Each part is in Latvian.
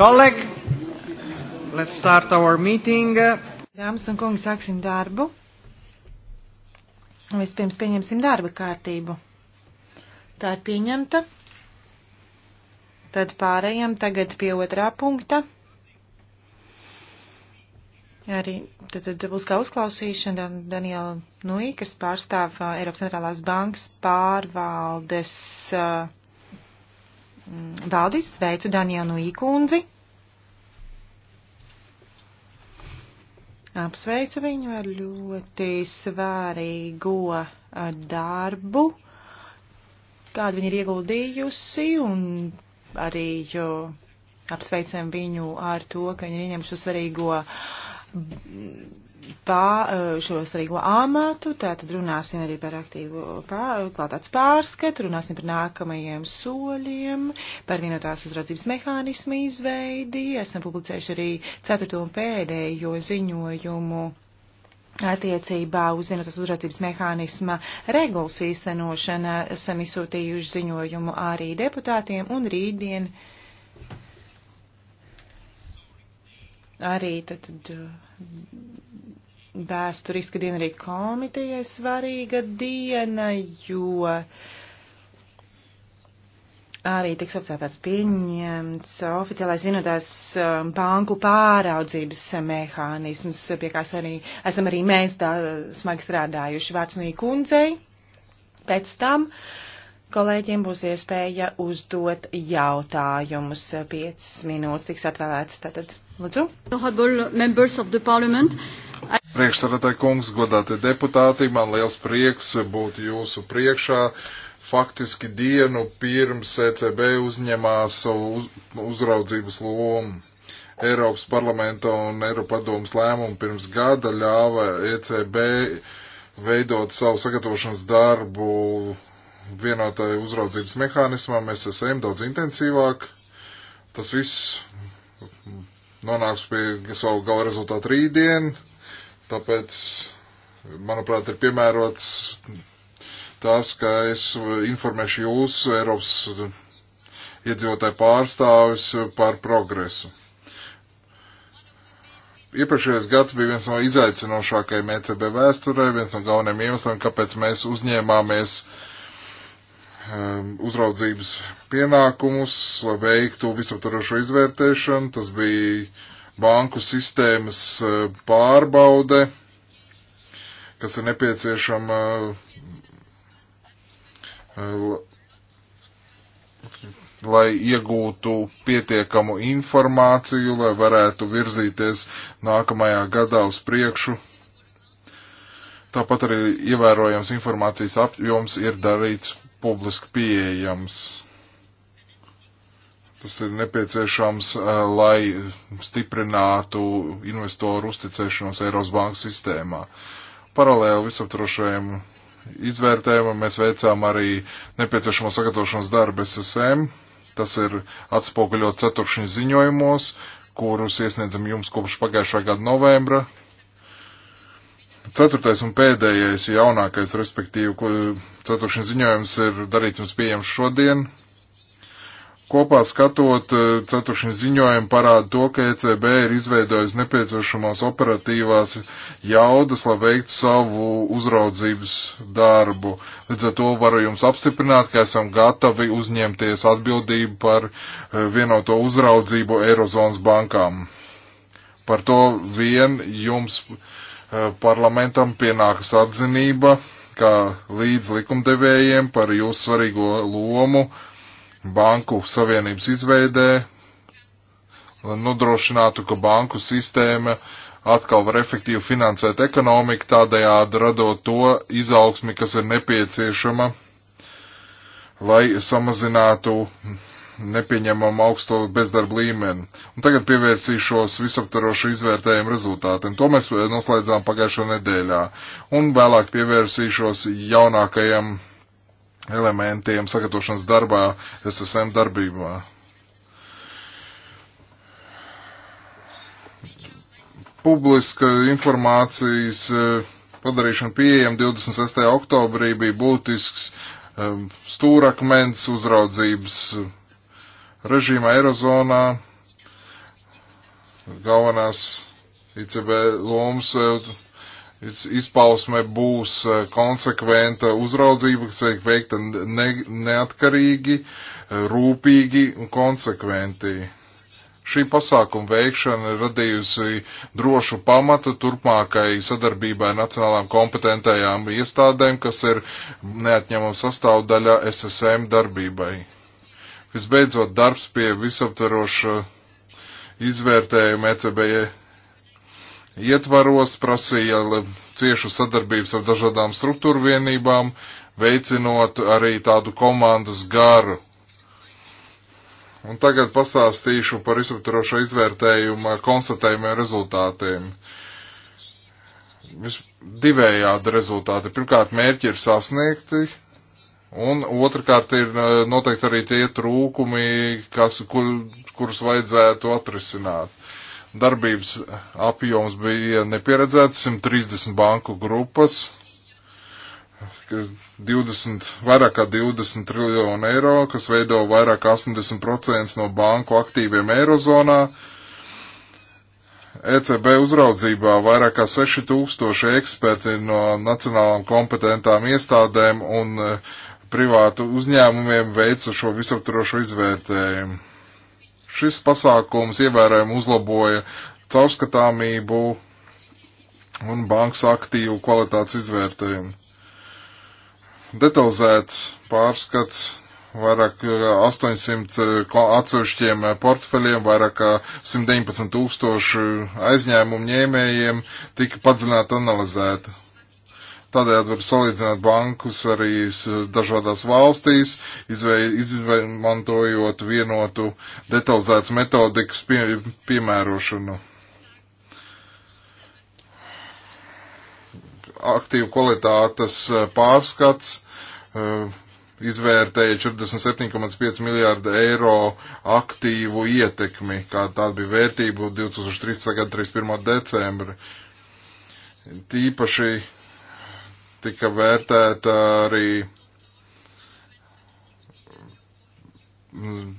Kolēģi, let's start our meeting. Dāmas un kungi, sāksim darbu. Vispirms pieņemsim darba kārtību. Tā ir pieņemta. Tad pārējām tagad pie otrā punkta. Arī tad, tad būs kā uzklausīšana Daniela Nui, kas pārstāv uh, Eiropas centrālās bankas pārvaldes uh, valdīs. Sveicu Danielu Nui kundzi. Apsveicu viņu ar ļoti svērīgo darbu, kādu viņa ir ieguldījusi, un arī apsveicam viņu ar to, ka viņa ir ieņemšu svarīgo pā, eh, šo svarīgo amatu, tātad runāsim arī par aktīvu pār, klātāts pārskatu, runāsim par nākamajiem soļiem, par vienotās uzraudzības mehānismu izveidi, esam publicējuši arī ceturto un pēdējo ziņojumu attiecībā uz vienotās uzraudzības mehānisma regulas īstenošana esam izsūtījuši ziņojumu arī deputātiem un rītdien arī tad Vēsturiska diena arī komitejai svarīga diena, jo arī tiks oficiālās pieņemts oficiālais vienotās um, banku pāraudzības mehānisms, pie kā arī, esam arī mēs tā smagi strādājuši Vārtsnī kundzei. Pēc tam kolēģiem būs iespēja uzdot jautājumus. 5 minūtes tiks atvēlēts tātad. Lūdzu. Honorable members of the parliament. Uh, Priekšsarētāji kungs, godātie deputāti, man liels prieks būt jūsu priekšā. Faktiski dienu pirms ECB uzņemās uz, uzraudzības lomu. Eiropas parlamenta un Eiropadomas lēmumu pirms gada ļāva ECB veidot savu sagatavošanas darbu vienotai uzraudzības mehānismam, SSM daudz intensīvāk. Tas viss nonāks pie savu gala rezultātu rītdien. Tāpēc, manuprāt, ir piemērots tas, ka es informēšu jūs, Eiropas iedzīvotāju pārstāvis, par progresu. Iepriekšējais gads bija viens no izaicinošākajiem ECB vēsturē, viens no galvenajiem iemesliem, kāpēc mēs uzņēmāmies um, uzraudzības pienākumus, lai veiktu visaptarošo izvērtēšanu. Tas bija uh, banku sistēmas e, pārbaude, kas ir nepieciešama e, lai iegūtu pietiekamu informāciju, lai varētu virzīties nākamajā gadā uz priekšu. Tāpat arī ievērojams informācijas apjoms ir darīts publiski pieejams. Tas ir nepieciešams, eh, lai stiprinātu investoru uzticēšanos Eiros bankas sistēmā. Paralēli visaptrošajam izvērtējumam mēs veicām arī nepieciešamo sagatavošanas darbu SSM. Tas ir atspoguļot ceturkšņa ziņojumos, kurus iesniedzam jums kopš pagājušā gada novembra. Ceturtais un pēdējais jaunākais, respektīvi, ceturkšņa ziņojums ir darīts jums pieejams šodien. Kopā skatot, eh, ceturkšņa ziņojumi parāda to, ka ECB ir izveidojusi nepieciešamās operatīvās jaudas, lai veiktu savu uzraudzības darbu. Līdz ar to varu jums apstiprināt, ka esam gatavi uzņemties atbildību par eh, vienoto uzraudzību Eirozonas bankām. Par to vien jums eh, parlamentam pienākas atzinība, kā līdz likumdevējiem par jūsu svarīgo lomu banku savienības izveidē, lai nodrošinātu, ka banku sistēma atkal var efektīvi finansēt ekonomiku, tādējādi radot to izaugsmi, kas ir nepieciešama, lai samazinātu nepieņemamu augsto bezdarba līmeni. Un tagad pievērsīšos visaptarošu izvērtējumu rezultātiem. To mēs noslēdzām pagājušo nedēļā. Un vēlāk pievērsīšos jaunākajam elementiem sagatavošanas darbā SSM darbībā. Publiska informācijas e, padarīšana pieejama 26. oktobrī bija būtisks e, stūrakmens uzraudzības režīmā Eirozonā. Galvenās ICB lomas e, izpausme būs eh, konsekventa uzraudzība, kas tiek veikta ne, neatkarīgi, eh, rūpīgi un konsekventi. Šī pasākuma veikšana ir radījusi drošu pamatu turpmākai sadarbībai nacionālām kompetentajām iestādēm, kas ir neatņemama sastāvdaļa SSM darbībai. Visbeidzot, darbs pie visaptveroša izvērtējuma ECB e ietvaros, prasīja ciešu sadarbības ar dažādām struktūru vienībām, veicinot arī tādu komandas garu. Un tagad pastāstīšu par izsaptarošo izvērtējumu konstatējumiem rezultātiem. Vis divējādi rezultāti. Pirmkārt, mērķi ir sasniegti, Un otrkārt ir e, noteikti arī tie trūkumi, kas, kur, kurus vajadzētu atrisināt. Darbības apjoms bija nepieredzēts 130 banku grupas, 20, vairāk kā 20 triljonu eiro, kas veido vairāk kā 80% no banku aktīviem eirozonā. ECB uzraudzībā vairāk kā 6000 eksperti no nacionālām kompetentām iestādēm un eh, privātu uzņēmumiem veica šo visaptvarošo izvērtējumu. Šis pasākums ievērojami uzlaboja caurskatāmību un bankas aktīvu kvalitātes izvērtējumu. Detalizēts pārskats vairāk 800 eh, eh, atsevišķiem eh, portfeļiem, vairāk kā 119 tūkstoši aizņēmumu ņēmējiem tika padziļināti analizēta. Tādējādi var salīdzināt bankus arī dažādās valstīs, izmantojot vienotu detalizētas metodikas pie, piemērošanu. Aktīvu kvalitātes e, pārskats e, izvērtēja 47,5 miljārdu eiro aktīvu ietekmi, kā tāda bija vērtība 2013. gada 31. decembri. Tīpaši tika vērtēta arī mm,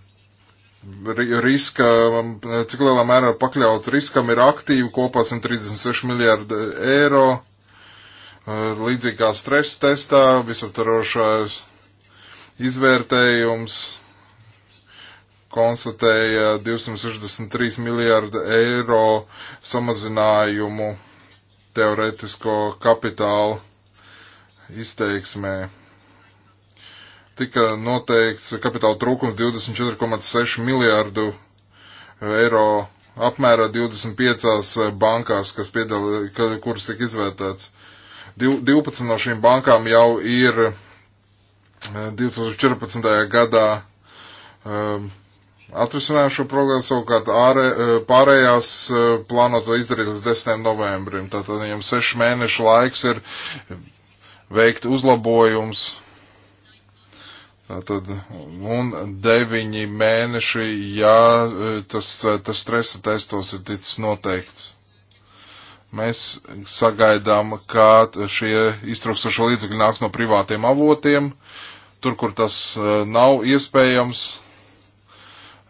riska, cik lielā mērā pakļauts riskam ir aktīvi kopā 136 miljārdi eiro, mm, līdzīgi kā stresa testā, visaptarošais izvērtējums konstatēja 263 miljārdu eiro samazinājumu teoretisko kapitālu izteiksmē tika noteikts kapitāla trūkums 24,6 miljārdu eiro apmērā 25 bankās, kas piedal, kuras tika izvērtēts. 12 no šīm bankām jau ir 2014. Eh, gadā eh, atrisinājuši šo problēmu, savukārt ārē, eh, pārējās plāno to izdarīt līdz 10. novembrim. Tātad viņam 6 mēnešu laiks ir veikt uzlabojums. Tad, un deviņi mēneši, ja e, tas, e, tas stresa testos ir ticis noteikts. Mēs sagaidām, ka šie iztrukstošie līdzekļi nāks no privātiem avotiem, tur, kur tas e, nav iespējams,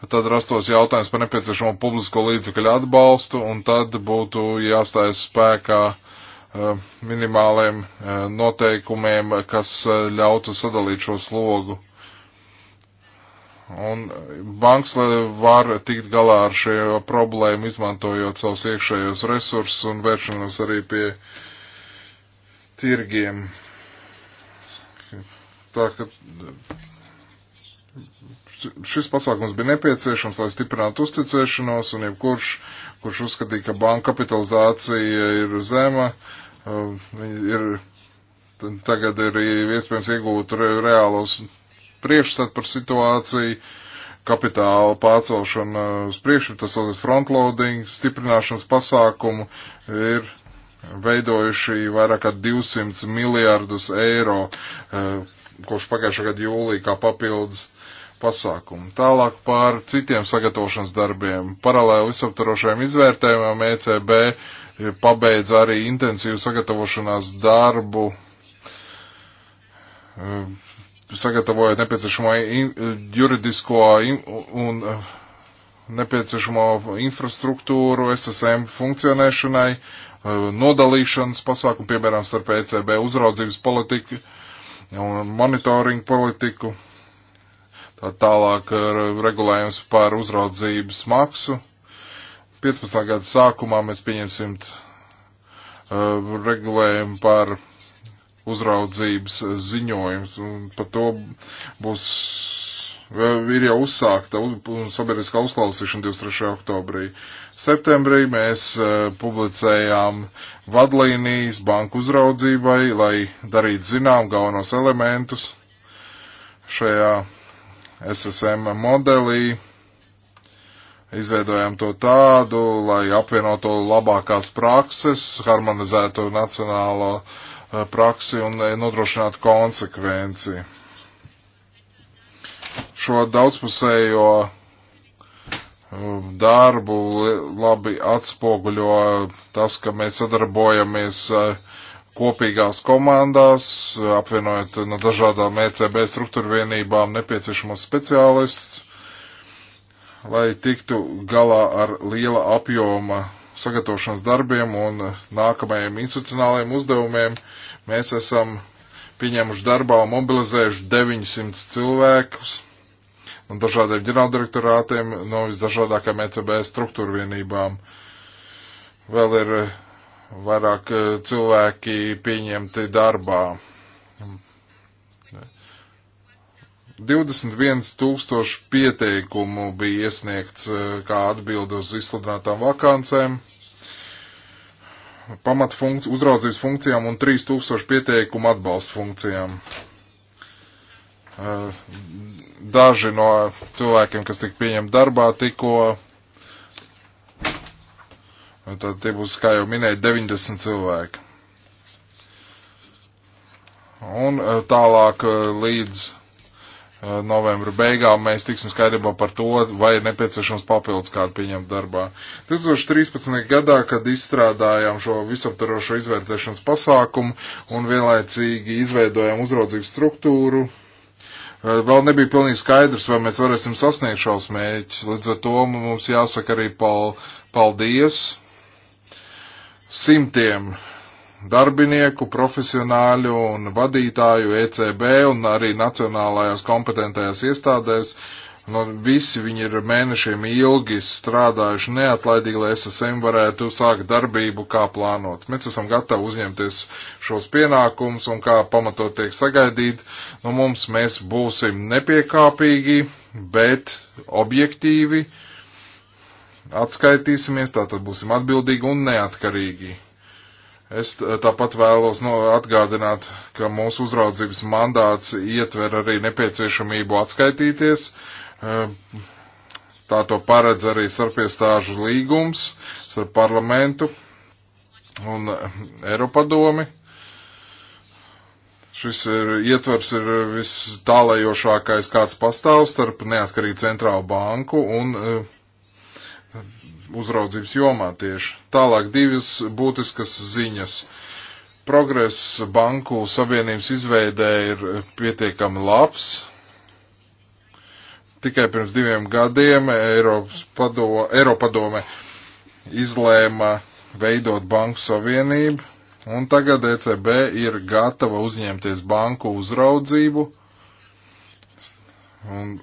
tad rastos jautājums par nepieciešamo publisko līdzekļu atbalstu, un tad būtu jāstājas spēkā Eh, minimāliem eh, noteikumiem, kas eh, ļautu sadalīt šo slogu. Un banks var tikt galā ar šo problēmu, izmantojot savus iekšējos resursus un vēršanos arī pie tirgiem. Tā ka šis pasākums bija nepieciešams, lai stiprinātu uzticēšanos, un jebkurš, kurš uzskatīja, ka banka kapitalizācija ir zema, uh, Um, ir, tagad ir iespējams iegūt reālos priekšstat par situāciju, kapitāla pārcelšana uz priekšu, tas ir frontloading, stiprināšanas pasākumu, ir veidojuši vairāk kā 200 miljārdus eiro uh, kopš pagājušā gada jūlija kā papildus pasākumu. Tālāk par citiem sagatavošanas darbiem. Paralēli visaptarošajiem izvērtējumam ECB uh, pabeidz arī intensīvu sagatavošanās darbu, eh, sagatavojot nepieciešamo juridisko un eh, nepieciešamo infrastruktūru SSM funkcionēšanai, eh, nodalīšanas pasākumu, piemēram, starp ECB uzraudzības politiku un monitoringu politiku, tā tālāk regulējums par uzraudzības maksu 15. gada sākumā mēs pieņemsim uh, regulējumu par uzraudzības ziņojums, un par to būs, ir jau uzsākta sabiedriskā uzklausīšana 23. oktobrī. Septembrī mēs uh, publicējām vadlīnijas banku uzraudzībai, lai darītu zinām galvenos elementus šajā SSM modelī, Izveidojam to tādu, lai apvienotu labākās prakses, harmonizētu nacionālo eh, praksi un eh, nodrošinātu konsekvenci. Šo daudzpusējo eh, darbu labi atspoguļo tas, ka mēs sadarbojamies kopīgās komandās, apvienojot no dažādām ECB struktūra vienībām nepieciešamos speciālistus lai tiktu galā ar liela apjoma sagatavošanas darbiem un nākamajiem institucionālajiem uzdevumiem. Mēs esam pieņēmuši darbā un mobilizējuši 900 cilvēkus un dažādiem ģenerāldirektorātiem no visdažādākajām ECB struktūra vienībām. Vēl ir vairāk eh, cilvēki pieņemti darbā. 21 tūkstoši pieteikumu bija iesniegts eh, kā atbildi uz izsludinātām vakancēm, pamatfunkc uzraudzības funkcijām un 3000 pieteikumu atbalsta funkcijām. Eh, daži no cilvēkiem, kas tika pieņemti darbā, tikko, eh, tad tie būs, kā jau minēju, 90 cilvēki. Un tālāk līdz Eh, novembra beigām mēs tiksim skaidrībā par to, vai ir nepieciešams papildus kādu pieņemt darbā. 2013. gadā, kad izstrādājām šo visaptarošo izvērtēšanas pasākumu un vienlaicīgi izveidojām uzraudzību struktūru, eh, vēl nebija pilnīgi skaidrs, vai mēs varēsim sasniegt šos mērķus. Līdz ar to mums jāsaka arī pal paldies simtiem darbinieku, profesionāļu un vadītāju ECB un arī nacionālajās kompetentajās iestādēs. No, nu, visi viņi ir mēnešiem ilgi strādājuši neatlaidīgi, lai SSM varētu sākt darbību kā plānot. Mēs esam gatavi uzņemties šos pienākumus un kā pamatot tiek sagaidīt, no nu, mums mēs būsim nepiekāpīgi, bet objektīvi atskaitīsimies, tātad būsim atbildīgi un neatkarīgi. Es tāpat vēlos no, atgādināt, ka mūsu uzraudzības mandāts ietver arī nepieciešamību atskaitīties. Tā to paredz arī starpiestāžu līgums ar parlamentu un Eiropadomi. Šis ir, ietvers ir viss tālajošākais, kāds pastāv starp neatkarīgu centrālu banku un uzraudzības jomā tieši. Tālāk divas būtiskas ziņas. Progress banku savienības izveidē ir pietiekami labs. Tikai pirms diviem gadiem Eiropas padome, Eiropadome izlēma veidot banku savienību, un tagad ECB ir gatava uzņemties banku uzraudzību un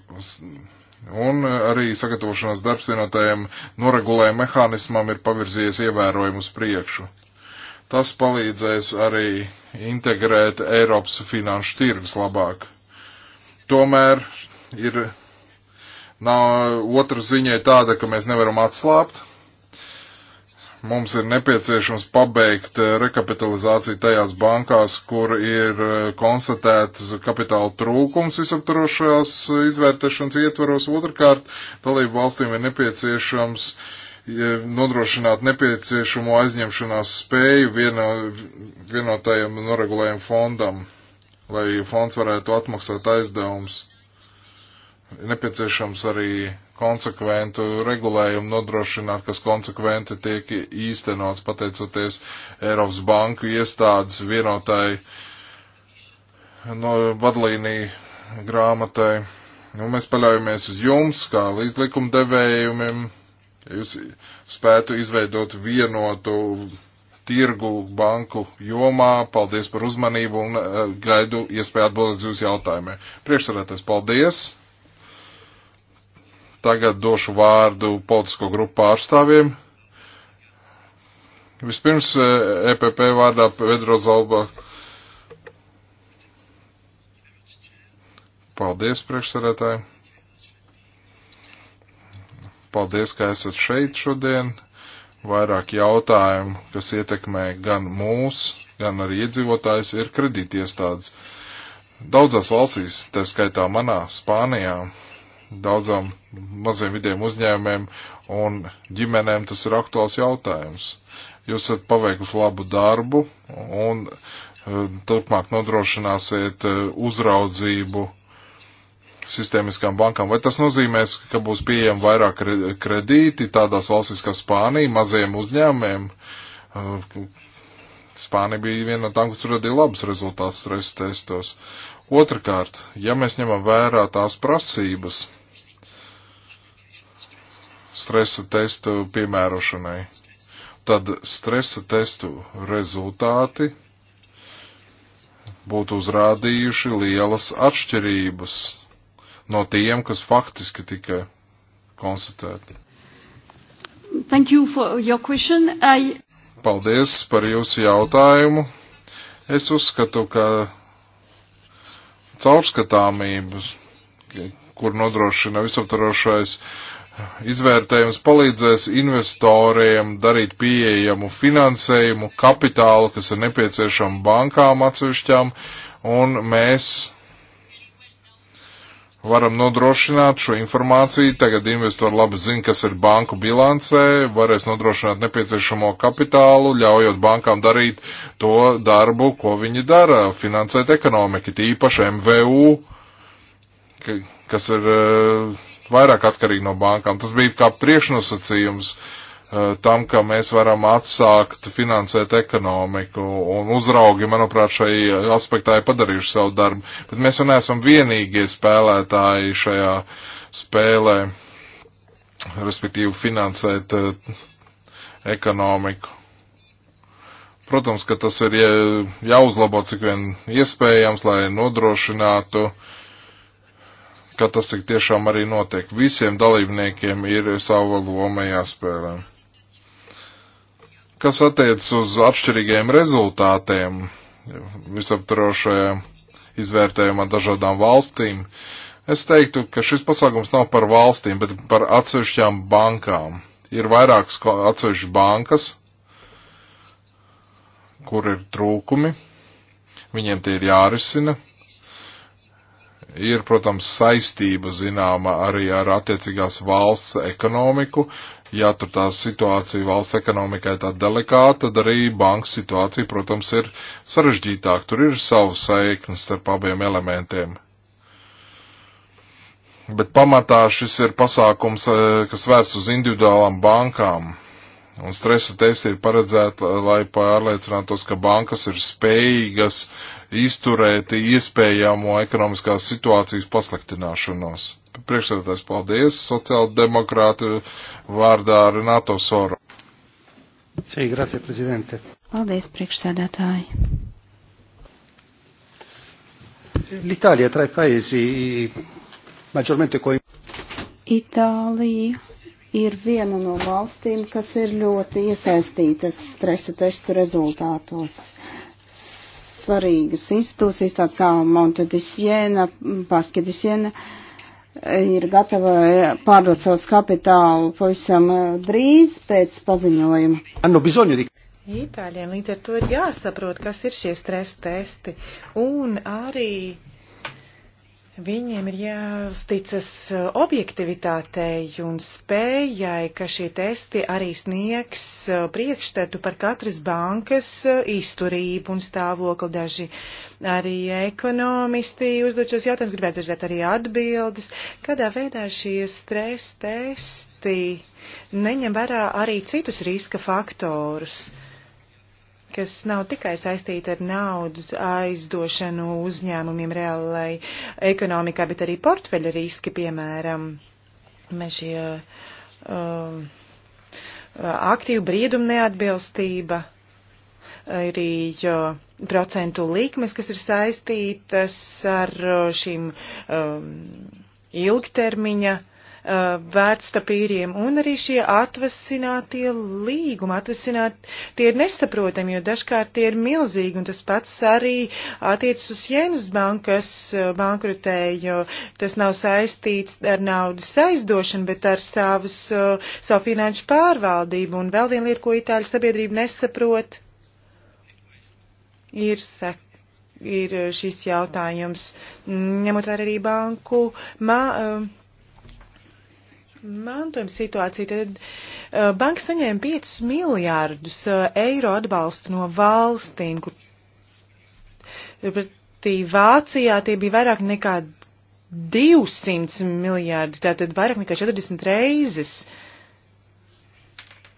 Un e, arī sagatavošanās darbs vienotajam noregulējuma mehānismam ir pavirzījies ievērojumu uz priekšu. Tas palīdzēs arī integrēt Eiropas finanšu tirgus labāk. Tomēr ir nav, otrs ziņai tāda, ka mēs nevaram atslābt mums ir nepieciešams pabeigt eh, rekapitalizāciju tajās bankās, kur ir eh, konstatēts kapitāla trūkums visaptarošās izvērtēšanas ietvaros. Otrakārt, dalību valstīm ir nepieciešams eh, nodrošināt nepieciešamo aizņemšanās spēju vieno, vienotajam noregulējumu fondam, lai fonds varētu atmaksāt aizdevumus nepieciešams arī konsekventu regulējumu nodrošināt, kas konsekventi tiek īstenots pateicoties Eiropas banku iestādes vienotai no vadlīniju grāmatai. Nu, mēs paļaujamies uz jums, kā līdzlikumdevējumiem, ja jūs spētu izveidot vienotu tirgu banku jomā. Paldies par uzmanību un eh, gaidu iespēju atbildēt uz jūsu jautājumiem. Priekšsarētais, paldies! Tagad došu vārdu politisko grupu pārstāvjiem. Vispirms EPP eh, e vārdā Pedro Zalba. Paldies, priekšsarētāji. Paldies, ka esat šeit šodien. Vairāk jautājumu, kas ietekmē gan mūs, gan arī iedzīvotājs, ir kredītiestādes. Daudzās valstīs, tā skaitā manā, Spānijā, daudzām maziem vidiem uzņēmēm un ģimenēm tas ir aktuāls jautājums. Jūs esat paveikusi labu darbu un e, turpmāk nodrošināsiet e, uzraudzību sistēmiskām bankām. Vai tas nozīmēs, ka būs pieejami vairāk kredīti tādās valstīs kā Spānija maziem uzņēmēm? E, Spānija bija viena no tām, kas tur radīja labus rezultātus stresa testos. Otrakārt, ja mēs ņemam vērā tās prasības, stresa testu piemērošanai. Tad stresa testu rezultāti būtu uzrādījuši lielas atšķirības no tiem, kas faktiski tika konstatēti. Thank you for your question. I... Paldies par jūsu jautājumu. Es uzskatu, ka caurskatāmības, kur nodrošina visaptarošais Izvērtējums palīdzēs investoriem darīt pieejamu finansējumu, kapitālu, kas ir nepieciešama bankām atsevišķām, un mēs varam nodrošināt šo informāciju. Tagad investori labi zina, kas ir banku bilancē, varēs nodrošināt nepieciešamo kapitālu, ļaujot bankām darīt to darbu, ko viņi dara, finansēt ekonomiku, tīpaši MVU, kas ir eh, vairāk atkarīgi no bankām. Tas bija kā priekšnosacījums eh, tam, ka mēs varam atsākt finansēt ekonomiku, un uzraugi, manuprāt, šai aspektā ir padarījuši savu darbu, bet mēs jau neesam vienīgie spēlētāji šajā spēlē, respektīvi finansēt eh, ekonomiku. Protams, ka tas ir jāuzlabo cik vien iespējams, lai nodrošinātu uh, ka tas tik tiešām arī notiek. Visiem dalībniekiem ir sava loma jāspēlē. Kas attiecas uz atšķirīgiem rezultātiem visaptrošajā izvērtējumā dažādām valstīm, es teiktu, ka šis pasākums nav par valstīm, bet par atsevišķām bankām. Ir vairākas atsevišķas bankas, kur ir trūkumi, viņiem tie ir jārisina ir, protams, saistība zināma arī ar attiecīgās valsts ekonomiku. Ja tur tā situācija valsts ekonomikai tā delikāta, tad arī banka situācija, protams, ir sarežģītāka. Tur ir savu saiknes starp abiem elementiem. Bet pamatā šis ir pasākums, eh, kas vērts uz individuālām bankām. Un stresa testi ir paredzēti, lai pārliecinātos, ka bankas ir spējīgas uh, izturēt iespējamo ekonomiskās situācijas pasliktināšanos. Priekšsēdētājs paldies, sociāldemokrāti vārdā Renato Soro. Sī, grazie, prezidente. Paldies, priekšsēdētāji. L'Italia tra i paesi maggiormente coinvolti. Itālija ir viena no valstīm, kas ir ļoti iesaistītas stresa testu rezultātos svarīgas institūcijas, tāds kā Montedisiena, Paskedisiena, ir gatava pārdot savus kapitālu pavisam eh, drīz pēc paziņojuma. Itāļiem līdz ar to ir jāsaprot, kas ir šie stresa testi un arī Viņiem ir jāuzticas uh, objektivitātei un spējai, ka šie testi arī sniegs uh, priekšstatu par katras bankas uh, izturību un stāvokli. Daži arī ekonomisti uzdod šos jautājumus, gribētu dzirdēt arī atbildes, kādā veidā šie stres testi neņem vērā arī citus riska faktorus. Uh, kas nav tikai saistīta ar naudas aizdošanu uzņēmumiem reālai ekonomikā, bet arī portfeļa riski, piemēram, mēs šie uh, aktīvu briedumu neatbilstība, arī uh, procentu likmes, kas ir saistītas ar uh, šīm um, ilgtermiņa uh, Uh, vērtspapīriem, un arī šie atvasinātie līgumi, atvasināt, tie ir nesaprotami, jo dažkārt tie ir milzīgi, un tas pats arī attiecas uz Jēnas bankas uh, bankrutēju. Tas nav saistīts ar naudas aizdošanu, bet ar savas, uh, savu finanšu pārvaldību, un vēl viena lieta, ko Itāļu sabiedrība nesaprot, ir sek ir šis jautājums, ņemot vērā arī banku ma, mantojuma situācija, tad uh, banka saņēma 5 miljārdus uh, eiro atbalstu no valstīm, kur pretī Vācijā tie bija vairāk nekā 200 miljārdi, tātad vairāk nekā 40 reizes.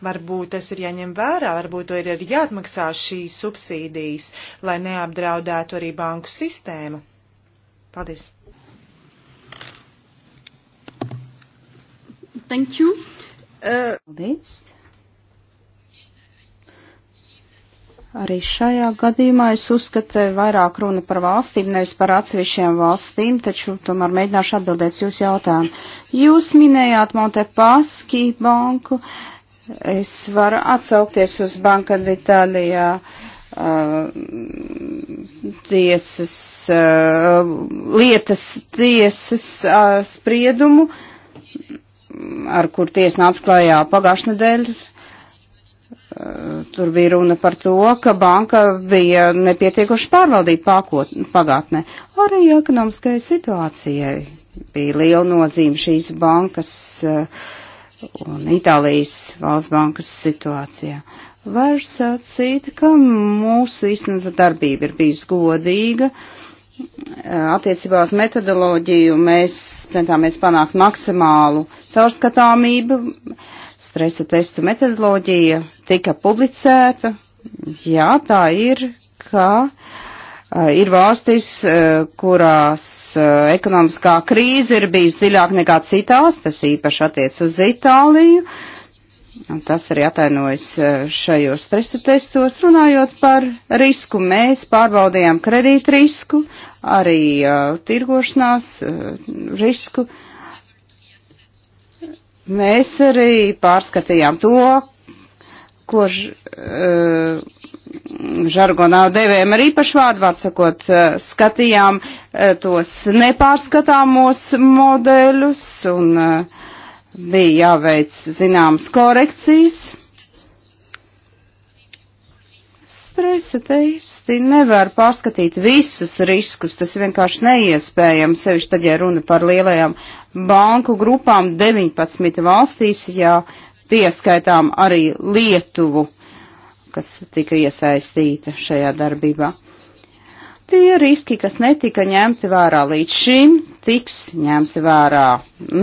Varbūt tas ir jāņem vērā, varbūt to ir arī jāatmaksā šīs subsīdijas, lai neapdraudētu arī banku sistēmu. Paldies! Thank you. Uh... Paldies. Arī šajā gadījumā es uzskatu vairāk runa par valstīm, nevis par atsevišķiem valstīm, taču tomēr mēģināšu atbildēt jūs jautājumu. Jūs minējāt Montepaski banku, es varu atsaukties uz Banka d'Italijā uh, tiesas, uh, lietas tiesas uh, spriedumu ar kur tiesa nāca klajā pagājušajā nedēļā. Tur bija runa par to, ka banka bija nepietiekuši pārvaldīta pagātnē. Arī ekonomiskai situācijai bija liela nozīme šīs bankas un Itālijas valsts bankas situācijā. Var sacīt, ka mūsu īstenotā darbība ir bijusi godīga. Uh, attiecībā uz metodoloģiju mēs centāmies panākt maksimālu caurskatāmību. Stresa testu metodoloģija tika publicēta. Jā, tā ir, ka ir valstis, kurās ekonomiskā krīze ir bijusi dziļāk nekā citās, tas īpaši attiec uz Itāliju. Un tas arī atainojas šajos stresa testos. Runājot par risku, mēs pārbaudījām kredīt risku, arī uh, tirgošanās uh, risku. Mēs arī pārskatījām to, ko ž, uh, žargonā devējam ar īpašu vārdu, vārdsakot, uh, skatījām uh, tos nepārskatāmos modeļus un uh, bija jāveic zināmas korekcijas. Stresa teisti nevar pārskatīt visus riskus, tas vienkārši neiespējami, sevišķi tad, ja runa par lielajām banku grupām 19 valstīs, ja pieskaitām arī Lietuvu, kas tika iesaistīta šajā darbībā tie riski, kas netika ņemti vērā līdz šim, tiks ņemti vērā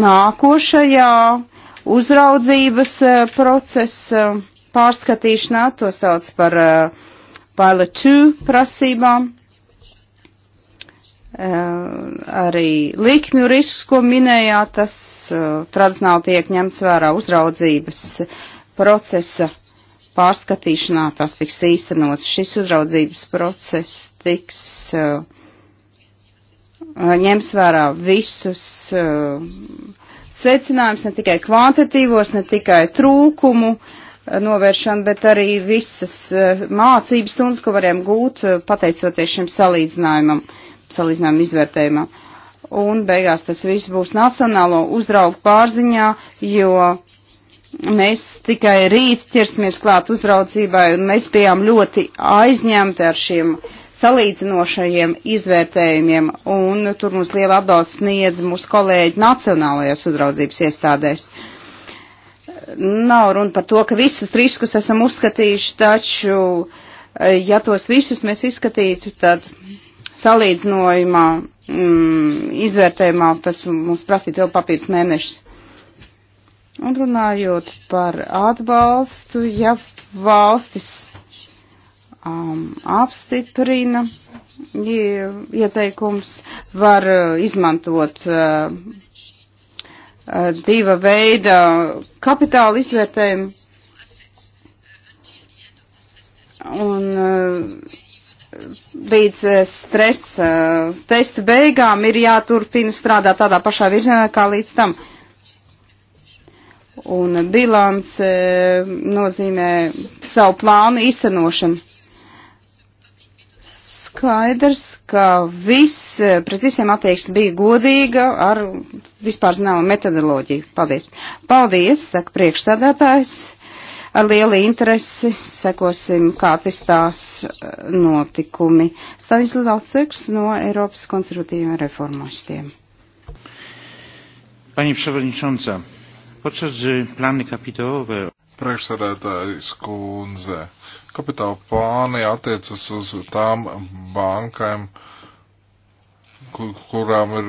nākošajā uzraudzības eh, procesa eh, pārskatīšanā, to sauc par uh, Paila 2 prasībām, eh, arī likmju risks, ko minējāt, tas eh, tradicionāli tiek ņemts vērā uzraudzības procesa pārskatīšanā, tas tiks īstenots. Šis uzraudzības process tiks eh, ņems vērā visus secinājumus, ne tikai kvantitīvos, ne tikai trūkumu uh, novēršana, bet arī visas eh, mācības stundas, ko varējām gūt, eh, pateicoties šim salīdzinājumam, salīdzinājumu izvērtējumam. Un beigās tas viss būs nacionālo uzraugu pārziņā, jo mēs tikai rīt ķersimies klāt uzraucībai, un mēs bijām ļoti aizņemti ar šiem salīdzinošajiem izvērtējumiem, un tur mums liela atbalsts sniedz mūsu kolēģi nacionālajās uzraudzības iestādēs. Uh, Nav runa par to, ka visus riskus esam uzskatījuši, taču, eh, ja tos visus mēs izskatītu, tad salīdzinojumā, mm, izvērtējumā tas mums prasītu jau papīrs mēnešus. Un runājot par atbalstu, ja valstis um, apstiprina ieteikums, var eh, izmantot uh, Eh, diva veida kapitāla izvērtējumu. Un eh, līdz eh, stresa testa beigām ir jāturpina strādāt tādā pašā virzienā kā līdz tam. Un bilance nozīmē savu plānu īstenošanu skaidrs, ka viss eh, pret visiem attieksme bija godīga ar vispār zināmu metodoloģiju. Paldies. Paldies, saka priekšsādātājs. Ar lielu interesi sekosim, kā attīstās eh, notikumi. Staņas Lauciks no Eiropas konservatīviem reformistiem. Pani Przewodnicząca, podczas plany kapitałowe. Priekšsēdētājs kundze Kapitāla plāni attiecas uz tām bankām, kur, kurām ir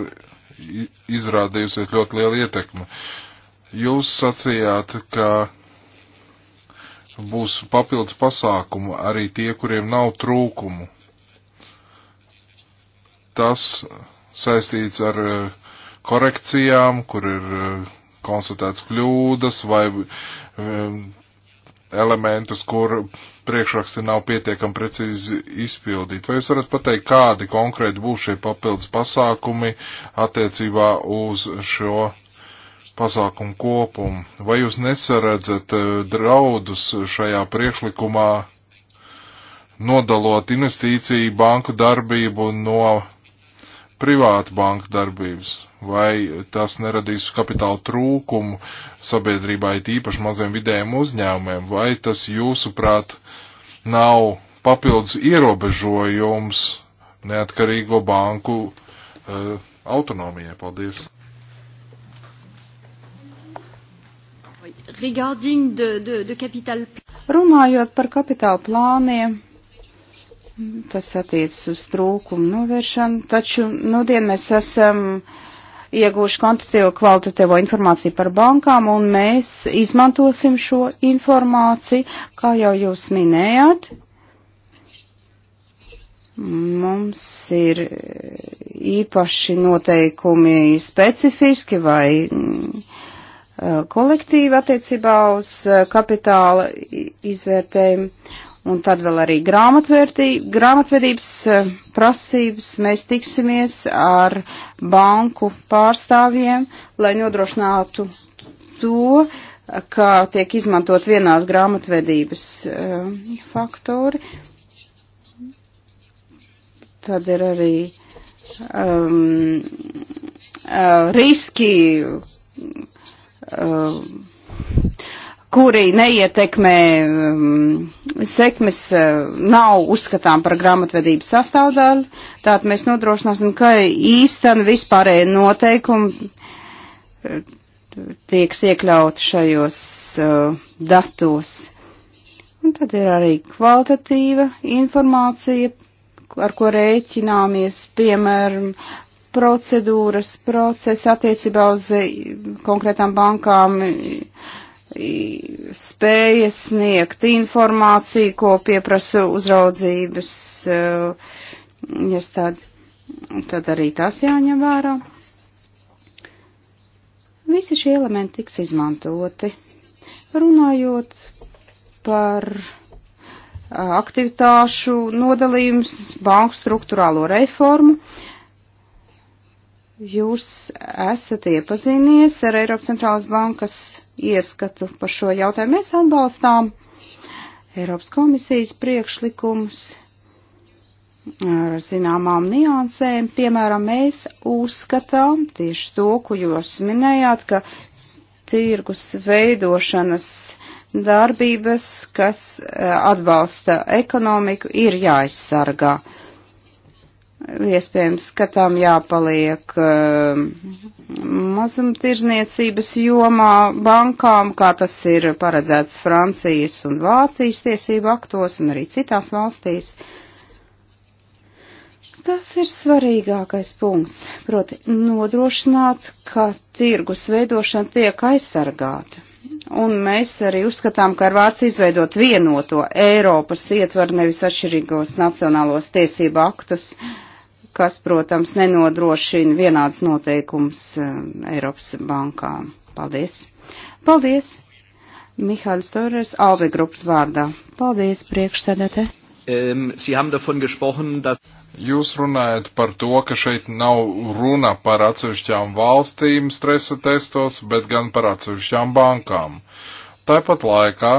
izrādījusies ļoti liela ietekme. Jūs sacījāt, ka būs papildus pasākumu arī tie, kuriem nav trūkumu. Tas saistīts ar eh, korekcijām, kur ir eh, konstatēts kļūdas vai eh, elementus, kur priekšraksti nav pietiekami precīzi izpildīti. Vai jūs varat pateikt, kādi konkrēti būs šie papildus pasākumi attiecībā uz šo pasākumu kopumu? Vai jūs nesaredzat eh, draudus šajā priekšlikumā nodalot investīciju banku darbību no privātu banku darbības? Vai tas neradīs kapitāla trūkumu sabiedrībai, tīpaši maziem vidējiem uzņēmumiem? Vai tas jūsuprāt nav papildus ierobežojums neatkarīgo banku uh, autonomijai. Paldies! Regarding the, the, the capital... Runājot par kapitāla plāniem, tas attiecas uz trūkumu novēršanu, taču nodien nu, mēs esam uh, iegūšu kvantitīvo kvalitatīvo informāciju par bankām, un mēs izmantosim šo informāciju, kā jau jūs minējāt. Mums ir īpaši noteikumi specifiski vai mm, kolektīvi attiecībā uz eh, kapitāla izvērtējumu un tad vēl arī grāmatvedības e, prasības. Mēs tiksimies ar banku pārstāvjiem, lai nodrošinātu to, ka tiek izmantot vienādi grāmatvedības e, faktori. Tad ir arī um, e, riski. Um, kuri neietekmē um, sekmes, uh, nav uzskatām par grāmatvedības sastāvdaļu. Tātad mēs nodrošināsim, ka īsten vispārēji noteikumi uh, tieks iekļaut šajos uh, datos. Un tad ir arī kvalitatīva informācija, ar ko rēķināmies, piemēram, procedūras, procesa attiecībā uz uh, konkrētām bankām, spēja sniegt informāciju, ko pieprasa uzraudzības eh, iestādes. Ja tad arī tas jāņem vērā. Visi šie elementi tiks izmantoti. Runājot par eh, aktivitāšu nodalījums, banku struktūrālo reformu. Jūs esat iepazinies ar Eiropas centrālās bankas ieskatu par šo jautājumu. Mēs atbalstām Eiropas komisijas priekšlikums ar zināmām niansēm. Piemēram, mēs uzskatām tieši to, ko jūs minējāt, ka tirgus veidošanas darbības, kas eh, atbalsta ekonomiku, ir jāaizsargā. Uh, Iespējams, ka tam jāpaliek uh, um, mazumtirzniecības jomā bankām, kā tas ir paredzēts Francijas un Vācijas tiesību aktos un arī citās valstīs. Tas ir svarīgākais punkts, proti nodrošināt, ka tirgus veidošana tiek aizsargāta. Un mēs arī uzskatām, ka ar Vāciju izveidot vienoto Eiropas ietvaru nevis atšķirīgos nacionālos tiesību aktus. Uh, kas, protams, nenodrošina vienāds noteikums um, Eiropas bankām. Paldies! Paldies! Mihāls Torres, Alve grupas vārdā. Paldies, priekšsēdētē. Jūs runājat par to, ka šeit nav runa par atsevišķām valstīm stresa testos, bet gan par atsevišķām bankām. Tāpat laikā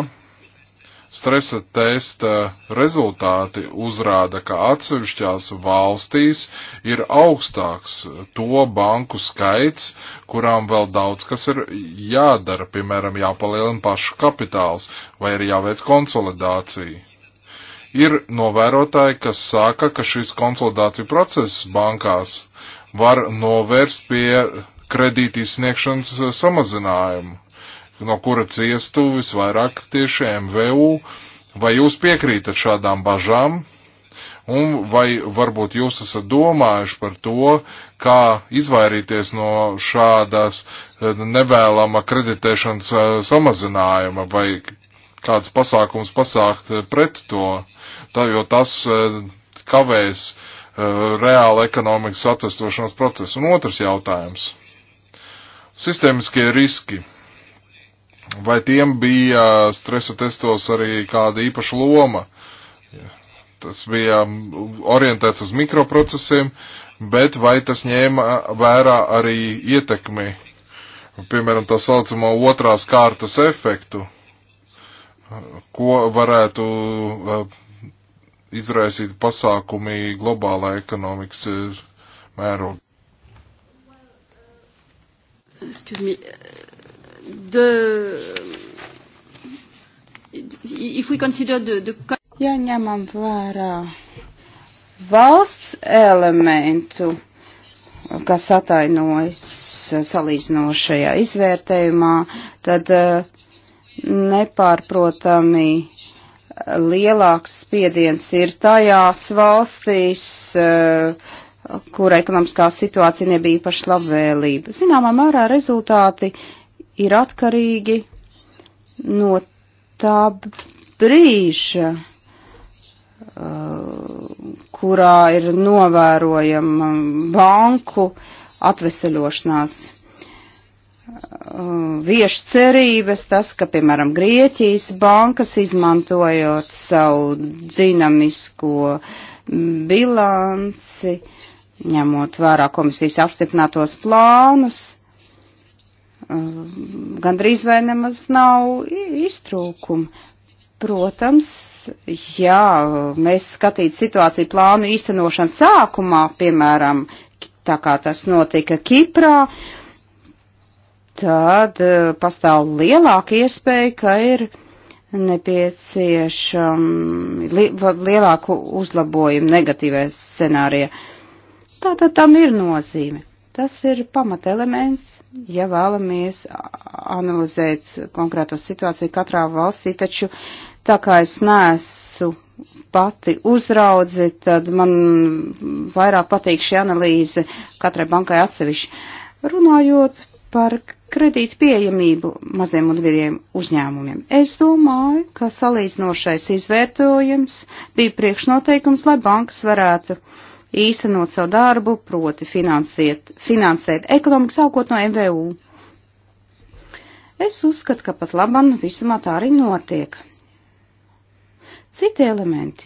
Stresa testa rezultāti uzrāda, ka atsevišķās valstīs ir augstāks to banku skaits, kurām vēl daudz kas ir jādara, piemēram, jāpalielina pašu kapitāls vai ir jāveic konsolidācija ir novērotāji, kas saka, ka šis konsolidācija process bankās var novērst pie kredītīs sniegšanas samazinājumu no kura ciestu visvairāk tieši MVU. Vai jūs piekrītat šādām bažām? Un vai varbūt jūs esat domājuši par to, kā izvairīties no šādas eh, nevēlama kreditēšanas eh, samazinājuma vai kāds pasākums pasākt eh, pret to, tā, jo tas kavēs reāla ekonomikas atvestošanas procesu. Un otrs jautājums. Sistēmiskie riski Vai tiem bija uh, stresa testos arī kāda īpaša loma? Tas bija um, orientēts uz mikroprocesiem, bet vai tas ņēma vērā arī ietekmi, piemēram, tā saucamo otrās kārtas efektu, ko varētu uh, izraisīt pasākumi globālā ekonomikas uh, mērogā? Excuse me the, if we consider the, the... Ja ņemam vērā valsts elementu, kas atainojas salīdzinošajā izvērtējumā, tad eh, nepārprotami lielāks spiediens ir tajās valstīs, eh, kur ekonomiskā situācija nebija īpaši labvēlība. Zināmā mērā rezultāti uh, ir atkarīgi no tā brīža, uh, kurā ir novērojama banku atveseļošanās uh, vieš cerības, tas, ka, piemēram, Grieķijas bankas izmantojot savu dinamisko mm, bilanci, ņemot vērā komisijas apstiprinātos plānus, Mm, gandrīz vai nemaz nav iztrūkumi. Protams, jā, mēs skatītu situāciju plānu īstenošanu sākumā, piemēram, tā kā tas notika Kiprā, tad e, pastāv lielāka iespēja, ka ir nepieciešama li, lielāku uzlabojumu negatīvais scenārija. Tātad tam ir nozīme. Tas ir pamatelements, ja vēlamies analizēt konkrēto situāciju katrā valstī, taču tā kā es neesmu pati uzraudzi, tad man vairāk patīk šī analīze katrai bankai atsevišķi. Runājot par kredītu pieejamību maziem un vidiem uzņēmumiem. Es domāju, ka salīdzinošais izvērtojums bija priekšnoteikums, lai bankas varētu īstenot savu darbu, proti finansiet, finansēt ekonomikas aukot no MVU. Es uzskatu, ka pat laban visumā tā arī notiek. Citi elementi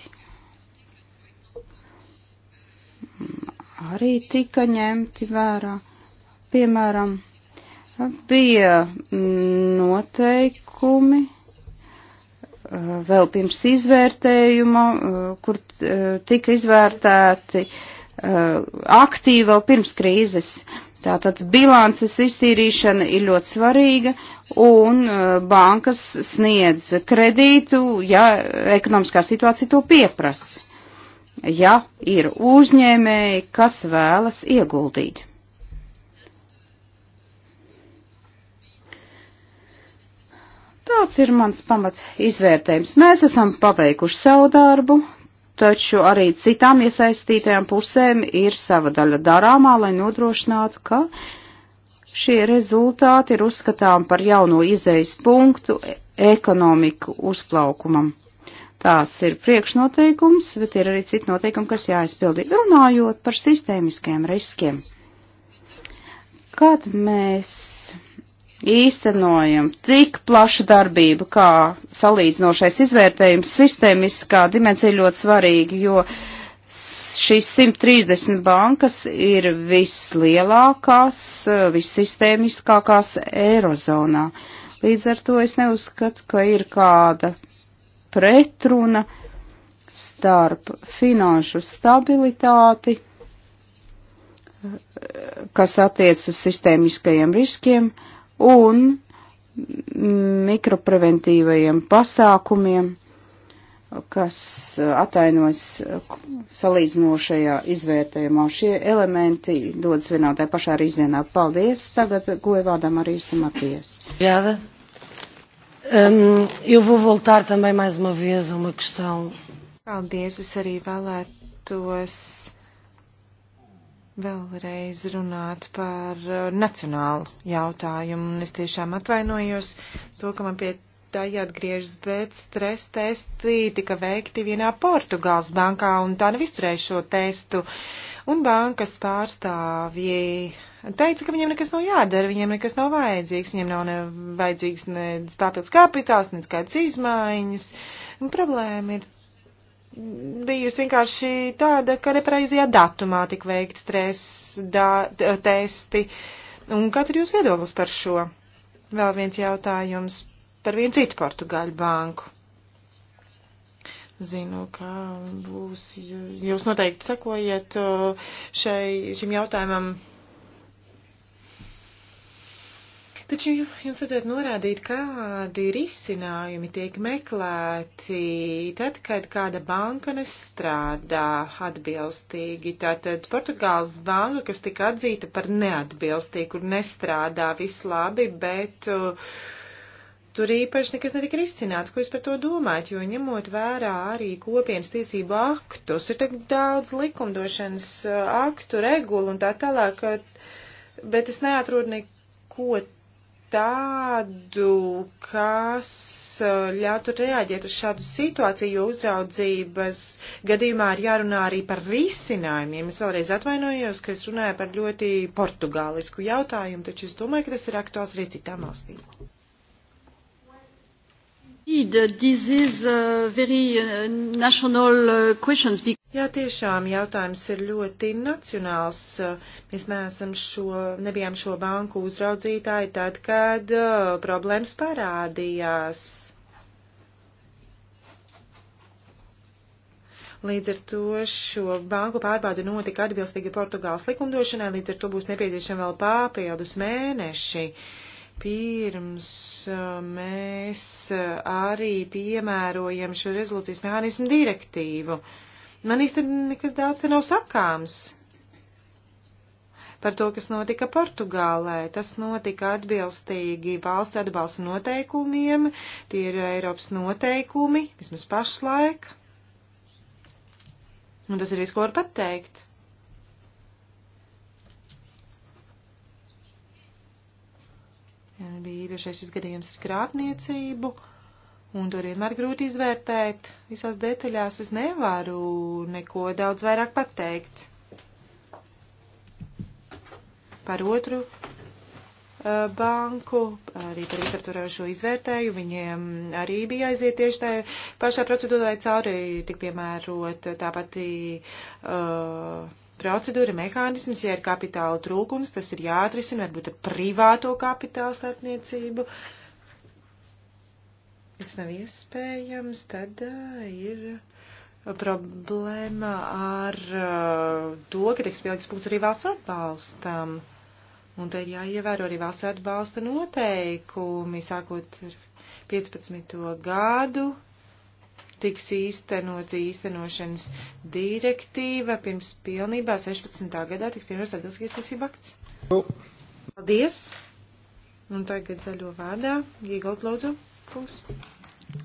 arī tika ņemti vērā. Piemēram, bija noteikumi Eh, vēl pirms izvērtējuma, eh, kur eh, tika izvērtēti aktīvi vēl pirms krīzes. Tātad bilances iztīrīšana ir ļoti svarīga un bankas sniedz kredītu, ja ekonomiskā situācija to pieprasa, ja ir uzņēmēji, kas vēlas ieguldīt. Tāds ir mans pamat izvērtējums. Mēs esam paveikuši savu darbu, taču arī citām iesaistītajām pusēm ir sava daļa darāmā, lai nodrošinātu, ka šie rezultāti ir uzskatām par jauno izējas punktu e- ekonomiku uzplaukumam. Tās ir priekšnoteikums, bet ir arī citi noteikumi, kas jāizpildi, runājot par sistēmiskiem riskiem. Kad mēs īstenojam tik plašu darbību, kā salīdzinošais izvērtējums, sistēmiskā dimensija ļoti svarīga, jo šīs 130 bankas ir vislielākās, vissistēmiskākās Eirozonā. Līdz ar to es neuzskatu, ka ir kāda pretruna starp finanšu stabilitāti, kas attiec uz sistēmiskajiem riskiem, uh, un mikropreventīvajiem pasākumiem, kas uh, atainojas uh, salīdzinošajā izvērtējumā. Šie elementi dodas vienā tā pašā rīzdienā. Paldies! Tagad gojvādām arī esam apies. Obrigada. Um, eu vou voltar também mais uma vez a uma questão. Paldies, es arī vēlētos vēlreiz runāt par uh, nacionālu jautājumu. Es tiešām atvainojos to, ka man pie tā jāatgriežas, bet stres testi tika veikti vienā Portugāles bankā un tā nav izturējuši šo testu. Un bankas pārstāvji teica, ka viņiem nekas nav jādara, viņiem nekas nav vajadzīgs, viņiem nav ne vajadzīgs ne papildus kapitāls, ne kādas izmaiņas. Un problēma ir bijusi vienkārši tāda, ka nepareizajā datumā tik veikt stress dā, testi. Un kāds ir jūs viedoklis par šo? Vēl viens jautājums par vienu citu Portugāļu banku. Zinu, ka būs, jūs noteikti sekojiet uh, šai, šim jautājumam Taču jums vajadzētu norādīt, kādi risinājumi tiek meklēti tad, kad kāda banka nestrādā atbilstīgi. Tātad Portugāles banka, kas tika atzīta par neatbilstīgu, kur nestrādā viss labi, bet uh, Tur īpaši nekas netika risināts, ko jūs par to domājat, jo ņemot vērā arī kopienas tiesību aktus, ir tik daudz likumdošanas uh, aktu, regulu un tā tālāk, bet es neatrodu neko tādu, kas eh, ļautu reaģēt uz šādu situāciju, jo uzraudzības gadījumā ir jārunā arī par risinājumiem. Es vēlreiz atvainojos, ka es runāju par ļoti portugālisku jautājumu, taču es domāju, ka tas ir aktuāls arī citām valstīm. Indeed, this is a uh, very uh, national uh, questions. Jā, tiešām jautājums ir ļoti nacionāls. Mēs neesam šo, nebijām šo banku uzraudzītāji tad, kad uh, problēmas parādījās. Līdz ar to šo banku pārbaudu notika atbilstīgi Portugāles likumdošanai, līdz ar to būs nepieciešama vēl papildus mēneši. Pirms uh, mēs uh, arī piemērojam šo rezolūcijas mehānismu direktīvu. Uh, Man īsti nekas daudz te nav sakāms par to, kas notika Portugālē. Tas notika atbilstīgi valsts atbalsta noteikumiem, tie ir Eiropas noteikumi, vismaz pašlaik. Un tas ir viss, ko var pateikt. bija īpašais izgadījums ar krāpniecību un tur vienmēr grūti izvērtēt visās detaļās. Es nevaru neko daudz vairāk pateikt par otru uh, banku, arī par visaptvarošo izvērtēju. Viņiem arī bija aiziet tieši tā pašā procedūrai cauri, tik piemērot tāpat uh, procedūra, mehānisms, ja ir kapitāla trūkums, tas ir jāatrisina, varbūt ar privāto kapitāla starpniecību. Uh, tas nav iespējams, tad eh, ir problēma ar eh, to, ka tiks pieliks punkts arī valsts atbalstam. Un te ir jāievēro arī valsts atbalsta noteikumi, sākot ar 15. gadu tiks īstenots īstenošanas direktīva pirms pilnībā 16. gadā tiks pieņemts atbilstīgais tiesība akts. Nu. Paldies! Un tagad zaļo vārdā Gīgolt lūdzu. Puss.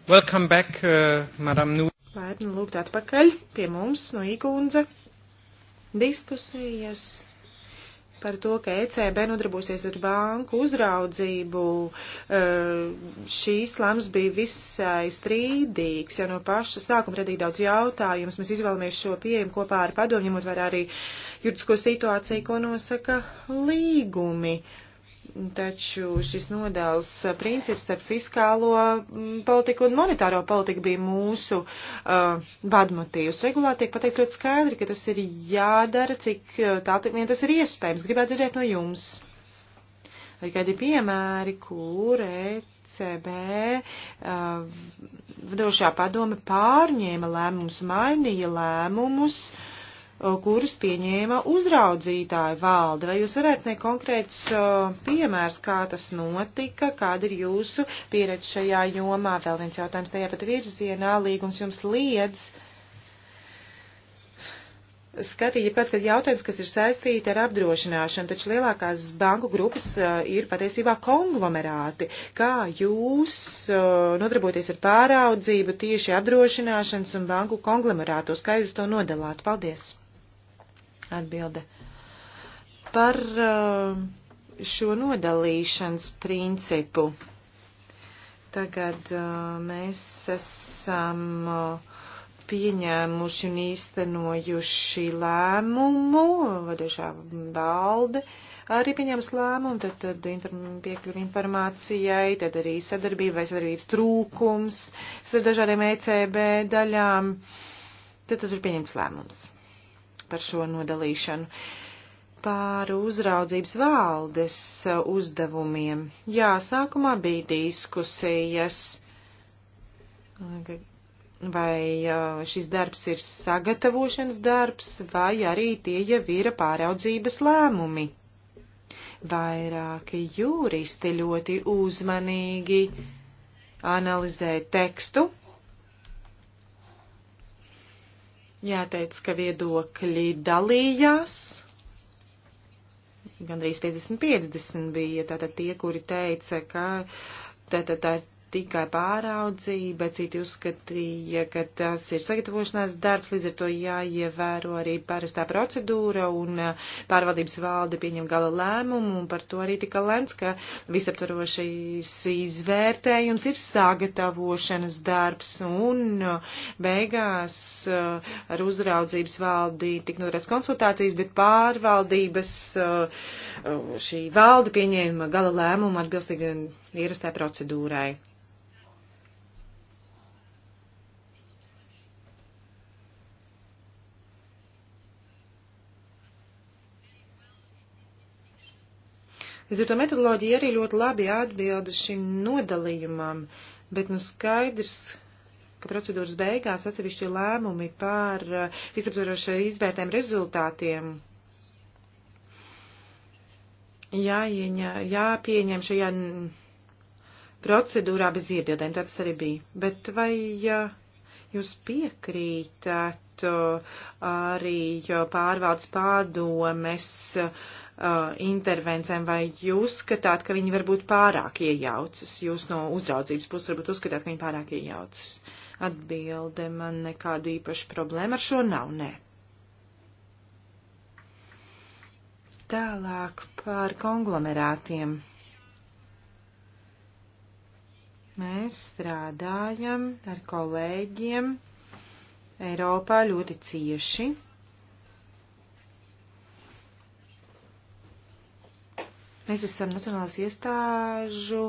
Welcome back, uh, Madam Nu. Laipni lūgt atpakaļ pie mums no Igundze. Diskusijas par to, ka ECB nodarbosies ar banku uzraudzību. Uh, šīs lēmums bija visai strīdīgs, ja no paša sākuma radīja daudz jautājumus. Mēs izvēlamies šo pieejumu kopā ar padomu, ņemot vērā arī juridisko situāciju, ko nosaka līgumi. Uh, Taču šis nodēls princips starp fiskālo mm, politiku un monetāro politiku bija mūsu uh, vadmotīvs. Regulā tiek pateikts ļoti skaidri, ka tas ir jādara, cik uh, tā vien tas ir iespējams. Gribētu dzirdēt no jums. Vai kādi piemēri, kur ECB uh, vadošā padome pārņēma lēmumus, mainīja lēmumus. Uh, kurus pieņēma uzraudzītāja valde. Vai jūs varētu ne konkrēts piemērs, kā tas notika, kāda ir jūsu pieredze šajā jomā? Vēl viens jautājums tajā pat virzienā. Līgums jums liedz skatīt, pats, kad jautājums, kas ir saistīti ar apdrošināšanu, taču lielākās banku grupas uh, ir patiesībā konglomerāti. Kā jūs uh, nodarboties ar pāraudzību tieši apdrošināšanas un banku konglomerātos? Kā jūs to nodalāt? Paldies! Atbilde. Par uh, šo nodalīšanas principu. Tagad uh, mēs esam uh, pieņēmuši un īstenojuši lēmumu, vadošā valde arī pieņems lēmumu, tad, tad inform, piekļuvi informācijai, tad arī sadarbība vai sadarbības trūkums ar dažādiem ECB daļām, tad, tad ir pieņems lēmums par šo nodalīšanu. Pār uzraudzības valdes uzdevumiem. Jā, sākumā bija diskusijas, vai šis darbs ir sagatavošanas darbs, vai arī tie jau ir pāraudzības lēmumi. Vairāki juristi ļoti uzmanīgi analizē tekstu, Jāteic, ka viedokļi dalījās. Gandrīz 50-50 bija tātad tie, kuri teica, ka tātad tā ir tikai pāraudzīja, bet citi uzskatīja, ka tas ir sagatavošanās darbs, līdz ar to jāievēro arī parastā procedūra un eh, pārvaldības valde pieņem gala lēmumu un par to arī tika lēmts, ka visaptvarošais izvērtējums ir sagatavošanas darbs un eh, beigās eh, ar uzraudzības valdi tik noturēts konsultācijas, bet pārvaldības šī valde pieņēma gala lēmumu atbilstīgi ierastā procedūrai. Līdz ar to metodoloģija arī ļoti labi atbilda šim nodalījumam, bet nu skaidrs, ka procedūras beigās atsevišķi lēmumi par eh, visaptvarošai izvērtēm rezultātiem jāieņa, jāpieņem šajā procedūrā bez iebildēm, tā tas arī bija. Bet vai jūs piekrītat eh, arī pārvaldes pārdomes uh, intervencēm, vai jūs skatāt, ka viņi varbūt pārāk iejaucas? Jūs no uzraudzības puses varbūt uzskatāt, ka viņi pārāk iejaucas. Atbilde man nekāda īpaša problēma ar šo nav, nē. Tālāk par konglomerātiem. Mēs strādājam ar kolēģiem Eiropā ļoti cieši Mēs esam nacionālās iestāžu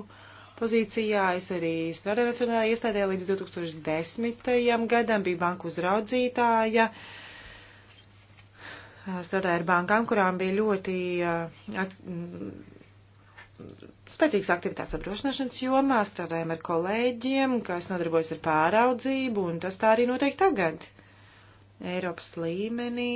pozīcijā. Es arī strādāju nacionālajā iestādē līdz 2010. gadam, biju banku uzraudzītāja. Strādāju ar bankām, kurām bija ļoti uh, at, mm, spēcīgas aktivitātes apdrošināšanas jomā, strādājam ar kolēģiem, kas nodarbojas ar pāraudzību, un tas tā arī notiek tagad. Eiropas līmenī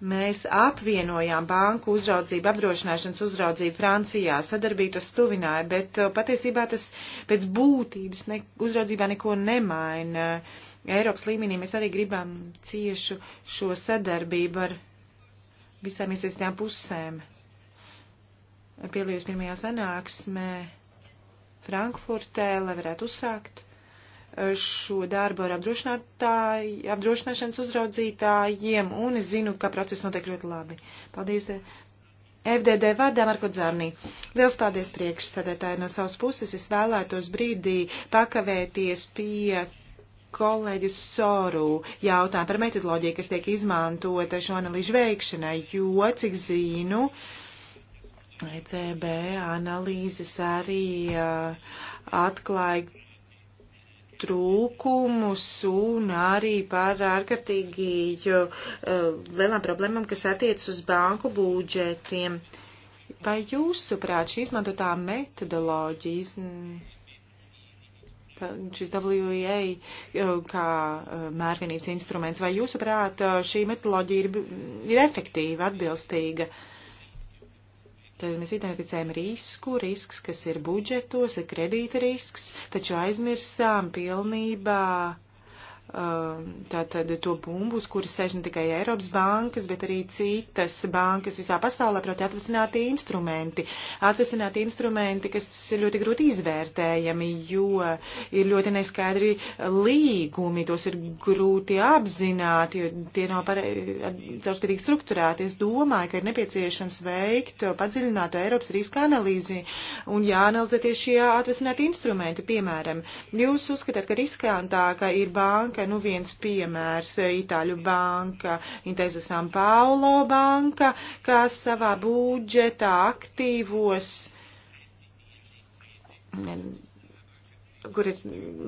Mēs apvienojām banku uzraudzību, apdrošināšanas uzraudzību Francijā, sadarbību tas tuvināja, bet uh, patiesībā tas pēc būtības ne, uzraudzībā neko nemaina. Eiropas līmenī mēs arī gribam ciešu šo sadarbību ar visām iesaistītām pusēm. Pielījus pirmajā sanāksmē Frankfurtē, lai varētu uzsākt šo darbu ar apdrošināšanas uzraudzītājiem, un es zinu, ka process notiek ļoti labi. Paldies! Eh, FDD vārdā Marko Dzārnī. Liels paldies priekšsēdētāji no savas puses. Es vēlētos brīdī pakavēties pie kolēģis Soru jautājumu par metodoloģiju, kas tiek izmantota šo analīžu veikšanai, jo, cik zinu, ECB analīzes arī uh, atklāja trūkumus un arī par ārkārtīgi eh, lielām problēmām, kas attiec uz banku budžetiem. Vai jūsuprāt šī izmantotā metodoloģija, izm šis WEA eh, kā eh, mērvienības instruments. Vai jūsuprāt šī metoloģija ir, ir efektīva, atbilstīga? Uh, Tad mēs identificējam risku, risks, kas ir budžetos, ir kredīta risks, taču aizmirsām pilnībā Um, tātad to bumbu, uz kuras sēž ne tikai Eiropas bankas, bet arī citas bankas visā pasaulē, proti atvasināti instrumenti. Atvasināti instrumenti, kas ir ļoti grūti izvērtējami, jo ir ļoti neskaidri līgumi, tos ir grūti apzināt, jo tie nav caurskatīgi strukturēti. Es domāju, ka ir nepieciešams veikt padziļinātu Eiropas riska analīzi un jāanalizē tieši šie atvasināti instrumenti. Piemēram, jūs uzskatāt, ka riskantāka ir banka, tikai nu viens piemērs eh, - Itāļu banka, Intesa San Paolo banka, kas savā budžetā aktīvos kur ir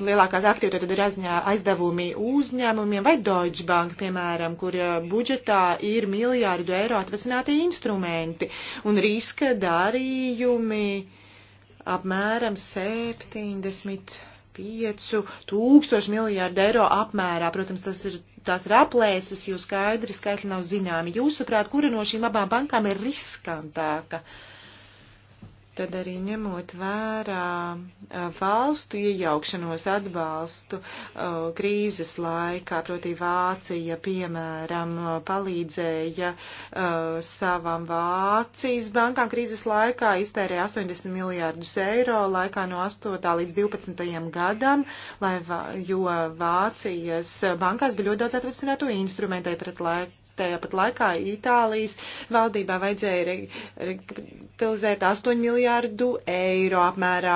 lielākās aktivitātes, tad ir aizdevumi uzņēmumiem, vai Deutsche Bank, piemēram, kur eh, budžetā ir miljārdu eiro atvesinātie instrumenti un riska darījumi apmēram 70 5 tūkstoši miljārdu eiro apmērā. Protams, tas ir, tās ir aplēses, jo skaidri skaitļi nav zināmi. Jūsuprāt, kura no šīm abām bankām ir riskantāka? Uh, tad arī ņemot vērā valstu iejaukšanos atbalstu krīzes laikā, proti Vācija, piemēram, palīdzēja savām Vācijas bankām krīzes laikā, iztērēja 80 miljārdus eiro laikā no 8. līdz 12. gadam, lai, jo Vācijas bankās bija ļoti daudz atvesināto instrumentai pret laiku Tajā pat laikā Itālijas valdībā vajadzēja rekapitalizēt 8 miljārdu eiro apmērā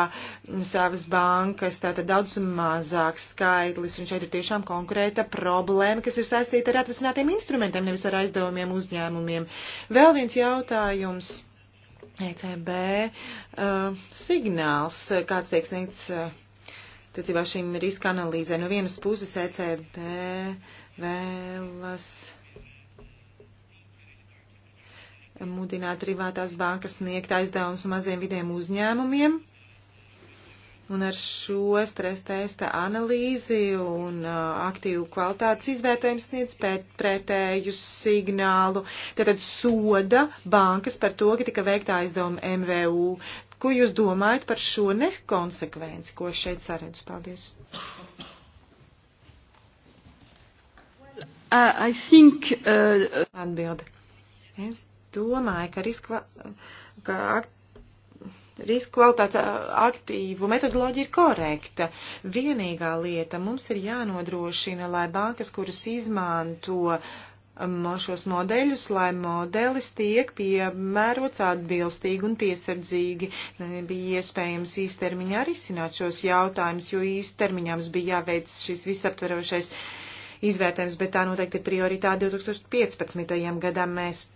savas bankas, tātad daudz mazāks skaitlis, un šeit ir tiešām konkrēta problēma, kas ir saistīta ar atvesinātiem instrumentiem, nevis ar aizdevumiem uzņēmumiem. Vēl viens jautājums. ECB uh, signāls, kāds tiek sniegts uh, tiecībā šīm riska analīzē. No vienas puses ECB vēlas. Uh, mudināt privātās bankas sniegt aizdevumus maziem vidiem uzņēmumiem. Un ar šo stresa testa analīzi un uh, aktīvu kvalitātes izvērtējumu sniedz pret, pretēju signālu. Tātad soda bankas par to, ka tika veikta aizdevuma MVU. Ko jūs domājat par šo nekonsekvenci, ko šeit saredzu? Paldies. Well, uh, I think, uh, Atbildi. Es domāju, ka riska, ka riska kvalitātes aktīvu metodoloģija ir korekta. Vienīgā lieta mums ir jānodrošina, lai bankas, kuras izmanto šos modeļus, lai modelis tiek piemērots atbilstīgi un piesardzīgi. Bija iespējams īstermiņā risināt šos jautājumus, jo īstermiņā mums bija jāveic šis visaptverošais izvērtējums, bet tā noteikti ir prioritāte 2015. gadam. Mēs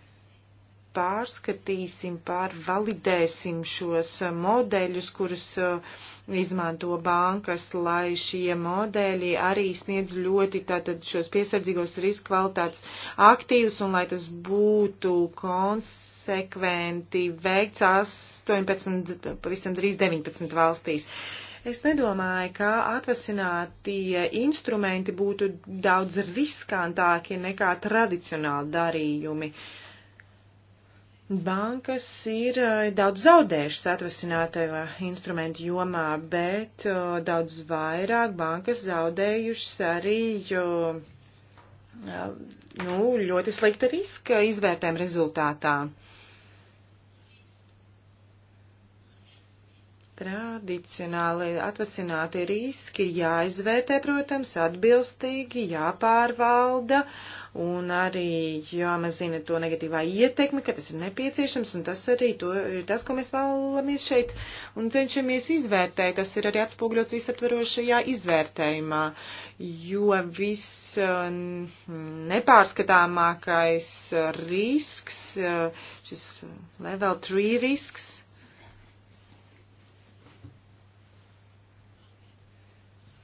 pārskatīsim, pārvalidēsim šos modeļus, kurus uh, izmanto bankas, lai šie modeļi arī sniedz ļoti tātad šos piesardzīgos riska kvalitātes aktīvus un lai tas būtu konsekventi veikts 18, pavisam drīz 19 valstīs. Es nedomāju, ka atvasinātie instrumenti būtu daudz riskantākie nekā tradicionāli darījumi. Uh, Bankas ir eh, daudz zaudējušas atvasinātajā instrumentu jomā, bet eh, daudz vairāk bankas zaudējušas arī jo, eh, nu, ļoti slikta riska izvērtējuma rezultātā. Tradicionāli atvasināti riski jāizvērtē, protams, atbilstīgi, jāpārvalda. Uh, un arī jāmazina to negatīvā ietekme, ka tas ir nepieciešams, un tas arī to, ir tas, ko mēs vēlamies šeit un cenšamies izvērtēt. Tas ir arī atspūgļots visaptverošajā izvērtējumā, jo viss um, nepārskatāmākais uh, risks, uh, šis level 3 risks,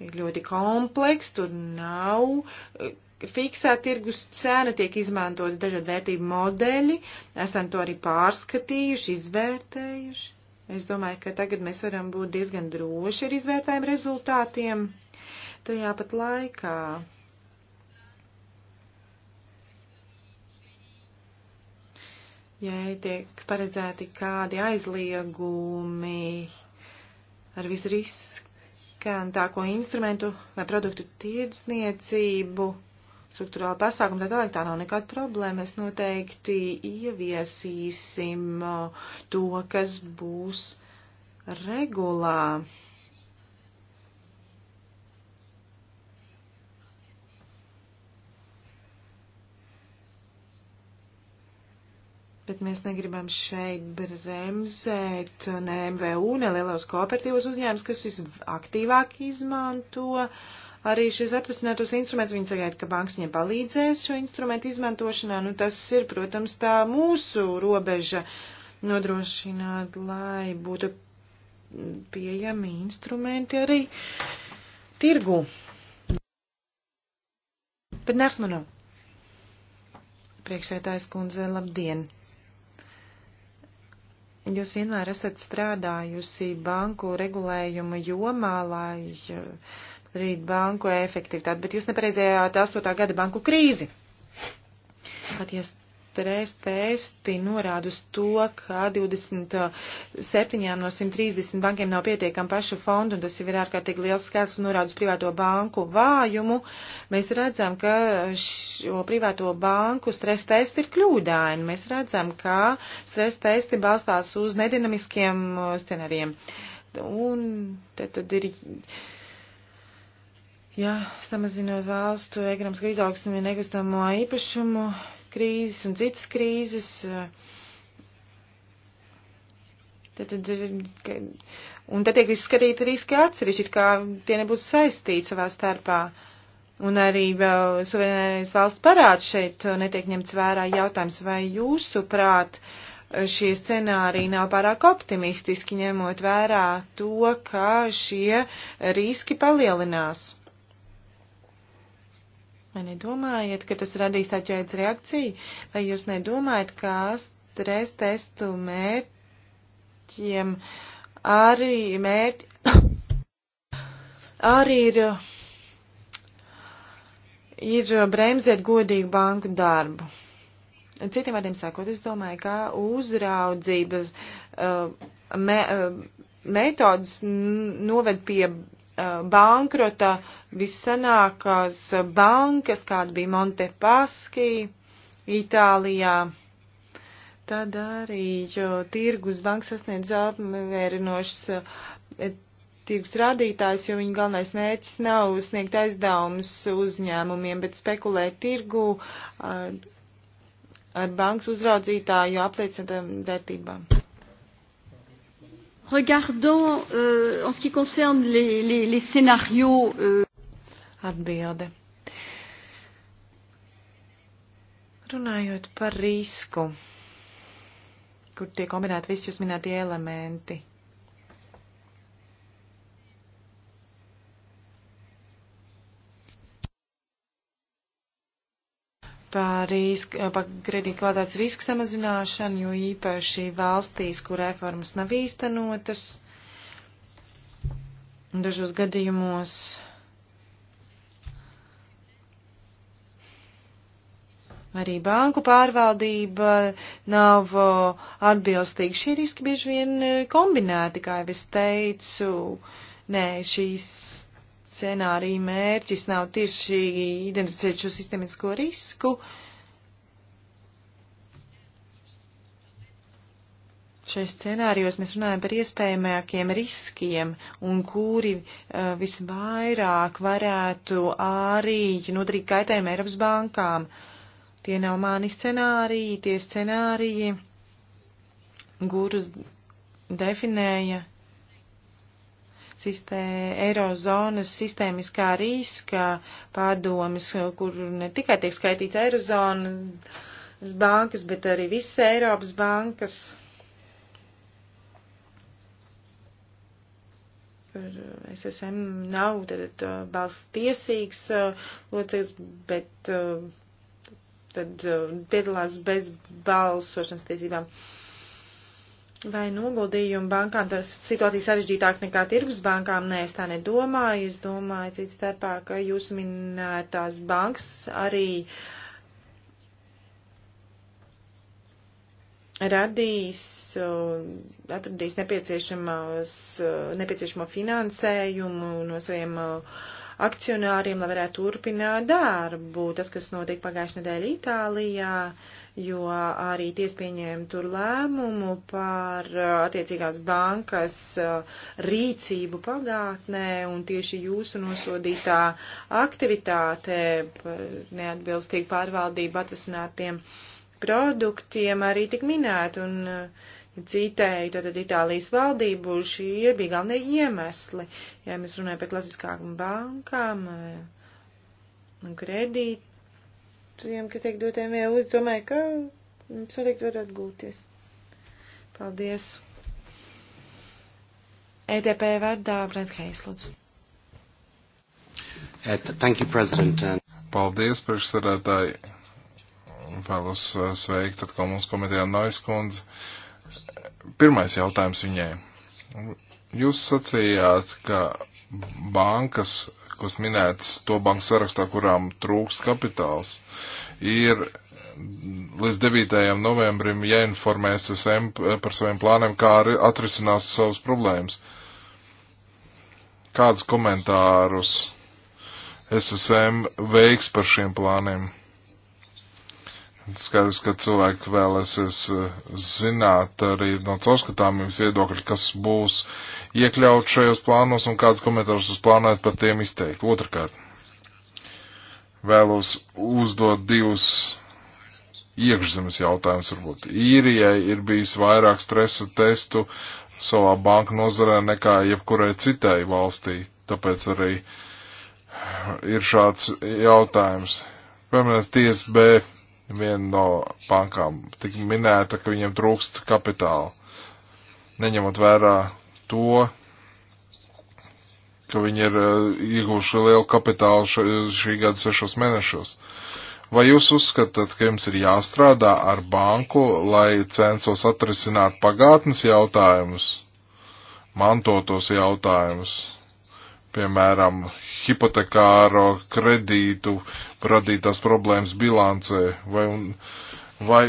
ir ļoti kompleks, tur nav eh, fiksēta tirgus cena, tiek izmantoti dažādi vērtību modeļi, esam to arī pārskatījuši, izvērtējuši. Es domāju, ka tagad mēs varam būt diezgan droši ar izvērtējumu rezultātiem. Tajā pat laikā ja tiek paredzēti kādi aizliegumi ar visrisku riskantāko instrumentu vai produktu tirdzniecību, struktūrāla pasākuma, tā tālāk tā nav nekāda problēma. Mēs noteikti ieviesīsim uh, to, kas būs regulā. Bet mēs negribam šeit bremzēt ne MVU, ne lielos kooperatīvos uzņēmumus, kas visaktīvāk izmanto arī šis atvasinātos instruments. Viņi sagaida, ka banks viņiem palīdzēs šo instrumentu izmantošanā. Nu, tas ir, protams, tā mūsu robeža nodrošināt, lai būtu pieejami instrumenti arī tirgu. Bet nesmanot. Priekšsētājs kundze, labdien! Jūs vienmēr esat strādājusi banku regulējuma jomā, lai eh, rīt banku efektivitāti, bet jūs neparedzējāt 8. gada banku krīzi. Patiesi stres testi norāda uz to, ka 27 no 130 bankiem nav pietiekami pašu fondu, un tas ir ārkārtīgi liels skaits, norāda uz privāto banku vājumu. Mēs redzam, ka šo privāto banku stres testi ir kļūdaini. Mēs redzam, ka stres testi balstās uz nedinamiskiem uh, scenāriem. Un te tad ir. Jā, samazinot valstu ekonomisku izaugsmu un negustamo īpašumu, krīzes un citas krīzes. Tad, tad, un tad tiek izskatīti riski atsevišķi, kā tie nebūtu saistīti savā starpā. Un arī vēl suverēnais valsts parāds šeit netiek ņemts vērā jautājums, vai jūsu prāt šie scenāriji nav pārāk optimistiski, ņemot vērā to, ka šie riski palielinās. Vai nedomājiet, ka tas radīs tādu ķēdes reakciju? Vai jūs nedomājat, ka stres testu mērķiem arī mērķi arī ir, ir bremzēt godīgu banku darbu? Citiem vārdiem sakot, es domāju, ka uzraudzības uh, me, uh, metodas noved pie Uh, bankrota vissanākās bankas, kāda bija Montepaski Itālijā. Tad arī, jo tirgus banka sasniedz apmērinošas uh, tirgus rādītājs, jo viņa galvenais mērķis nav sniegt aizdevumus uzņēmumiem, bet spekulēt tirgu ar, uh, ar bankas uzraudzītāju apliecinātām vērtībām. Regardons, euh, en ce qui concerne les, les, les scénarios. Euh... Atbilde. Runājot par risku, kur tiek kombinēti visi jūs minētie elementi, par, risk, par kredīt kvalitātes risku samazināšanu, jo īpaši valstīs, kur reformas nav īstenotas, dažos gadījumos arī banku pārvaldība nav atbilstīga. Šie riski bieži vien kombinēti, kā jau es teicu, nē, šīs scenārija mērķis nav tieši identificēt šo sistemisko risku. Šai scenārijos mēs runājam par iespējamākiem riskiem un kuri uh, visvairāk varētu arī nodarīt kaitējumu Eiropas bankām. Tie nav mani scenāriji, tie scenāriji, kurus definēja sistē, Eirozonas sistēmiskā riska padomis, kur ne tikai tiek skaitīts Eirozonas bankas, bet arī visas Eiropas bankas. SSM nav tad uh, balsts tiesīgs uh, loceklis, bet uh, tad piedalās bez balsošanas tiesībām. Uh, Vai noguldījumu bankām tas situācija sarežģītāk nekā tirgus bankām? Nē, es tā nedomāju. Es domāju, cits starpā, ka jūs minētās bankas arī radīs, atradīs nepieciešamo finansējumu no saviem akcionāriem, lai varētu turpināt darbu. Tas, kas notika pagājušajā nedēļā Itālijā, uh, jo arī ties pieņēma tur lēmumu par attiecīgās bankas rīcību pagātnē un tieši jūsu nosodītā aktivitāte par neatbilstīgu pārvaldību atvasinātiem produktiem arī tik minēt un citēju tātad Itālijas valdību, šie bija galvenie iemesli, ja mēs runājam par klasiskākām bankām un kredīt tiem, kas tiek dotiem jau, e es domāju, ka svarīgi var atgūties. Paldies. EDP vārdā Brents Heislunds. E, thank you, President. Paldies, priekšsarētāji. Vēlos uh, sveikt atkal mums komitejā Noiskundze. Pirmais jautājums viņai. Jūs sacījāt, ka bankas kas minētas to banku sarakstā, kurām trūks kapitāls, ir līdz 9. novembrim jāinformē SSM par saviem plāniem, kā atrisinās savas problēmas. Kādus komentārus SSM veiks par šiem plāniem? Skaidrs, ka cilvēki vēlēsies eh, zināt arī no caurskatāmības viedokļa, kas būs iekļauts šajos plānos un kāds komentārs jūs plānojat par tiem izteikt. Otrakārt, vēlos uzdot divus iekšzemes jautājumus varbūt. Īrijai ir bijis vairāk stresa testu savā banka nozarē nekā jebkurai citai valstī, tāpēc arī ir šāds jautājums. Piemēram, TSB viena no bankām tika minēta, ka viņiem trūkst kapitāla, neņemot vērā to, ka viņi ir eh, ieguvuši lielu kapitālu šī gada sešos mēnešos. Vai jūs uzskatāt, ka jums ir jāstrādā ar banku, lai censos atrisināt pagātnes jautājumus, mantotos jautājumus? piemēram, hipotekāro kredītu radītās problēmas bilancē, vai, un, vai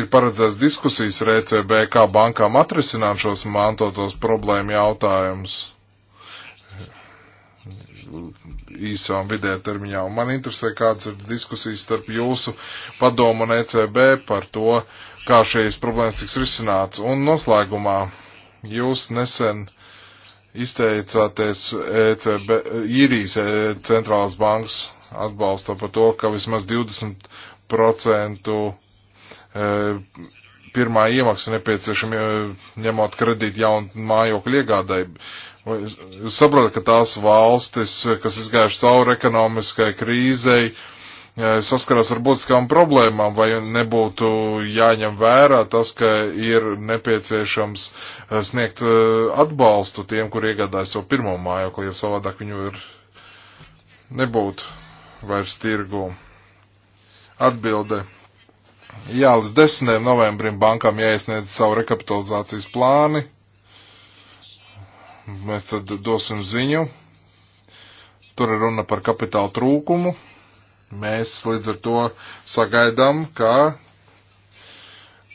ir paredzēts diskusijas ar ECB, kā bankām atrisināt šos mantotos problēmu jautājumus īsā un vidē termiņā. Un man interesē, kāds ir diskusijas starp jūsu padomu un ECB par to, kā šīs problēmas tiks risināts. Un noslēgumā jūs nesen uh, izteicāties ECB, īrijas e, centrālās bankas atbalsta par to, ka vismaz 20% e, pirmā iemaksa nepieciešama e, ņemot kredītu jaunu mājokļu iegādai. Jūs saprotat, ka tās valstis, kas izgājuši cauri ekonomiskai krīzei, uh, saskarās ar būtiskām problēmām, vai nebūtu jāņem vērā tas, ka ir nepieciešams eh, sniegt eh, atbalstu tiem, kur iegādājas savu pirmo mājokli, jo savādāk viņu ir nebūtu vairs tirgu. Atbilde. Jā, līdz 10. novembrim bankām jāiesniedz savu rekapitalizācijas plāni. Mēs tad dosim ziņu. Tur ir runa par kapitāla trūkumu Mēs līdz ar to sagaidām, ka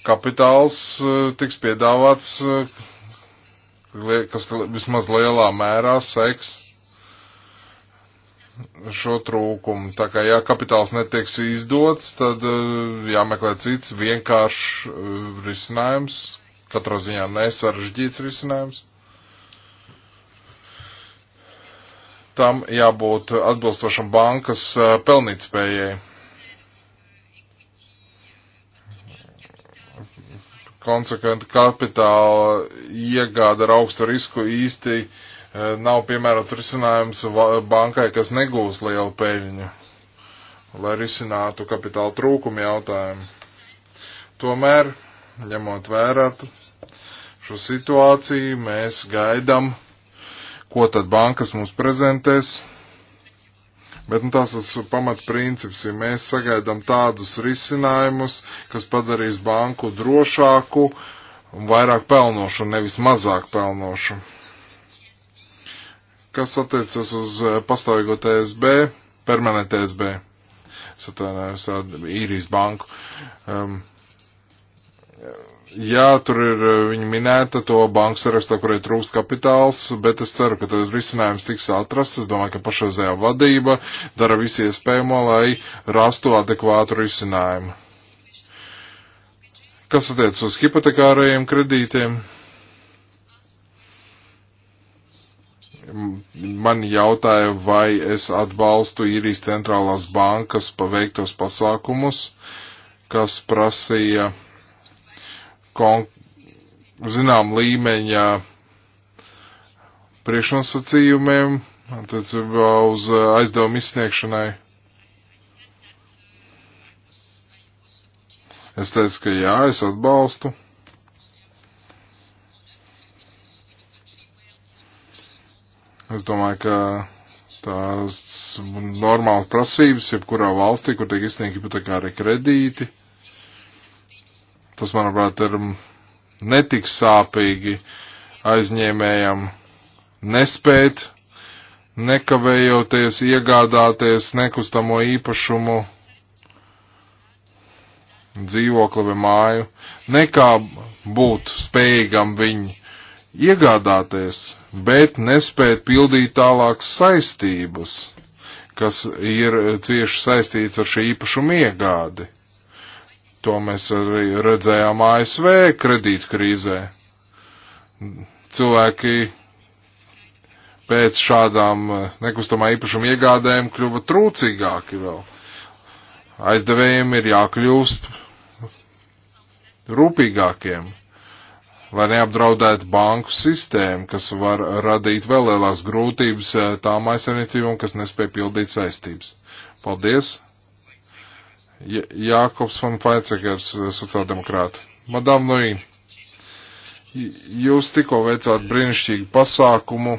kapitāls e, tiks piedāvāts, e, kas vismaz lielā mērā seks šo trūkumu. Tā kā, ja kapitāls netiks izdots, tad e, jāmeklē cits vienkāršs risinājums, katrā ziņā nesaržģīts risinājums. tam jābūt atbilstošam bankas eh, pelnītspējai. Konsekventi kapitāla iegāda ar augstu risku īsti eh, nav piemērots risinājums bankai, kas negūs lielu peļņu, lai risinātu kapitāla trūkumu jautājumu. Tomēr, ņemot vērā šo situāciju, mēs gaidām ko tad bankas mums prezentēs. Bet nu, tās tas pamatprincips ir, ja mēs sagaidām tādus risinājumus, kas padarīs banku drošāku un vairāk pelnošu, nevis mazāk pelnošu. Kas attiecas uz eh, pastāvīgo TSB, permanent TSB, es atvainojos, īrijas banku. Um, Jā, tur ir eh, viņa minēta to bankas sarakstā, kurai trūks kapitāls, bet es ceru, ka tas risinājums tiks atrasts. Es domāju, ka pašreizējā vadība dara visu iespējamo, lai rastu adekvātu risinājumu. Kas attiec uz hipotekārajiem kredītiem? Man jautāja, vai es atbalstu īrijas centrālās bankas paveiktos pasākumus, kas prasīja. Ja zinām līmeņa priekšnosacījumiem attiecībā uz uh, aizdevumu izsniegšanai. Es teicu, ka jā, es atbalstu. Es domāju, ka tās normālas prasības, jebkurā valstī, kur tiek izsniegti hipotekāri kredīti, Tas, manuprāt, ir netik sāpīgi aizņēmējam nespēt nekavējoties iegādāties nekustamo īpašumu dzīvokli vai māju, nekā būt spējīgam viņu iegādāties, bet nespēt pildīt tālāk saistības, kas ir cieši saistīts ar šī īpašuma iegādi. To mēs arī redzējām ASV kredītkrīzē. Cilvēki pēc šādām eh, nekustamā īpašuma iegādēm kļuva trūcīgāki vēl. Aizdevējiem ir jākļūst rūpīgākiem, lai neapdraudētu banku sistēmu, kas var radīt vēl lielās grūtības eh, tām aizsardzībām, kas nespēja pildīt saistības. Paldies! Jākops von Faicekers, sociāldemokrāta. Madam Nui, jūs tikko veicāt brīnišķīgu pasākumu,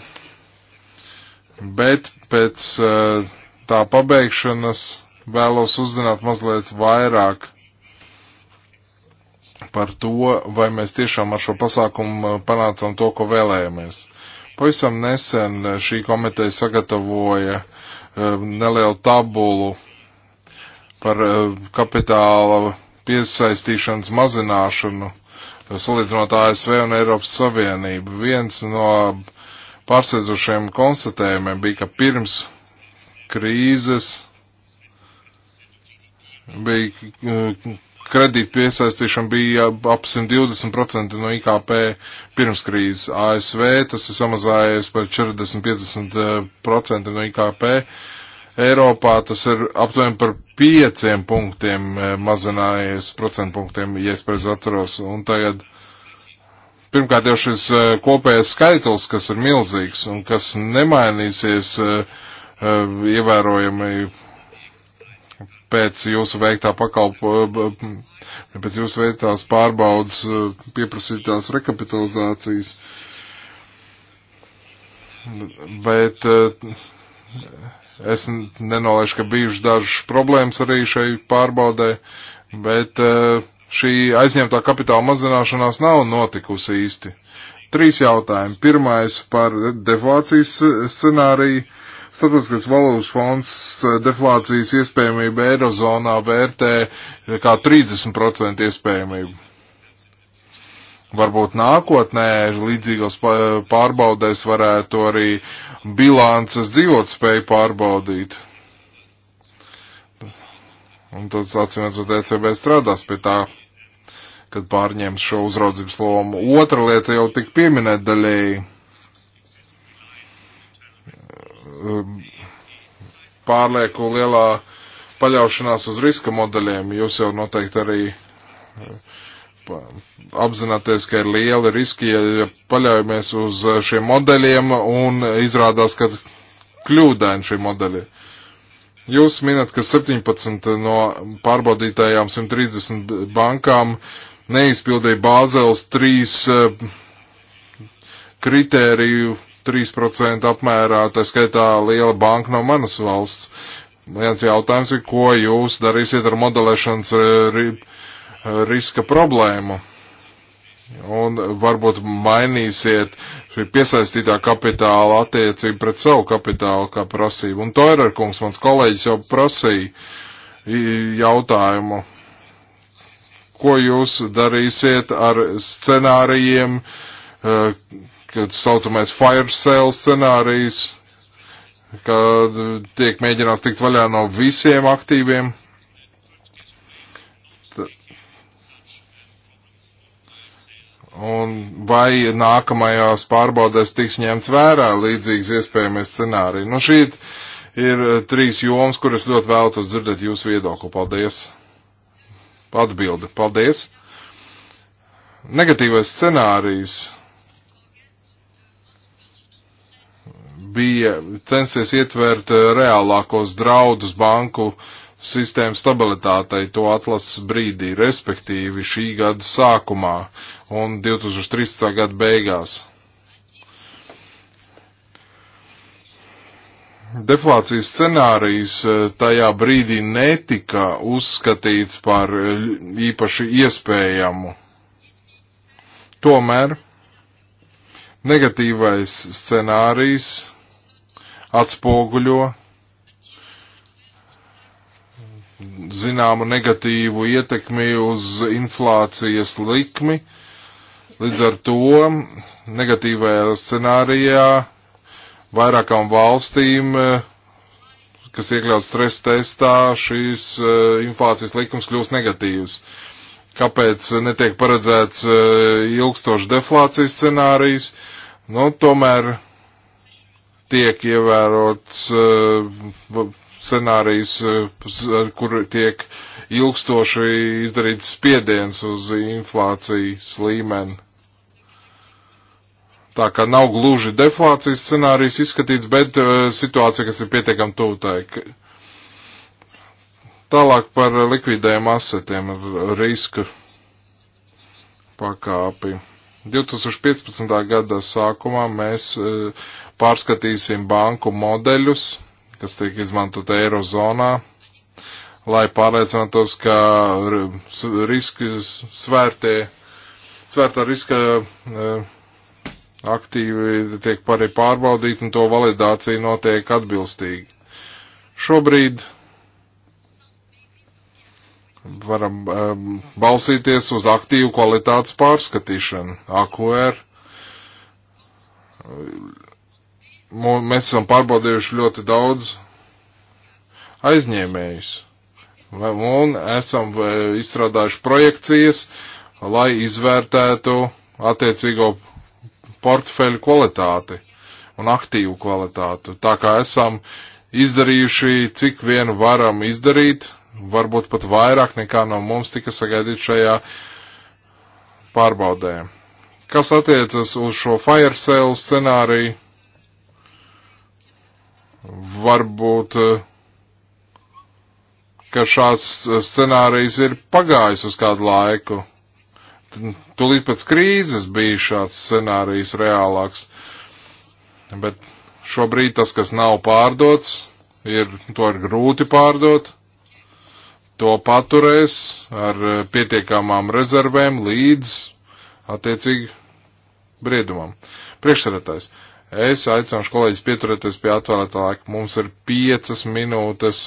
bet pēc eh, tā pabeigšanas vēlos uzzināt mazliet vairāk par to, vai mēs tiešām ar šo pasākumu panācam to, ko vēlējamies. Pavisam nesen šī komiteja sagatavoja eh, nelielu tabulu par eh, kapitāla piesaistīšanas mazināšanu eh, salīdzinot ASV un Eiropas Savienību. Viens no pārsteidzošiem konstatējumiem bija, ka pirms krīzes bija eh, kredīta piesaistīšana bija ap 120% no IKP pirms krīzes. ASV tas ir samazājies par 40-50% no IKP. Uh, Eiropā tas ir aptuveni par pieciem punktiem eh, mazinājies procentpunktiem, ja es pareizi atceros. Un tagad pirmkārt jau šis eh, kopējais skaitlis, kas ir milzīgs un kas nemainīsies eh, ievērojami pēc jūsu veiktā pakalpo, pēc jūsu veiktās pārbaudas pieprasītās rekapitalizācijas. Bet Es nenolaišu, ka bijuši dažas problēmas arī šai pārbaudē, bet e, šī aizņemtā kapitāla mazināšanās nav notikusi īsti. Trīs jautājumi. Pirmais par deflācijas e, scenāriju. Starptautiskais valūtas fonds e, deflācijas iespējamību Eirozonā vērtē kā 30% iespējamību. Varbūt nākotnē līdzīgos pārbaudēs varētu arī bilances dzīvotspēju pārbaudīt. Un tas atcīmēts, ka ECB strādās pie tā, kad pārņems šo uzraudzības lomu. Otra lieta jau tik pieminēt daļēji. Um, pārlieku lielā paļaušanās uz riska modeļiem. Jūs jau noteikti arī apzināties, ka ir liela riski, ja paļaujamies uz eh, šiem modeļiem un izrādās, ka kļūdaini šie modeļi. Jūs minat, ka 17 no pārbaudītajām 130 bankām neizpildīja Bāzels 3 eh, kritēriju 3% apmērā, tā skaitā liela banka no manas valsts. Viens jautājums ir, ko jūs darīsiet ar modelēšanas eh, riska problēmu. Un varbūt mainīsiet šī piesaistītā kapitāla attiecību pret savu kapitālu kā prasību. Un Toirer kungs, mans kolēģis jau prasīja jautājumu, ko jūs darīsiet ar scenārijiem, e, kad saucamais fire sale scenārijs, kad tiek mēģināts tikt vaļā no visiem aktīviem. un vai nākamajās pārbaudēs tiks ņemts vērā līdzīgs iespējamais scenārija. Nu, šī ir eh, trīs jomas, kuras ļoti vēlētos dzirdēt jūsu viedokli. Paldies! Atbilde. Paldies! Negatīvais scenārijs bija censies ietvert eh, reālākos draudus banku sistēmu stabilitātei to atlases brīdī, respektīvi šī gada sākumā. Uh, un 2013. gada beigās. Deflācijas scenārijs e, tajā brīdī netika uzskatīts par e, īpaši iespējamu. Tomēr negatīvais scenārijs atspoguļo zināmu negatīvu ietekmi uz inflācijas likmi Līdz ar to negatīvajā scenārijā vairākām valstīm, eh, kas iekļauts stresa testā, šīs eh, inflācijas likums kļūst negatīvs. Kāpēc netiek paredzēts eh, ilgstošs deflācijas scenārijs? Nu, tomēr tiek ievērots scenārijs, kur tiek ilgstoši izdarīts spiediens uz inflācijas līmeni. Tā kā nav gluži deflācijas scenārijs izskatīts, bet uh, situācija, kas ir pietiekami tūtai. Tālāk par likvidējiem asetiem ar riska pakāpi. 2015. gada sākumā mēs uh, pārskatīsim banku modeļus, kas tiek izmantot Eirozonā, lai pārliecinātos, ka riska svērtē, svērtā riska uh, aktīvi tiek arī pārbaudīti un to validācija notiek atbilstīgi. Šobrīd varam um, balsīties uz aktīvu kvalitātes pārskatīšanu, AQR. Mēs esam pārbaudījuši ļoti daudz aizņēmējus un esam eh, izstrādājuši projekcijas, lai izvērtētu attiecīgo portfeļu kvalitāti un aktīvu kvalitāti. Tā kā esam izdarījuši, cik vienu varam izdarīt, varbūt pat vairāk nekā no mums tika sagaidīt šajā pārbaudē. Kas attiecas uz šo fire sale scenāriju, varbūt, ka šāds scenārijs ir pagājis uz kādu laiku Tūlīt pēc krīzes bija šāds scenārijs reālāks, bet šobrīd tas, kas nav pārdots, ir, to ir grūti pārdot, to paturēs ar pietiekamām rezervēm līdz attiecīgi briedumam. Priekšsēdētājs, es aicināšu kolēģis pieturēties pie atvēlētā laika. Mums ir piecas minūtes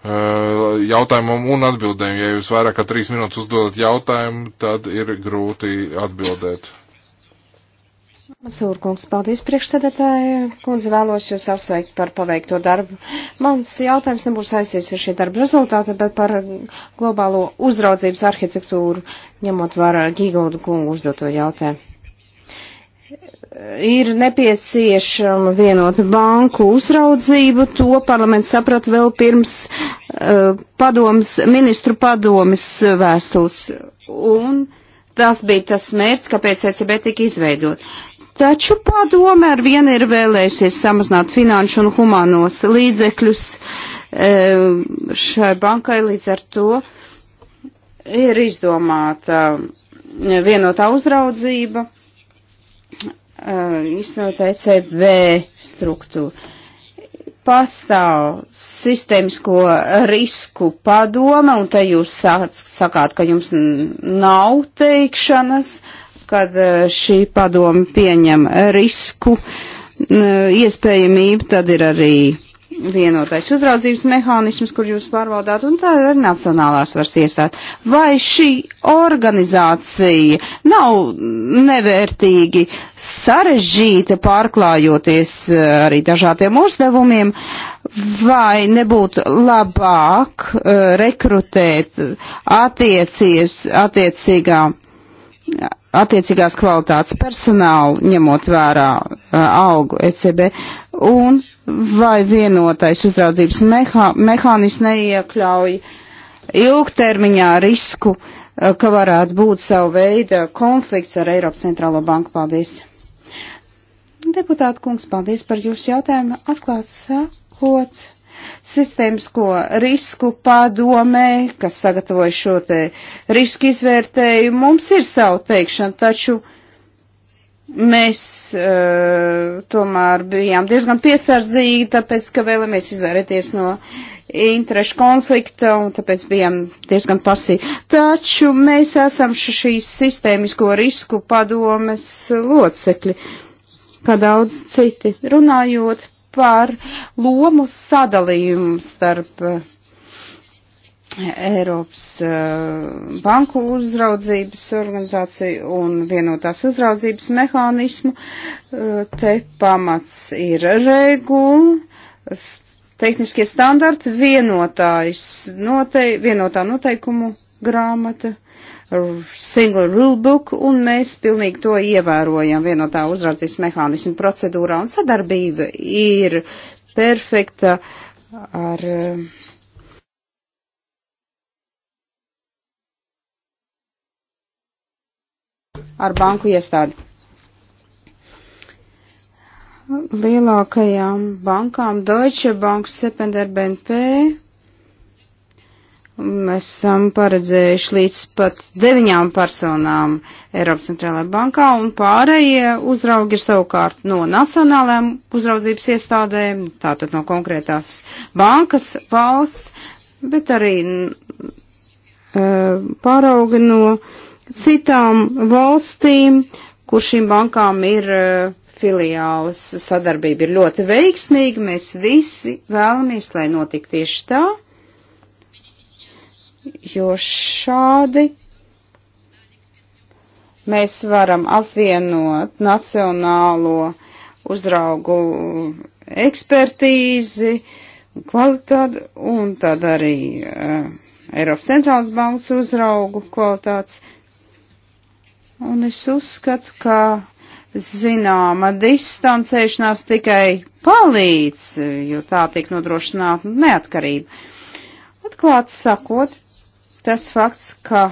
Eh, jautājumam un atbildēm. Ja jūs vairāk kā trīs minūtes uzdodat jautājumu, tad ir grūti atbildēt. Mazūrkungs, paldies priekšsēdētāji. Kundze vēlos jūs apsveikt par paveikto darbu. Mans jautājums nebūs saistīts ar šī darba rezultātu, bet par globālo uzraudzības arhitektūru, ņemot vērā Gīgaudu kungu uzdoto jautājumu ir nepieciešama vienota banku uzraudzība. To parlaments saprat vēl pirms uh, padomas, ministru padomas eh, vēstules. Un tas bija tas mērķis, kāpēc ECB tika izveidot. Taču padome ar vienu ir vēlējusies samazināt finanšu un humānos līdzekļus uh, šai bankai līdz ar to ir izdomāta vienotā uzraudzība īstenot uh, ECB struktūru. Pastāv sistēmisko risku padome, un te jūs sakāt, ka jums nav teikšanas, kad uh, šī padome pieņem risku iespējamību, tad ir arī vienotais uzraudzības mehānisms, kur jūs pārvaldāt, un tā ir nacionālās varas iestāde. Vai šī organizācija nav nevērtīgi sarežģīta pārklājoties eh, arī dažādiem uzdevumiem, vai nebūtu labāk uh, rekrutēt attiecies, attiecīgā attiecīgās kvalitātes personālu, ņemot vērā uh, eh, augu ECB, un vai vienotais uzraudzības mehā, mehānisms neiekļauj ilgtermiņā risku, eh, ka varētu būt savu veidu konflikts ar Eiropas centrālo banku. Paldies! Deputāta kungs, paldies par jūsu jautājumu. Atklāt sakot, sistēmisko risku padomē, kas sagatavoja šo te risku izvērtējumu, mums ir savu teikšanu, taču Mēs uh, tomēr bijām diezgan piesardzīgi, tāpēc, ka vēlamies izvairīties no interešu konflikta, un tāpēc bijām diezgan pasīvi. Taču mēs esam šīs sistēmisko risku padomes locekļi, kā daudz citi, runājot par lomu sadalījumu starp uh, Eiropas eh, banku uzraudzības organizāciju un vienotās uzraudzības mehānismu. Eh, te pamats ir regula, tehniskie standarti, vienotājs, notei, vienotā noteikumu grāmata, single rulebook, un mēs pilnīgi to ievērojam vienotā uzraudzības mehānismu procedūrā, un sadarbība ir perfekta ar. Uh, ar banku iestādi. Lielākajām bankām Deutsche Bank, Sepender BNP, mēs esam paredzējuši līdz pat deviņām personām Eiropas centrālajā bankā, un pārējie uzraugi ir savukārt no nacionālajām uzraudzības iestādēm, tātad no konkrētās bankas valsts, bet arī e, pārauga no citām valstīm, kur šīm bankām ir e, filiālas sadarbība ir ļoti veiksmīga. Mēs visi vēlamies, lai notiktu tieši tā, jo šādi mēs varam apvienot nacionālo uzraugu ekspertīzi, kvalitāti un tad arī uh, Eiropas centrālas bankas uzraugu kvalitātes Un es uzskatu, ka zināma distancēšanās tikai palīdz, jo tā tiek nodrošināta neatkarība. Atklāts sakot, tas fakts, ka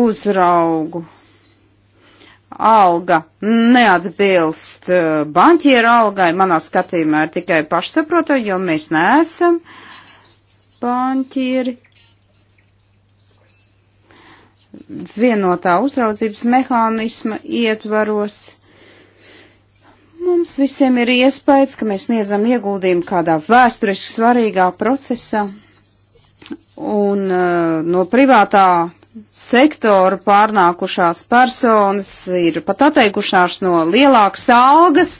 uzraugu alga neatbilst uh, banķiera algai, manā skatījumā ir tikai pašsaprotami, jo mēs neesam banķieri, vienotā uzraudzības mehānisma ietvaros. Mums visiem ir iespējas, ka mēs sniedzam ieguldījumu kādā vēsturiski svarīgā procesā, un uh, no privātā sektora pārnākušās personas ir pat atteikušās no lielākas algas,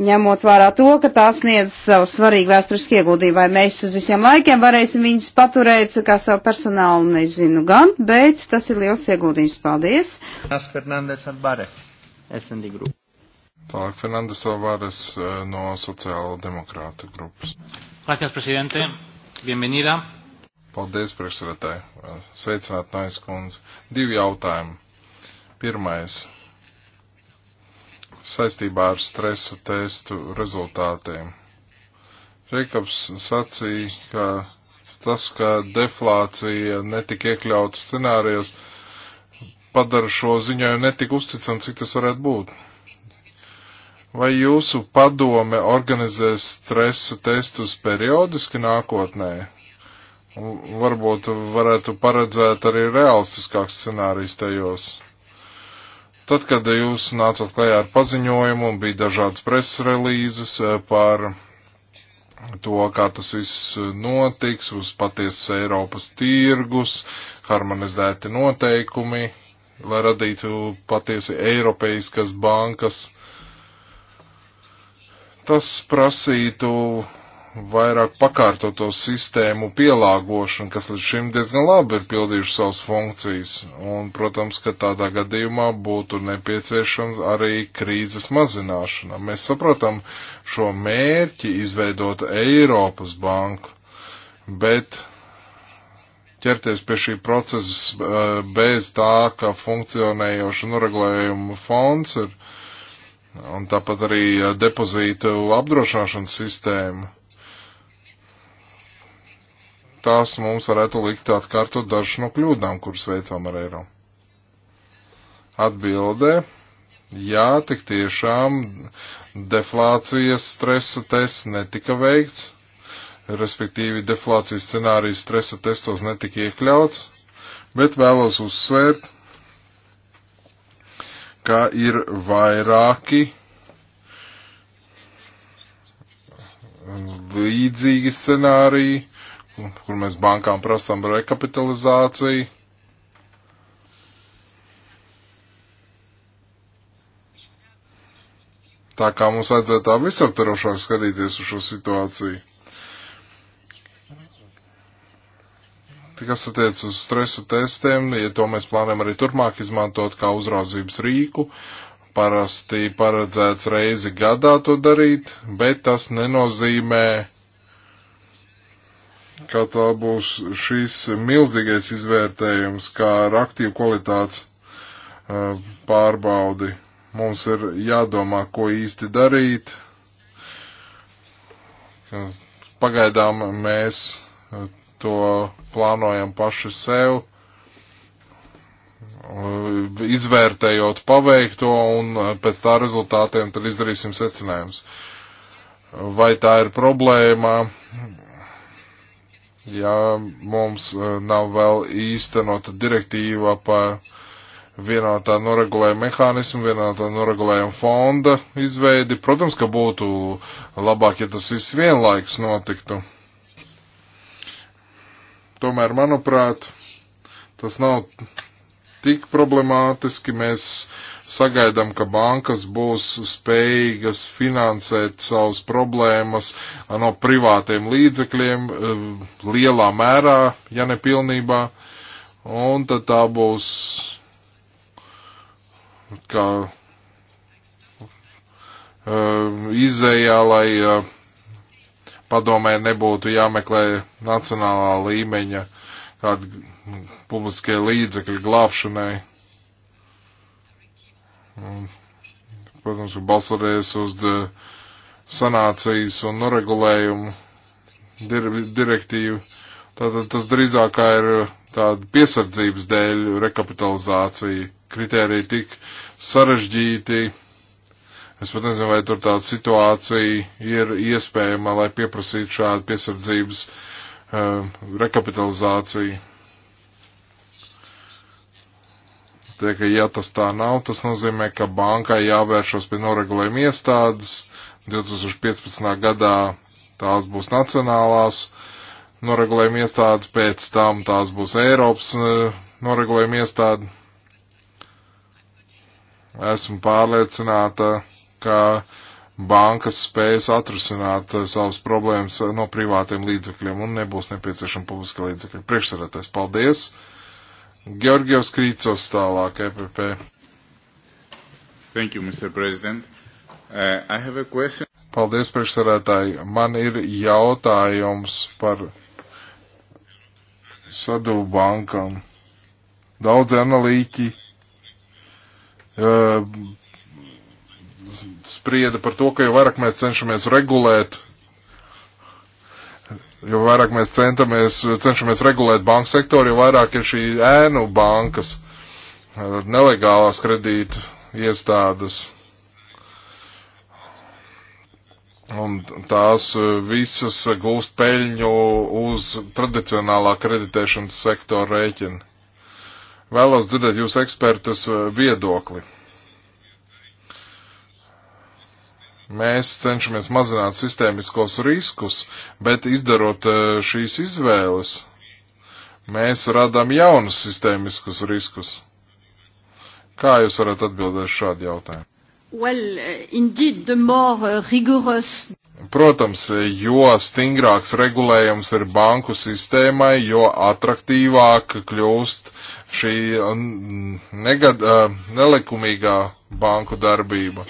ņemot vērā to, ka tās sniedz savu svarīgu vēsturisku ieguldījumu, vai mēs uz visiem laikiem varēsim viņus paturēt kā savu personālu, nezinu gan, bet tas ir liels ieguldījums. Paldies! Tas Fernandes Alvarez, SND grupa. Tālāk Fernandes Alvarez eh, no Sociāla demokrāta grupas. Gracias, presidente. Bienvenida. Paldies, priekšsēdētāji. Sveicināt, Naiskundze. Divi jautājumi. Pirmais saistībā ar stresa testu rezultātiem. Reikaps sacīja, ka tas, ka deflācija netika iekļauts scenārijos, padara šo ziņojumu netik uzticam, cik tas varētu būt. Vai jūsu padome organizēs stresa testus periodiski nākotnē? Varbūt varētu paredzēt arī realistiskāks scenārijs tajos. Tad, kad jūs nācat klajā ar paziņojumu un bija dažādas preses relīzes eh, par to, kā tas viss eh, notiks, uz patiesas Eiropas tirgus, harmonizēti noteikumi, lai radītu patiesi Eiropeiskas bankas, tas prasītu vairāk pakārtoto sistēmu pielāgošanu, kas līdz šim diezgan labi ir pildījuši savas funkcijas. Un, protams, ka tādā gadījumā būtu nepieciešams arī krīzes mazināšana. Mēs saprotam šo mērķi izveidot Eiropas banku, bet ķerties pie šī procesa eh, bez tā, ka funkcionējoša noregulējuma fonds ir. Un tāpat arī eh, depozītu apdrošināšanas sistēma tās mums varētu likt atkārtot dažas no kļūdām, kuras veicām ar eiro. Atbildē. Jā, tik tiešām deflācijas stresa tests netika veikts, respektīvi deflācijas scenārijas stresa testos netika iekļauts, bet vēlos uzsvērt, ka ir vairāki līdzīgi scenāriji, kur mēs bankām prasām rekapitalizāciju. Tā kā mums vajadzētu tā visaptarošāk skatīties uz šo situāciju. Kas attiec uz stresa testiem, ja to mēs plānojam arī turpmāk izmantot kā uzraudzības rīku, parasti paredzēts reizi gadā to darīt, bet tas nenozīmē, ka tā būs šīs milzīgais izvērtējums, kā ar aktīvu kvalitātes pārbaudi. Mums ir jādomā, ko īsti darīt. Pagaidām mēs to plānojam paši sev, izvērtējot paveikto un pēc tā rezultātiem tad izdarīsim secinājumus. Vai tā ir problēma? ja mums e, nav vēl īstenota direktīva par vienotā noregulējuma mehānismu, vienotā noregulējuma fonda izveidi. Protams, ka būtu labāk, ja tas viss vienlaikus notiktu. Tomēr, manuprāt, tas nav tik problemātiski. Mēs sagaidām, ka bankas būs spējīgas finansēt savas problēmas no privātiem līdzekļiem eh, lielā mērā, ja ne pilnībā. Un tad tā būs kā eh, izējā, lai eh, padomē nebūtu jāmeklē nacionālā līmeņa kāda publiskie līdzekļi glābšanai. Un, protams, ka balsoties uz eh, sanācijas un noregulējumu dir direktīvu. Tātad tas drīzāk ir tāda piesardzības dēļ rekapitalizācija. Kritēriji tik sarežģīti. Es pat nezinu, vai tur tāda situācija ir iespējama, lai pieprasītu šādu piesardzības uh, rekapitalizāciju. Tā ka, ja tas tā nav, tas nozīmē, ka bankai jāvēršas pie noregulējuma iestādes. 2015. gadā tās būs nacionālās noregulējuma iestādes, pēc tam tās būs Eiropas e, noregulējuma iestāde. Esmu pārliecināta, ka bankas spējas atrisināt e, savas problēmas no privātiem līdzekļiem un nebūs nepieciešama publiska līdzekļa. Priekšsarētais, paldies! Georgievs Krīcos tālāk, EPP. Thank you, Mr. President. Uh, I have a question. Paldies, priekšsarētāji. Man ir jautājums par Sadu bankam. Daudzi analīķi uh, sprieda par to, ka jau vairāk mēs cenšamies regulēt Jo vairāk mēs centamies, cenšamies regulēt banku sektoru, jo vairāk ir šī ēnu bankas, eh, nelegālās kredītu iestādes. Un tās eh, visas gūst peļņu uz tradicionālā kreditēšanas sektora rēķina. Vēlos dzirdēt jūsu ekspertas eh, viedokli. Mēs cenšamies mazināt sistēmiskos riskus, bet izdarot eh, šīs izvēles, mēs radām jaunus sistēmiskus riskus. Kā jūs varat atbildēt šādu jautājumu? Well, eh, indeed, the more eh, rigorous Protams, jo stingrāks regulējums ir banku sistēmai, jo atraktīvāk kļūst šī negad, nelikumīgā banku darbība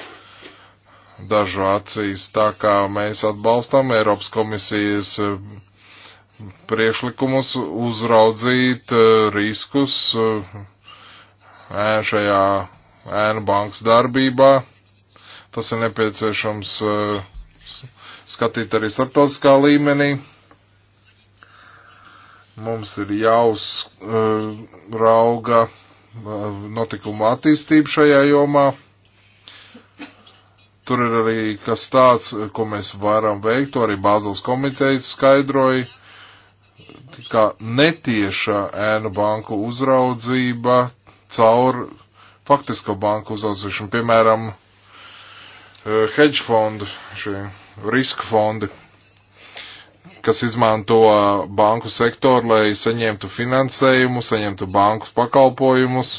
dažu acīs. Tā kā mēs atbalstam Eiropas komisijas eh, priekšlikumus uzraudzīt eh, riskus eh, šajā ēnu bankas darbībā. Tas ir nepieciešams skatīt arī starptautiskā līmenī mums ir jāuzrauga uh, uh, notikuma attīstība šajā jomā. Tur ir arī kas tāds, ko mēs varam veikt, to arī Bāzels komiteja skaidroja, ka netieša ēnu banku uzraudzība caur faktisko banku uzraudzīšanu, piemēram, eh, hedge fondu, šie riska fondi, kas izmanto banku sektoru, lai saņemtu finansējumu, saņemtu banku pakalpojumus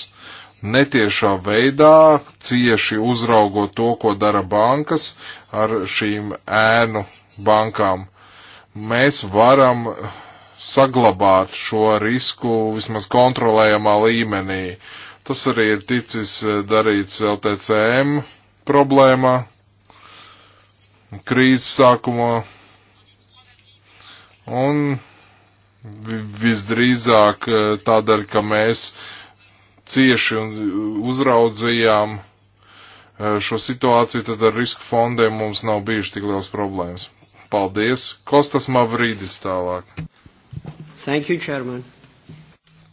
netiešā veidā cieši uzraugot to, ko dara bankas ar šīm ēnu bankām. Mēs varam saglabāt šo risku vismaz kontrolējamā līmenī. Tas arī ir ticis eh, darīts LTCM problēmā, krīzes sākumā. Un visdrīzāk eh, tādēļ, ka mēs uh, cieši uzraudzījām e, šo situāciju, tad ar risku fondiem mums nav bijuši tik liels problēmas. Paldies. Kostas Mavrīdis tālāk. Thank you, Chairman.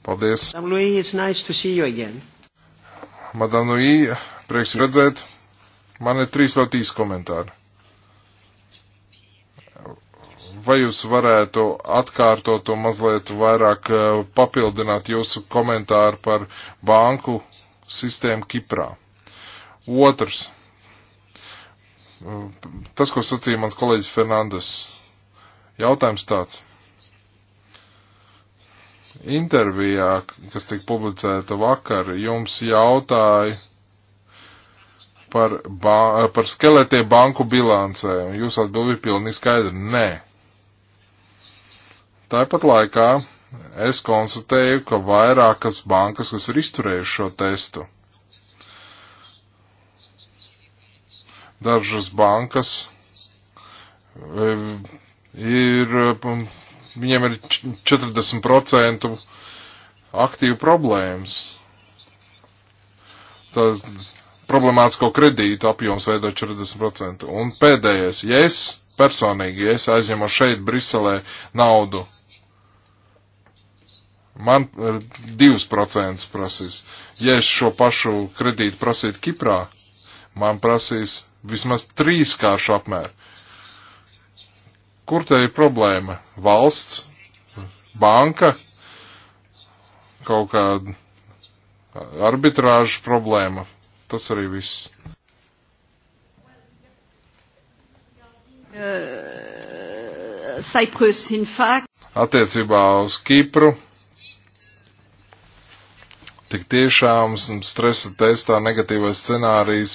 Paldies. Madam Louis, it's nice to see you again. Madam Louis, prieks redzēt. Man ir trīs vēl tīs komentāri vai jūs varētu atkārtot to mazliet vairāk eh, papildināt jūsu komentāru par banku sistēmu Kiprā? Otrs. Tas, ko sacīja mans kolēģis Fernandes. Jautājums tāds. Intervijā, kas tika publicēta vakar, jums jautāja par, ba par skeletiem banku bilancē. Jūs atbildi pilnīgi skaidri. Nē. Tāpat laikā es konstatēju, ka vairākas bankas, kas ir izturējušas šo testu, dažas bankas eh, ir, hm, viņiem ir 40% aktīvu problēmas. Tad problemātisko kredītu apjoms veido 40%. Un pēdējais, ja es personīgi, ja es aizņemu šeit Briselē naudu Man 2% eh, prasīs. Ja es šo pašu kredītu prasītu Kiprā, man prasīs vismaz trīskāršu apmēru. Kur te ir problēma? Valsts, banka, kaut kāda arbitrāža problēma. Tas arī viss. Uh, Cyprus, in fact. Attiecībā uz Kipru Tik tiešām stresa testā negatīvais scenārijs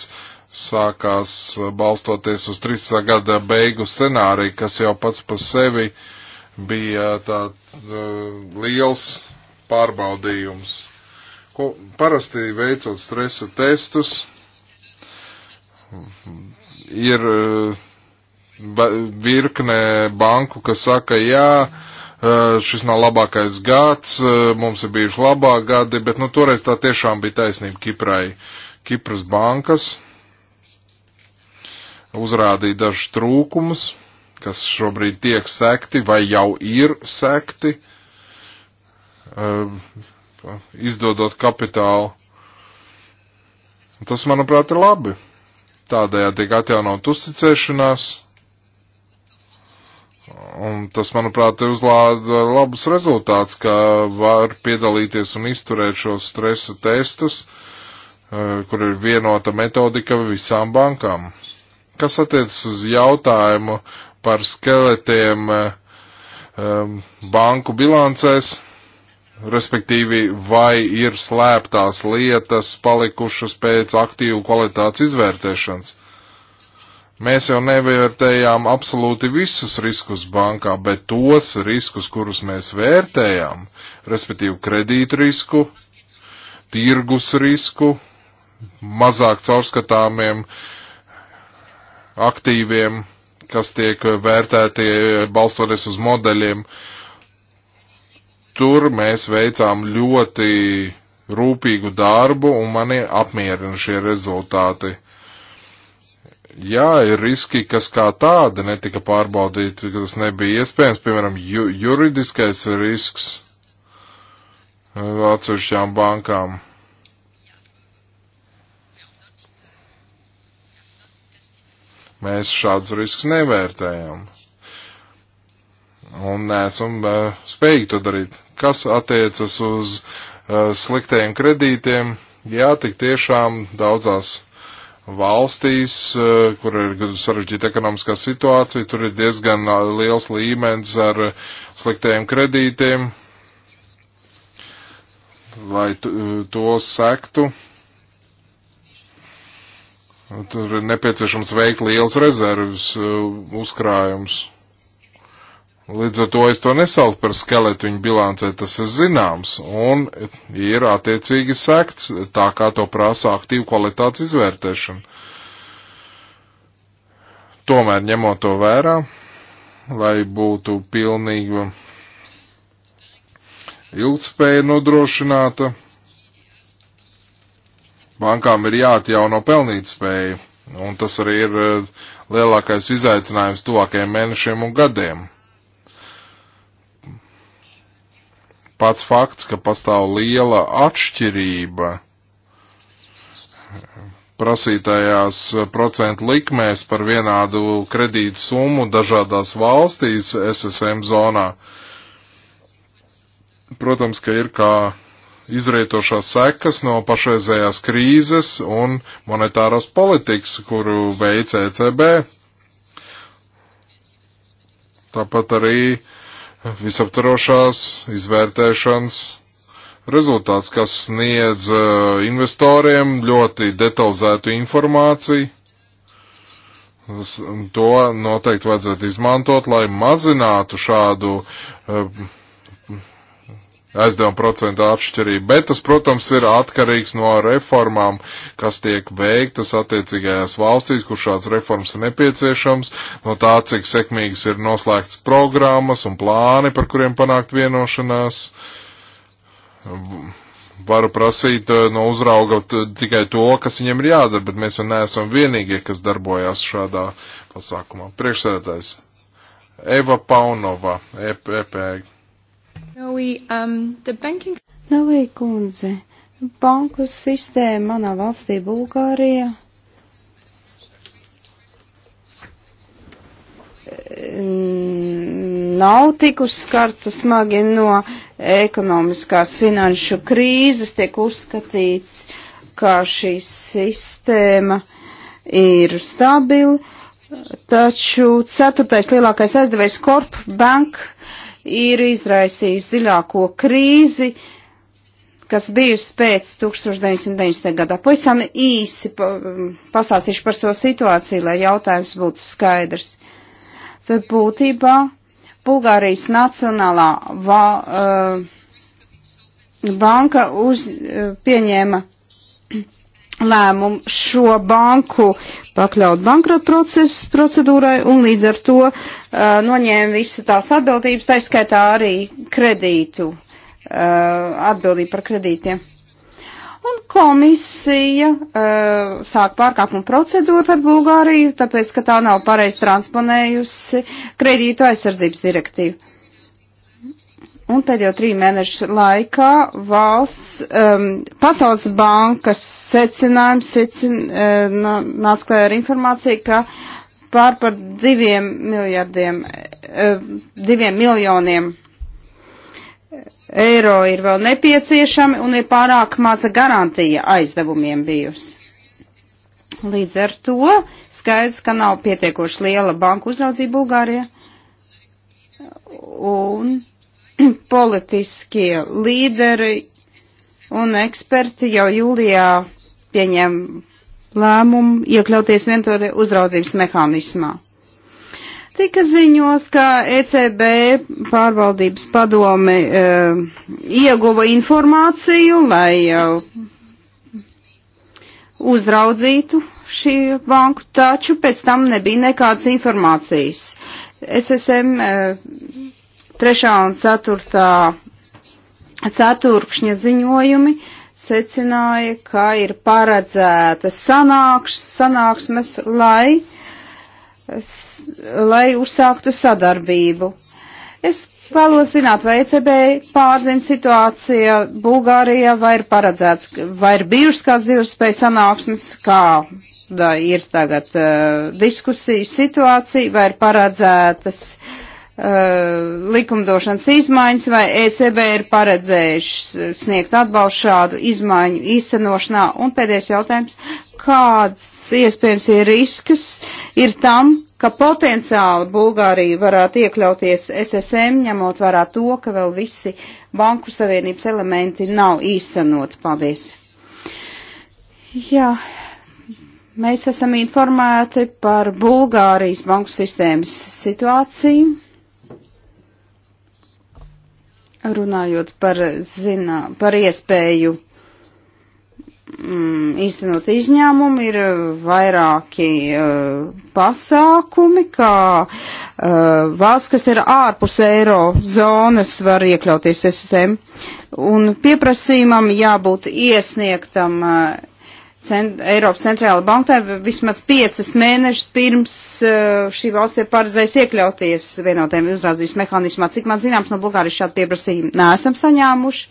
sākās eh, balstoties uz 13. gada beigu scenāriju, kas jau pats par sevi bija tāds uh, liels pārbaudījums. Ko parasti veicot stresa testus, ir uh, virkne banku, kas saka, jā, Eh, šis nav labākais gads, eh, mums ir bijuši labāk gadi, bet nu, toreiz tā tiešām bija taisnība Kiprai. Kipras bankas uzrādīja dažus trūkumus, kas šobrīd tiek sekti vai jau ir sekti, eh, izdodot kapitālu. Tas, manuprāt, ir labi. Tādējādi tiek atjaunot uzticēšanās Un tas, manuprāt, ir uzlāda labus rezultāts, ka var piedalīties un izturēt šos stresa testus, eh, kur ir vienota metodika visām bankām. Kas attiecas uz jautājumu par skeletiem eh, banku bilancēs, respektīvi, vai ir slēptās lietas palikušas pēc aktīvu kvalitātes izvērtēšanas? Mēs jau nevērtējām absolūti visus riskus bankā, bet tos riskus, kurus mēs vērtējām, respektīvi kredītu risku, tirgus risku, mazāk caurskatāmiem aktīviem, kas tiek vērtēti balstoties uz modeļiem. Tur mēs veicām ļoti rūpīgu darbu un mani apmierina šie rezultāti Jā, ir riski, kas kā tāda netika pārbaudīta, ka tas nebija iespējams, piemēram, ju juridiskais risks e, atsevišķām bankām. Mēs šādus riskus nevērtējam. Un nesam uh, e, spējīgi to darīt. Kas attiecas uz uh, sliktajiem kredītiem? Jā, tik tiešām daudzās valstīs, eh, kur ir sarežģīta ekonomiskā situācija, tur ir diezgan eh, liels līmenis ar eh, sliktiem kredītiem, lai to sektu. Tur ir nepieciešams veikt liels rezerves uzkrājums. Līdz ar to es to nesaucu par skeletu viņa bilancē, tas ir zināms un ir attiecīgi sekts, tā kā to prasa aktīvu kvalitātes izvērtēšana. Tomēr ņemot to vērā, lai būtu pilnīga ilgspēja nodrošināta, bankām ir jāatjauno pelnītspēja, un tas arī ir eh, lielākais izaicinājums tuvākajiem mēnešiem un gadiem pats fakts, ka pastāv liela atšķirība prasītajās procentu likmēs par vienādu kredītu summu dažādās valstīs SSM zonā. Protams, ka ir kā izrietošās sekas no pašreizējās krīzes un monetāros politikas, kuru veica ECB. Tāpat arī uh, visaptarošās izvērtēšanas rezultāts, kas sniedz uh, investoriem ļoti detalizētu informāciju. Um, to noteikti vajadzētu izmantot, lai mazinātu šādu uh, aizdevuma procentu atšķirību, bet tas, protams, ir atkarīgs no reformām, kas tiek veiktas attiecīgajās valstīs, kur šāds reformas ir nepieciešams, no tā, cik sekmīgas ir noslēgts programmas un plāni, par kuriem panākt vienošanās. Varu prasīt no uzrauga tikai to, kas viņiem ir jādara, bet mēs jau neesam vienīgie, kas darbojās šādā pasākumā. Priekšsēdētājs Eva Paunova, EPG. Novī um, banking... kundze, banku sistēma manā valstī Bulgārija nav tikus skarta smagi no ekonomiskās finanšu krīzes, tiek uzskatīts, ka šī sistēma ir stabila, taču ceturtais lielākais aizdevējs Corp Bank ir izraisījis dziļāko krīzi, kas bijusi pēc 1990. gadā. Pavisam īsi pa, pastāstīšu par šo so situāciju, lai jautājums būtu skaidrs. Tad būtībā Bulgārijas Nacionālā va, uh, banka uz, uh, pieņēma lēmumu šo banku pakļaut bankrota procesu procedūrai un līdz ar to uh, noņēma visu tās atbildības, tā skaitā arī kredītu, uh, atbildību par kredītiem. Un komisija uh, sāk pārkāpumu procedūru pret Bulgāriju, tāpēc, ka tā nav pareizi transponējusi kredītu aizsardzības direktīvu. Un pēdējo trīs mēnešu laikā valsts, um, Pasaules bankas secinājums secina, eh, uh, nāca klajā ar informāciju, ka pār par diviem miljardiem, uh, diviem miljoniem eiro ir vēl nepieciešami un ir pārāk maza garantija aizdevumiem bijusi. Līdz ar to skaidrs, ka nav pietiekoši liela banku uzraudzība Bulgārijā. Un politiskie līderi un eksperti jau jūlijā pieņem lēmumu iekļauties vienotē uzraudzības mehānismā. Tika ziņos, ka ECB pārvaldības padome e, ieguva informāciju, lai e, uzraudzītu šī banku, taču pēc tam nebija nekādas informācijas. SSM e, eh, 3. un 4. ceturkšņa ziņojumi secināja, ka ir paredzēta sanāks, sanāksmes, lai, lai uzsāktu sadarbību. Es vēlos zināt, vai ECB pārzina situācija Bulgārijā, vai ir paredzēts, vai ir bijušas kāds divspēja sanāksmes, kā da, ir tagad uh, diskusiju situācija, vai ir paredzētas uh, Uh, likumdošanas izmaiņas, vai ECB ir paredzējuši sniegt atbalstu šādu izmaiņu īstenošanā? Un pēdējais jautājums, kāds iespējams ir risks ir tam, ka potenciāli Bulgārija varētu iekļauties SSM, ņemot vērā to, ka vēl visi banku savienības elementi nav īstenot? Paldies! Jā, mēs esam informēti par Bulgārijas banku sistēmas situāciju Runājot par, zinā, par iespēju mm, īstenot izņēmumu, ir vairāki uh, pasākumi, kā uh, valsts, kas ir ārpus eiro zonas, var iekļauties SSM. Un pieprasījumam jābūt iesniegtam uh, cent, Eiropas centrāla banka vismaz piecus mēnešus pirms uh, šī valsts ir paredzējis iekļauties vienotiem uzraudzības mehānismā. Cik man zināms, no Bulgārijas šādu pieprasījumu neesam saņēmuši.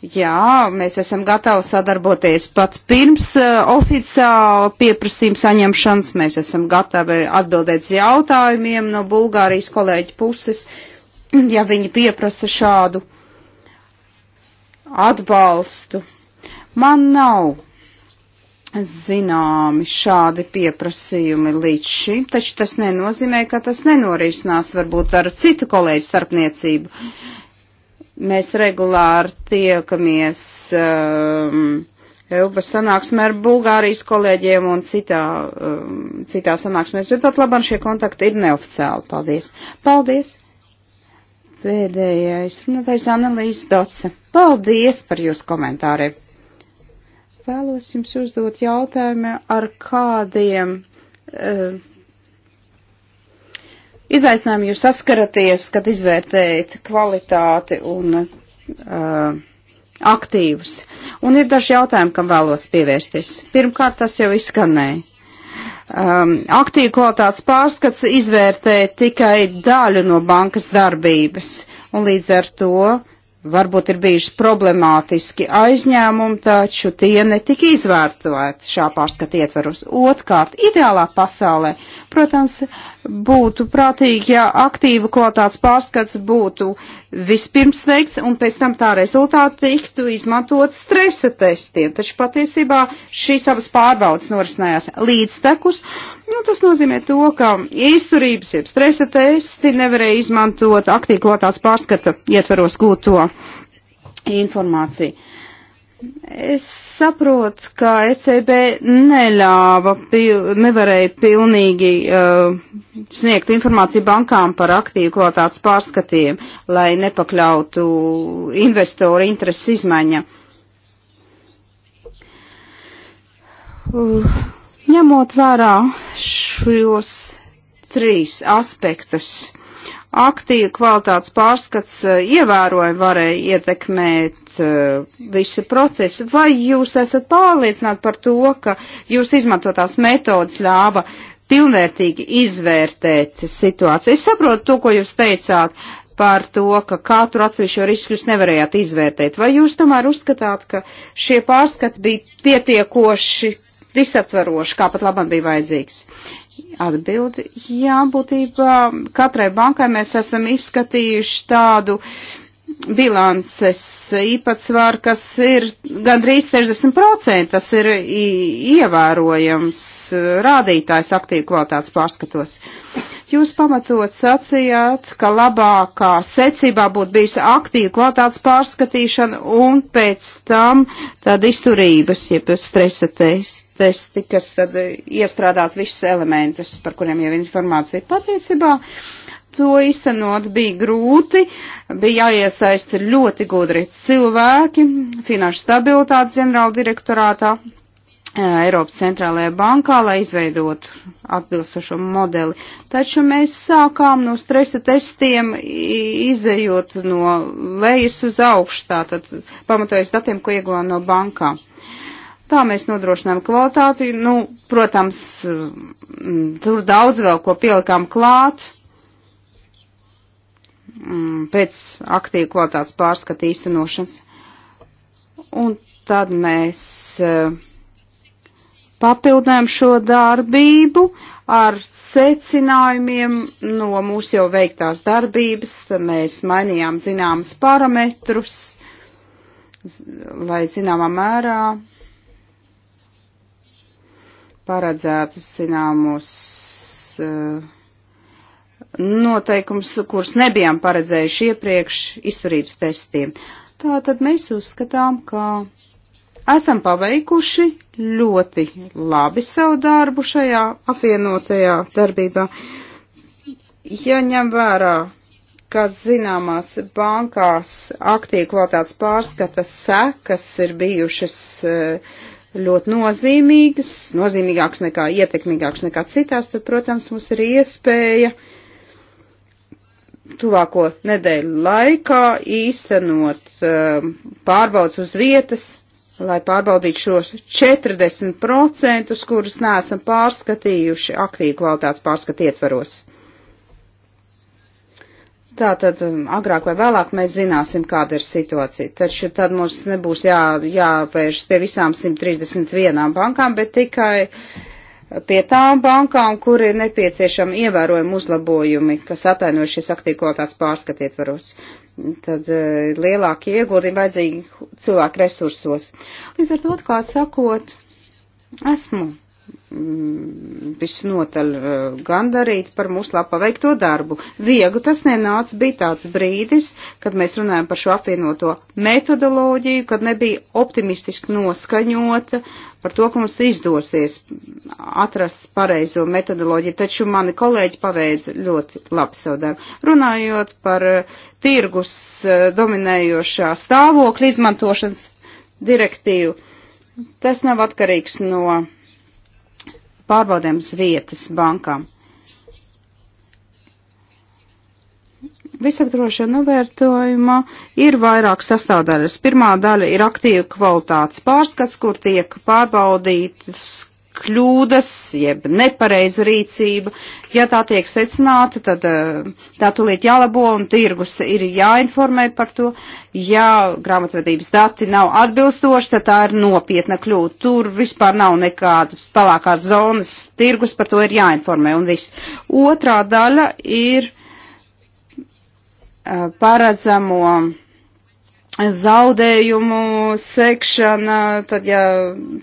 Jā, mēs esam gatavi sadarboties pat pirms uh, oficiāla pieprasījuma saņemšanas. Mēs esam gatavi atbildēt uz jautājumiem no Bulgārijas kolēģi puses, ja viņi pieprasa šādu atbalstu. Man nav zināmi šādi pieprasījumi līdz šim, taču tas nenozīmē, ka tas nenorisinās varbūt ar citu kolēģu starpniecību. Mēs regulāri tiekamies um, Euba sanāksmē ar Bulgārijas kolēģiem un citā, um, citā sanāksmēs, bet pat labam šie kontakti ir neoficiāli. Paldies! Paldies! Pēdējais runātais analīzes doce. Paldies par jūsu komentāriem! Vēlos jums uzdot jautājumu, ar kādiem uh, izaicinājumiem jūs saskaraties, kad izvērtējat kvalitāti un uh, aktīvus. Un ir daži jautājumi, kam vēlos pievērsties. Pirmkārt, tas jau izskanēja. Um, aktīvu kvalitātes pārskats izvērtē tikai daļu no bankas darbības, un līdz ar to varbūt ir bijuši problemātiski aizņēmumi, taču tie netika izvērtēti šā pārskata ietveros. Otkārt, ideālā pasaulē Protams, būtu prātīgi, ja aktīvu kvalitātes pārskats būtu vispirms veikts un pēc tam tā rezultāti tiktu izmantot stresa testiem. Taču patiesībā šīs abas pārbaudas norisinājās līdztekus. Nu, tas nozīmē to, ka izturības, jeb stresa testi nevarēja izmantot aktīvu kvalitātes pārskata ietveros gūto informāciju. Es saprotu, ka ECB neļāva, pil, nevarēja pilnīgi uh, sniegt informāciju bankām par aktīvu kvalitātes pārskatiem, lai nepakļautu investoru interesu izmaiņa. Uh, ņemot vērā šos trīs aspektus aktīvu kvalitātes pārskats eh, ievērojami varēja ietekmēt eh, visu procesu. Vai jūs esat pārliecināti par to, ka jūs izmantotās metodas ļāva pilnvērtīgi izvērtēt situāciju? Es saprotu to, ko jūs teicāt par to, ka katru atsevišķo risku jūs nevarējāt izvērtēt. Vai jūs tomēr uzskatāt, ka šie pārskati bija pietiekoši visaptvaroši, kā pat labam bija vajadzīgs? Atbildi, jā, būtībā katrai bankai mēs esam izskatījuši tādu bilances īpatsvāru, kas ir gandrīz 60%, tas ir ievērojams rādītājs aktīvu kvalitātes pārskatos. Jūs pamatot sacījāt, ka labākā secībā būtu bijusi aktīva kvalitātes pārskatīšana un pēc tam tad izturības, jeb stresa testi, kas tad iestrādāt visus elementus, par kuriem jau informācija patiesībā. Uh, to izsanot bija grūti, bija jāiesaista ļoti gudri cilvēki, finanšu stabilitātes ģenerāla direktorātā, eh, Eiropas centrālajā bankā, lai izveidotu atbilstošo modeli. Taču mēs sākām no stresa testiem, izējot no lejas uz augšu, tātad pamatojas datiem, ko ieguvām no bankām. Tā mēs nodrošinām kvalitāti, nu, protams, tur daudz vēl ko pielikām klāt, Mm, pēc aktīvu kvalitātes pārskata īstenošanas. Un tad mēs eh, papildinām šo darbību ar secinājumiem no mūsu jau veiktās darbības. Mēs mainījām zināmas parametrus, lai zināmā mērā paredzētu zināmus uh, noteikums, kurus nebijām paredzējuši iepriekš izturības testiem. Tātad mēs uzskatām, ka esam paveikuši ļoti labi savu darbu šajā apvienotajā darbībā. Ja ņem vērā, ka zināmās bankās aktīvklātāts pārskatas sekas ir bijušas eh, ļoti nozīmīgas, nozīmīgākas nekā ietekmīgākas nekā citās, tad, protams, mums ir iespēja uh, tuvāko nedēļu laikā īstenot um, pārbaudas uz vietas, lai pārbaudītu šos 40%, kurus neesam pārskatījuši aktīvu kvalitātes pārskatu ietvaros. Tātad um, agrāk vai vēlāk mēs zināsim, kāda ir situācija. Taču tad mums nebūs jā, jāpēršas pie visām 131 bankām, bet tikai uh, pie tām bankām, kur ir nepieciešami ievērojami uzlabojumi, kas ataino šīs aktīvotās pārskatietvaros. Tad uh, lielākie ieguldījumi vajadzīgi cilvēku resursos. Līdz ar to, atklāt sakot, esmu Mm, visnotaļ eh, gandarīt par mūsu labu paveikto darbu. Viegli tas nenāca, bija tāds brīdis, kad mēs runājam par šo apvienoto metodoloģiju, kad nebija optimistiski noskaņota par to, ka mums izdosies atrast pareizo metodoloģiju, taču mani kolēģi paveica ļoti labi savu darbu. Runājot par eh, tirgus eh, dominējošā stāvokļa izmantošanas direktīvu, tas nav atkarīgs no pārbaudēm uz vietas bankām. Visapdrošana novērtojuma ir vairāk sastāvdaļas. Pirmā daļa ir aktīva kvalitātes pārskats, kur tiek pārbaudītas kļūdas, jeb nepareiza rīcība. Ja tā tiek secināta, tad eh, tā tuliet jālabo un tirgus ir jāinformē par to. Ja grāmatvedības dati nav atbilstoši, tad tā ir nopietna kļūda. Tur vispār nav nekādas palākās zonas, tirgus par to ir jāinformē un viss. Otrā daļa ir eh, paredzamo zaudējumu sekšana, tad, ja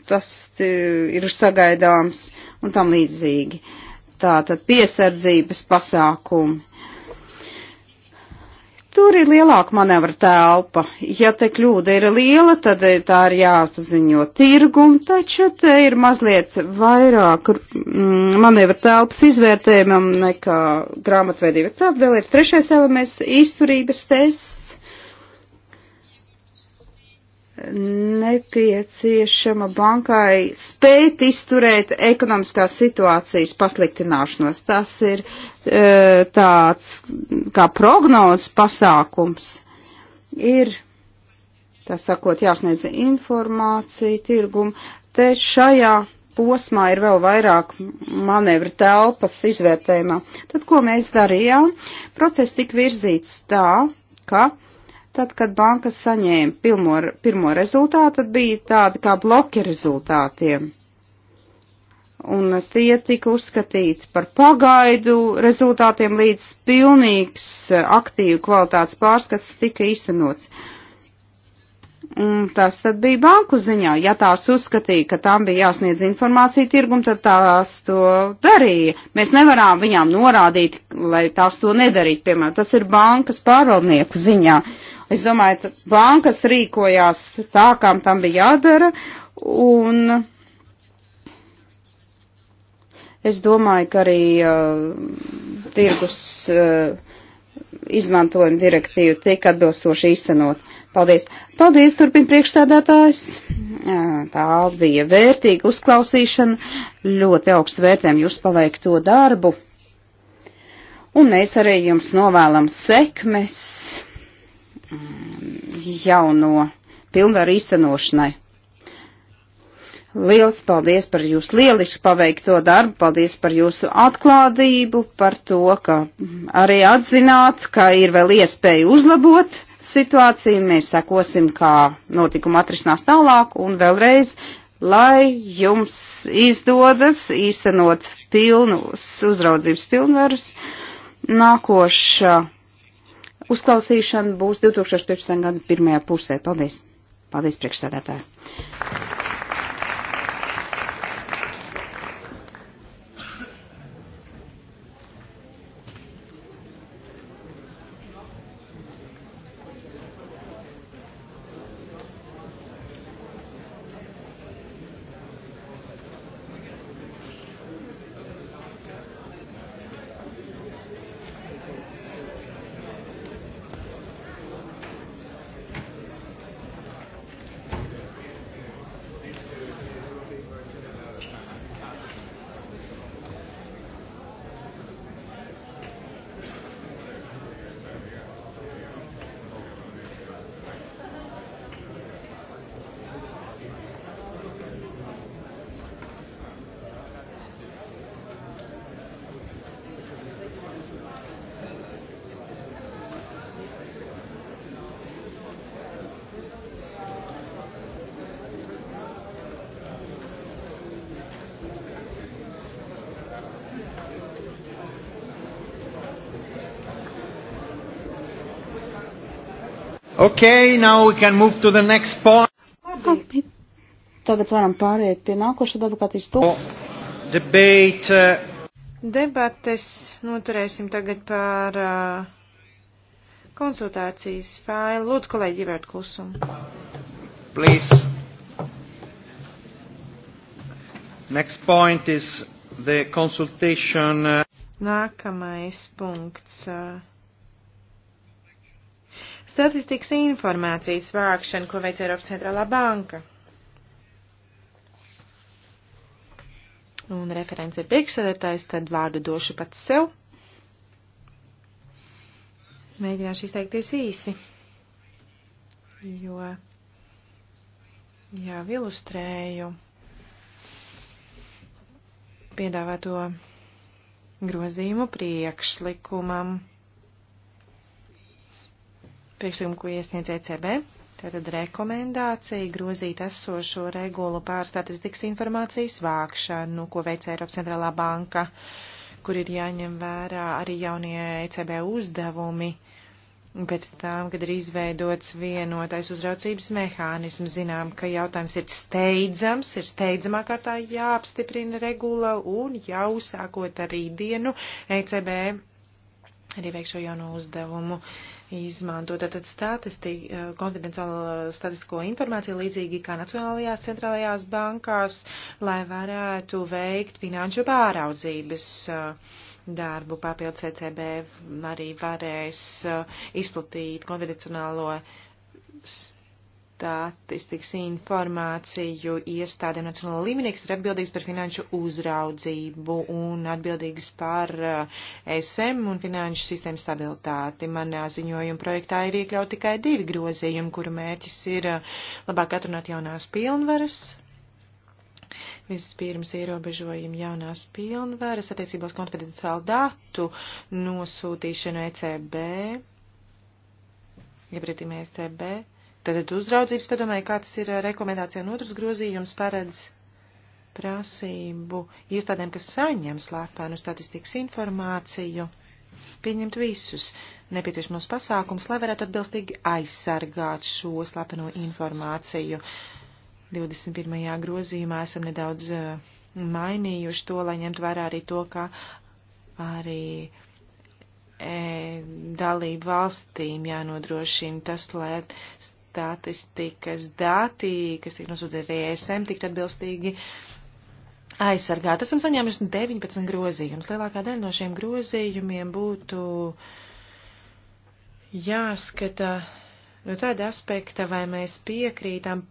tas ir sagaidāms un tam līdzīgi. Tātad piesardzības pasākumi. Tur ir lielāka manevra telpa. Ja te kļūda ir liela, tad tā ir jāpaziņo tirgumu, taču te ir mazliet vairāk mm, manevra telpas izvērtējumam nekā grāmatvedība. Tad vēl ir trešais elements - izturības tests nepieciešama bankai spēt izturēt ekonomiskās situācijas pasliktināšanos. Tas ir e, tāds kā prognozes pasākums. Ir, tā sakot, jāsniedz informācija tirgumu. Te šajā posmā ir vēl vairāk manevra telpas izvērtējumā. Tad, ko mēs darījām? Process tika virzīts tā, ka Tad, kad banka saņēma pirmo, pirmo rezultātu, tad bija tādi kā bloki rezultātiem. Un tie tika uzskatīti par pagaidu rezultātiem līdz pilnīgs eh, aktīvu kvalitātes pārskats tika īstenots. Un tas tad bija banku ziņā. Ja tās uzskatīja, ka tām bija jāsniedz informācija tirgum, tad tās to darīja. Mēs nevarām viņām norādīt, lai tās to nedarītu. Piemēram, tas ir bankas pārvaldnieku ziņā Es domāju, bankas rīkojās tā, kam tam bija jādara, un es domāju, ka arī uh, tirgus uh, izmantojuma direktīva tiek atbilstoši īstenot. Paldies! Paldies, turpin priekšstādātājs! Tā bija vērtīga uzklausīšana, ļoti augstu vērtējam jūs paveikto darbu, un mēs arī jums novēlam sekmes! Mm, jauno pilnvaru īstenošanai. Liels paldies par jūsu lieliski paveikto darbu, paldies par jūsu atklādību, par to, ka arī atzināt, ka ir vēl iespēja uzlabot situāciju. Mēs sekosim, kā notikuma atrisinās tālāk un vēlreiz, lai jums izdodas īstenot pilnus uzraudzības pilnvarus nākošā Uzklausīšana būs 2015. gada pirmajā pusē. Paldies! Paldies, priekšsēdētāji! Okay, now we can move to the next point. Labi. Tagad varam pāriet pie nākošā darba kārtības punkta. Uh, Debates noturēsim tagad par uh, konsultācijas failu. Lūdzu, kolēģi, ievērt klusumu. Please. Next point is the consultation. Uh... Nākamais punkts. Uh, Statistikas informācijas vākšana, ko veic Eiropas centrālā banka. Un referents ir priekšsēdētājs, tad vārdu došu pats sev. Mēģināšu izteikties īsi, jo jau ilustrēju piedāvāto grozījumu priekšlikumam priekšlikumu, ko iesniedz ECB. Tātad rekomendācija grozīt esošo regulu pār statistikas informācijas vākšanu, ko veic Eiropas centrālā banka, kur ir jāņem vērā arī jaunie ECB uzdevumi. Pēc tam, kad ir izveidots vienotais uzraucības mehānisms, zinām, ka jautājums ir steidzams, ir steidzamā kārtā jāapstiprina regula un jau sākot ar rītdienu ECB arī veikšu šo jauno uzdevumu izmantot tātad statisti, eh, konfidenciālo statistisko informāciju līdzīgi kā Nacionālajās centrālajās bankās, lai varētu veikt finanšu pāraudzības eh, darbu. Papildu e CCB arī varēs eh, izplatīt konfidencionālo statistiku statistikas informāciju iestādēm nacionālā līmenī, kas ir atbildīgs par finanšu uzraudzību un atbildīgs par eh, SM un finanšu sistēmas stabilitāti. Manā ziņojuma projektā ir iekļaut tikai divi grozījumi, kuru mērķis ir eh, labāk atrunāt jaunās pilnvaras. Vispirms ierobežojumi jaunās pilnvaras attiecībās konfidenciālu datu nosūtīšanu ECB, iepratīmē ECB Tad uzraudzības padomē, kā tas ir uh, rekomendācija un otrs grozījums paredz prasību iestādēm, kas saņem slēpēnu statistikas informāciju, pieņemt visus nepieciešamos pasākums, lai varētu atbilstīgi aizsargāt šo slēpeno informāciju. 21. grozījumā esam nedaudz uh, mainījuši to, lai ņemtu vērā arī to, ka arī e, dalību valstīm jānodrošina tas, lai statistikas dati, kas tiek nosūtīti ESM, tiktu atbilstīgi aizsargāti. Esam saņēmuši 19 grozījumus. Lielākā daļa no šiem grozījumiem būtu jāskata no nu, tāda aspekta, vai mēs piekrītam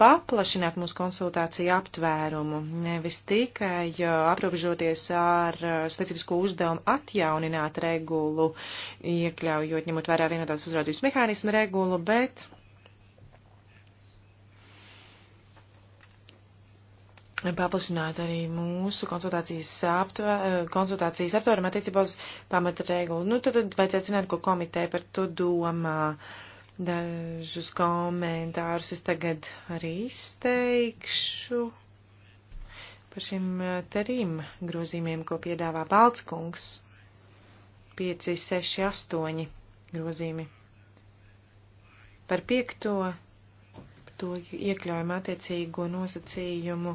paplašināt mūsu konsultāciju aptvērumu, nevis tikai uh, aprobežoties ar uh, specifisko uzdevumu atjaunināt regulu, iekļaujot, ņemot vērā vienotās uzraudzības mehānismu regulu, bet paplašināt arī mūsu konsultācijas, aptvē, konsultācijas aptvērumu attiecībā uz pamatregulu. Nu, tad, tad vajadzētu zināt, ko komiteja par to domā. Dažus komentārus es tagad arī izteikšu par šiem terim grozījumiem, ko piedāvā Baltskungs. 5, 6, 8 grozījumi. Par piekto, par to iekļaujumu attiecīgo nosacījumu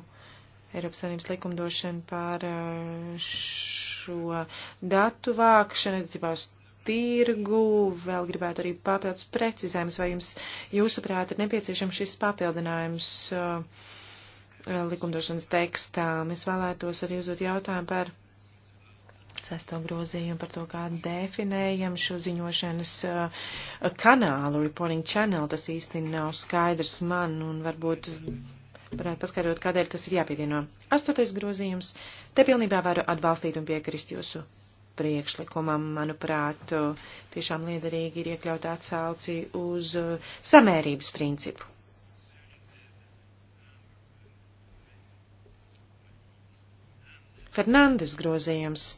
Eiropas Savienības likumdošana pār eh, šo datu vākšanu, attiecībā uz tirgu, vēl gribētu arī papildus precizējumus, vai jums, jūsuprāt, ir nepieciešams šis papildinājums eh, likumdošanas tekstā. Mēs vēlētos arī uzdot jautājumu par sesto grozījumu par to, kā definējam šo ziņošanas eh, kanālu, reporting channel, tas īsti nav skaidrs man, un varbūt varētu paskaidrot, kādēļ tas ir jāpievieno. Astotais grozījums. Te pilnībā varu atbalstīt un piekrist jūsu priekšlikumam, manuprāt, tiešām liederīgi ir iekļaut atsauci uz samērības principu. Fernandes grozījums.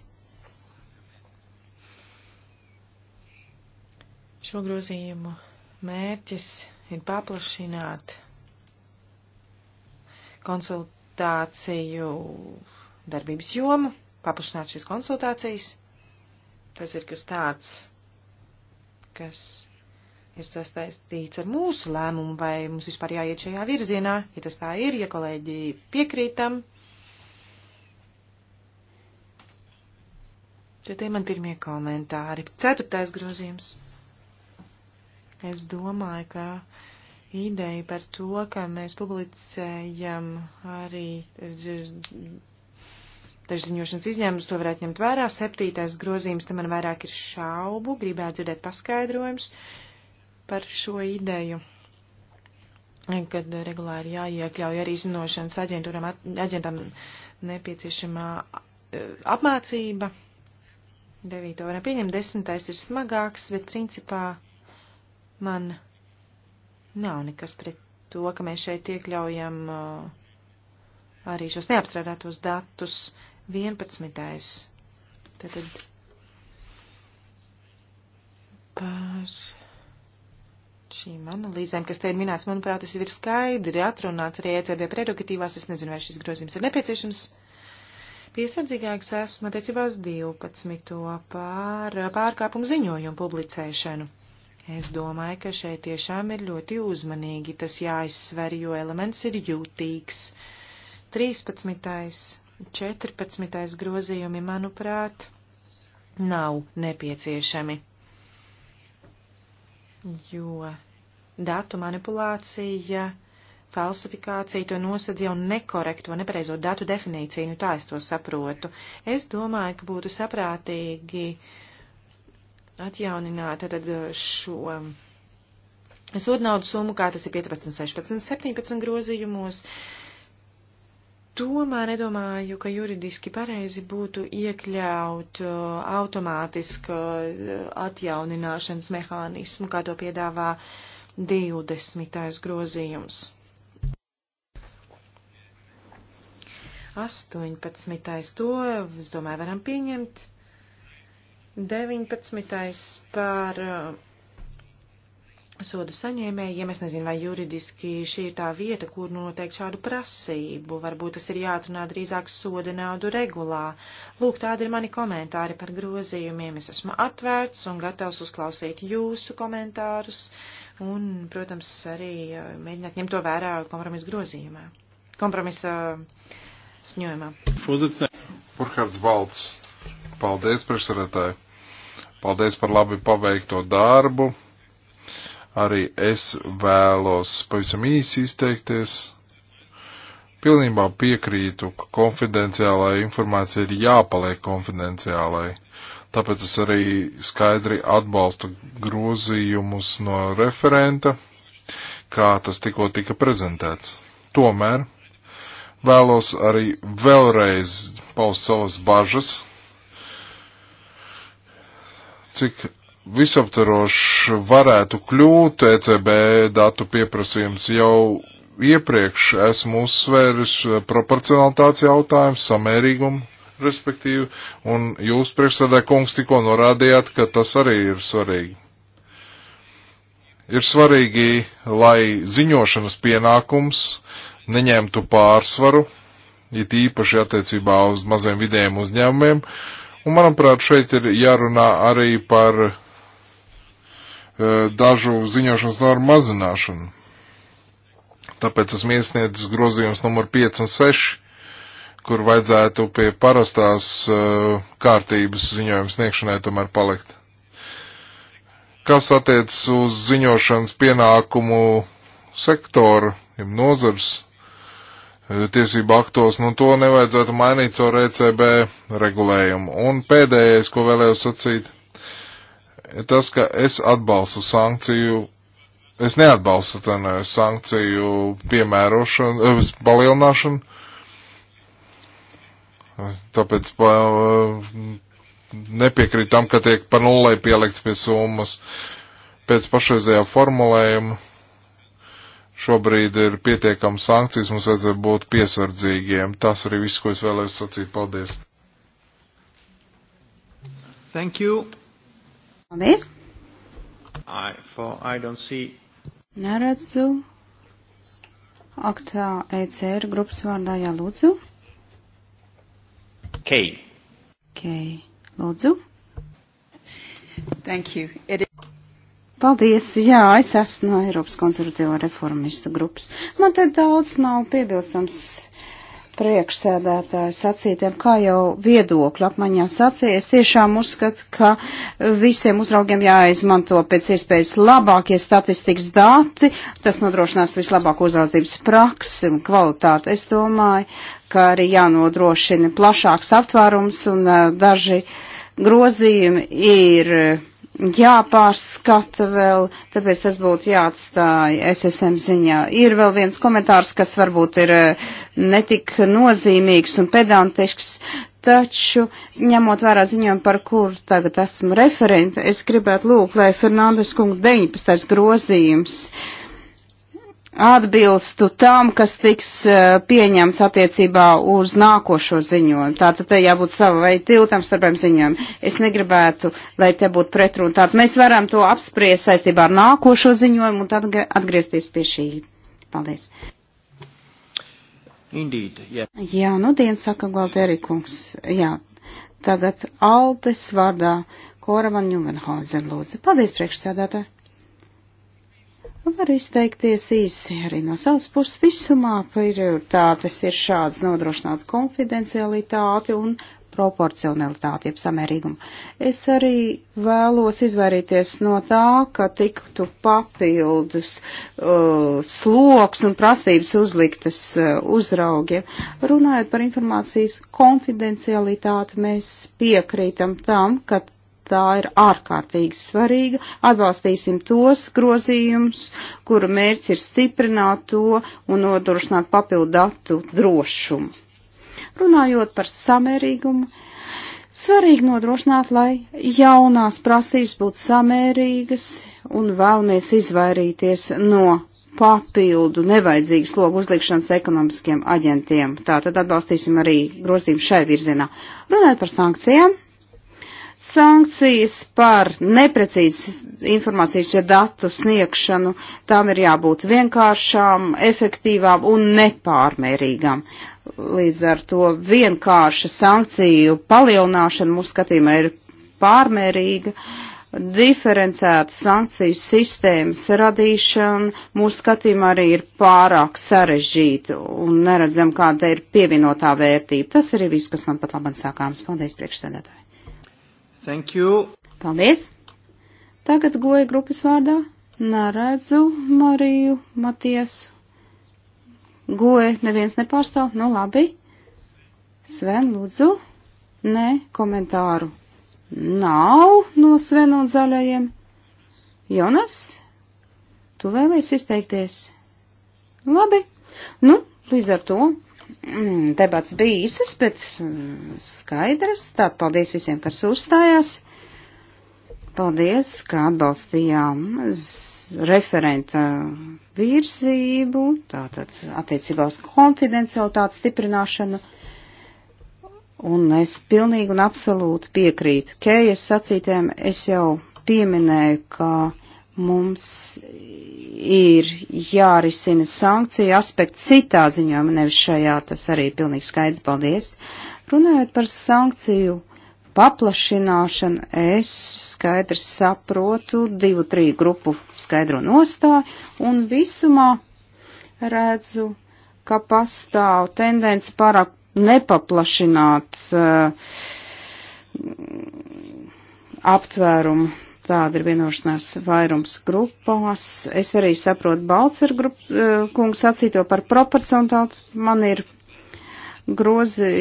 Šo grozījumu mērķis ir paplašināt konsultāciju darbības jomu, paplašināt šīs konsultācijas. Tas ir kas tāds, kas ir sastaistīts ar mūsu lēmumu, vai mums vispār jāiet šajā virzienā, ja tas tā ir, ja kolēģi piekrītam. Tad tie man pirmie komentāri. Ceturtais grozījums. Es domāju, ka ideja par to, ka mēs publicējam arī dažziņošanas izņēmumus, to varētu ņemt vērā. Septītais grozījums, te man vairāk ir šaubu, gribētu dzirdēt paskaidrojums par šo ideju, kad regulāri jāiekļauj arī zinošanas aģentūram, aģentam nepieciešamā e, apmācība. Devīto varam pieņemt, desmitais ir smagāks, bet principā man Nav nekas pret to, ka mēs šeit iekļaujam uh, arī šos neapstrādātos datus 11. Tātad par šīm analīzēm, kas te ir minēts, manuprāt, tas jau ir skaidri atrunāts arī ECB prerogatīvās. Es nezinu, vai šis grozījums ir nepieciešams. Piesardzīgāks esmu attiecībā uz 12. pār uh, pārkāpumu ziņojumu publicēšanu. Es domāju, ka šeit tiešām ir ļoti uzmanīgi tas jāizsver, jo elements ir jūtīgs. 13. 14. grozījumi, manuprāt, nav nepieciešami, jo datu manipulācija, falsifikācija to nosedz jau nekorektu vai nepareizo datu definīciju, nu tā es to saprotu. Es domāju, ka būtu saprātīgi uh, atjaunināt tad uh, šo uh, sodnaudu summu, kā tas ir 15, 16, 17 grozījumos. Tomēr nedomāju, ka juridiski pareizi būtu iekļaut uh, automātisku atjaunināšanas mehānismu, kā to piedāvā 20. grozījums. 18. to, es domāju, varam pieņemt. 19. par uh, sodu saņēmējiem. Es nezinu, vai juridiski šī ir tā vieta, kur noteikt šādu prasību. Varbūt tas ir jāatrunā drīzāk soda naudu regulā. Lūk, tādi ir mani komentāri par grozījumiem. Es esmu atvērts un gatavs uzklausīt jūsu komentārus un, protams, arī uh, mēģināt ņemt to vērā kompromisa grozījumā. Kompromisa sņojumā. Uh, Purkārds Balts. Paldies, priekšsarētāji. Paldies par labi paveikto darbu. Arī es vēlos pavisam īsi izteikties. Pilnībā piekrītu, ka konfidenciālai informācija ir jāpaliek konfidenciālai. Tāpēc es arī skaidri atbalstu grozījumus no referenta, kā tas tikko tika prezentēts. Tomēr vēlos arī vēlreiz paust savas bažas cik visaptarošs varētu kļūt ECB datu pieprasījums jau iepriekš esmu uzsvēris proporcionalitātes jautājumu, samērīgumu, respektīvi, un jūs priekšsēdē kungs tikko norādījāt, ka tas arī ir svarīgi. Ir svarīgi, lai ziņošanas pienākums neņemtu pārsvaru, it īpaši attiecībā uz maziem vidējiem uzņēmumiem, uh, Un, manuprāt, šeit ir jārunā arī par e, dažu ziņošanas normu mazināšanu. Tāpēc esmu iesniedzis grozījums numur 5 un 6, kur vajadzētu pie parastās e, kārtības ziņojuma sniegšanai tomēr palikt. Kas attiec uz ziņošanas pienākumu sektoru, jeb nozars Eh, tiesību aktos, nu to nevajadzētu mainīt caur ECB regulējumu. Un pēdējais, ko vēlējos sacīt, tas, ka es atbalstu sankciju, es neatbalstu ten eh, sankciju piemērošanu, eh, palielināšanu, tāpēc pa, nepiekrīt tam, ka tiek pa nulē pielikts pie summas pēc pašreizējā formulējuma šobrīd ir pietiekams sankcijas, mums vajadzētu būt piesardzīgiem. Tas arī viss, ko es vēlējos sacīt. Paldies! Thank you. Paldies! I, for I don't see. Neredzu. Aktā ECR grupas vārdā jālūdzu. Kei. Kei. Lūdzu. Thank you. It is... Paldies, jā, es esmu no Eiropas konservatīvo reformistu grupas. Man te daudz nav piebilstams priekšsēdētāju sacītiem, kā jau viedokļu apmaiņā sacīja. Es tiešām uzskatu, ka visiem uzraugiem jāizmanto pēc iespējas labākie statistikas dati. Tas nodrošinās vislabāku uzraudzības praksi un kvalitāti. Es domāju, ka arī jānodrošina plašāks aptvērums un daži grozījumi ir jāpārskata vēl, tāpēc tas būtu jāatstāja SSM ziņā. Ir vēl viens komentārs, kas varbūt ir eh, netik nozīmīgs un pedantisks, taču ņemot vērā ziņojumu, par kur tagad esmu referenta, es gribētu lūgt, lai Fernandes kunga 19. grozījums uh, atbilstu tam, kas tiks e, pieņemts attiecībā uz nākošo ziņojumu. Tātad te jābūt sava vai tiltam starpiem ziņojumiem. Es negribētu, lai te būtu pretruna. Tātad mēs varam to apspriest saistībā ar nākošo ziņojumu un tad atgriezties pie šī. Paldies. Indeed, yeah. Jā, nu dien saka Gualteri kungs. Jā, tagad Altes vārdā Kora van Ņumenhausen lūdzu. Paldies priekšsēdētāji. Var izteikties īsi arī no savas puses visumā, prioritātes ir šāds nodrošināt konfidencialitāti un proporcionalitāti, jeb samērīgumu. Es arī vēlos izvairīties no tā, ka tiktu papildus uh, sloks un prasības uzliktas uh, uzraugiem. Runājot par informācijas konfidencialitāti, mēs piekrītam tam, ka tā ir ārkārtīgi svarīga. Atbalstīsim tos grozījumus, kuru mērķis ir stiprināt to un nodrošināt papildu datu drošumu. Runājot par samērīgumu, svarīgi nodrošināt, lai jaunās prasības būtu samērīgas un vēlamies izvairīties no papildu nevajadzīgas logu uzlikšanas ekonomiskiem aģentiem. Tātad atbalstīsim arī grozījumu šai virzienā. Runājot par sankcijām Sankcijas par neprecīzes informācijas ja datu sniegšanu, tām ir jābūt vienkāršām, efektīvām un nepārmērīgām. Līdz ar to vienkārša sankciju palielināšana mūsu skatījumā ir pārmērīga, diferencēta sankciju sistēmas radīšana mūsu skatījumā arī ir pārāk sarežģīta un neredzam, kāda ir pievienotā vērtība. Tas arī viss, kas man pat labam sākāms. Paldies, priekšsēdētāji! Thank you. Paldies. Tagad goja grupas vārdā neredzu Mariju Matiesu. Goja neviens nepārstāv, nu labi. Sven, lūdzu. Nē, komentāru. Nav no Svena un zaļajiem. Jonas, tu vēlies izteikties? Labi. Nu, līdz ar to Mm, debats bija īsas, bet mm, skaidrs. Tātad paldies visiem, kas uzstājās. Paldies, ka atbalstījām referenta virzību, tātad attiecībā uz konfidencialitātes stiprināšanu. Un es pilnīgi un absolūti piekrītu Kējas sacītēm. Es jau pieminēju, ka Mums ir jārisina sankcija aspekts citā ziņojumā, nevis šajā, tas arī pilnīgi skaidrs, paldies. Runājot par sankciju paplašināšanu, es skaidri saprotu divu, trīs grupu skaidro nostāju un visumā redzu, ka pastāv tendence pārāk nepaplašināt uh, aptvērumu. Tāda ir vienošanās vairums grupās. Es arī saprotu Balcer grup, eh, kungs sacīto par proporcionātu. Man ir grozi,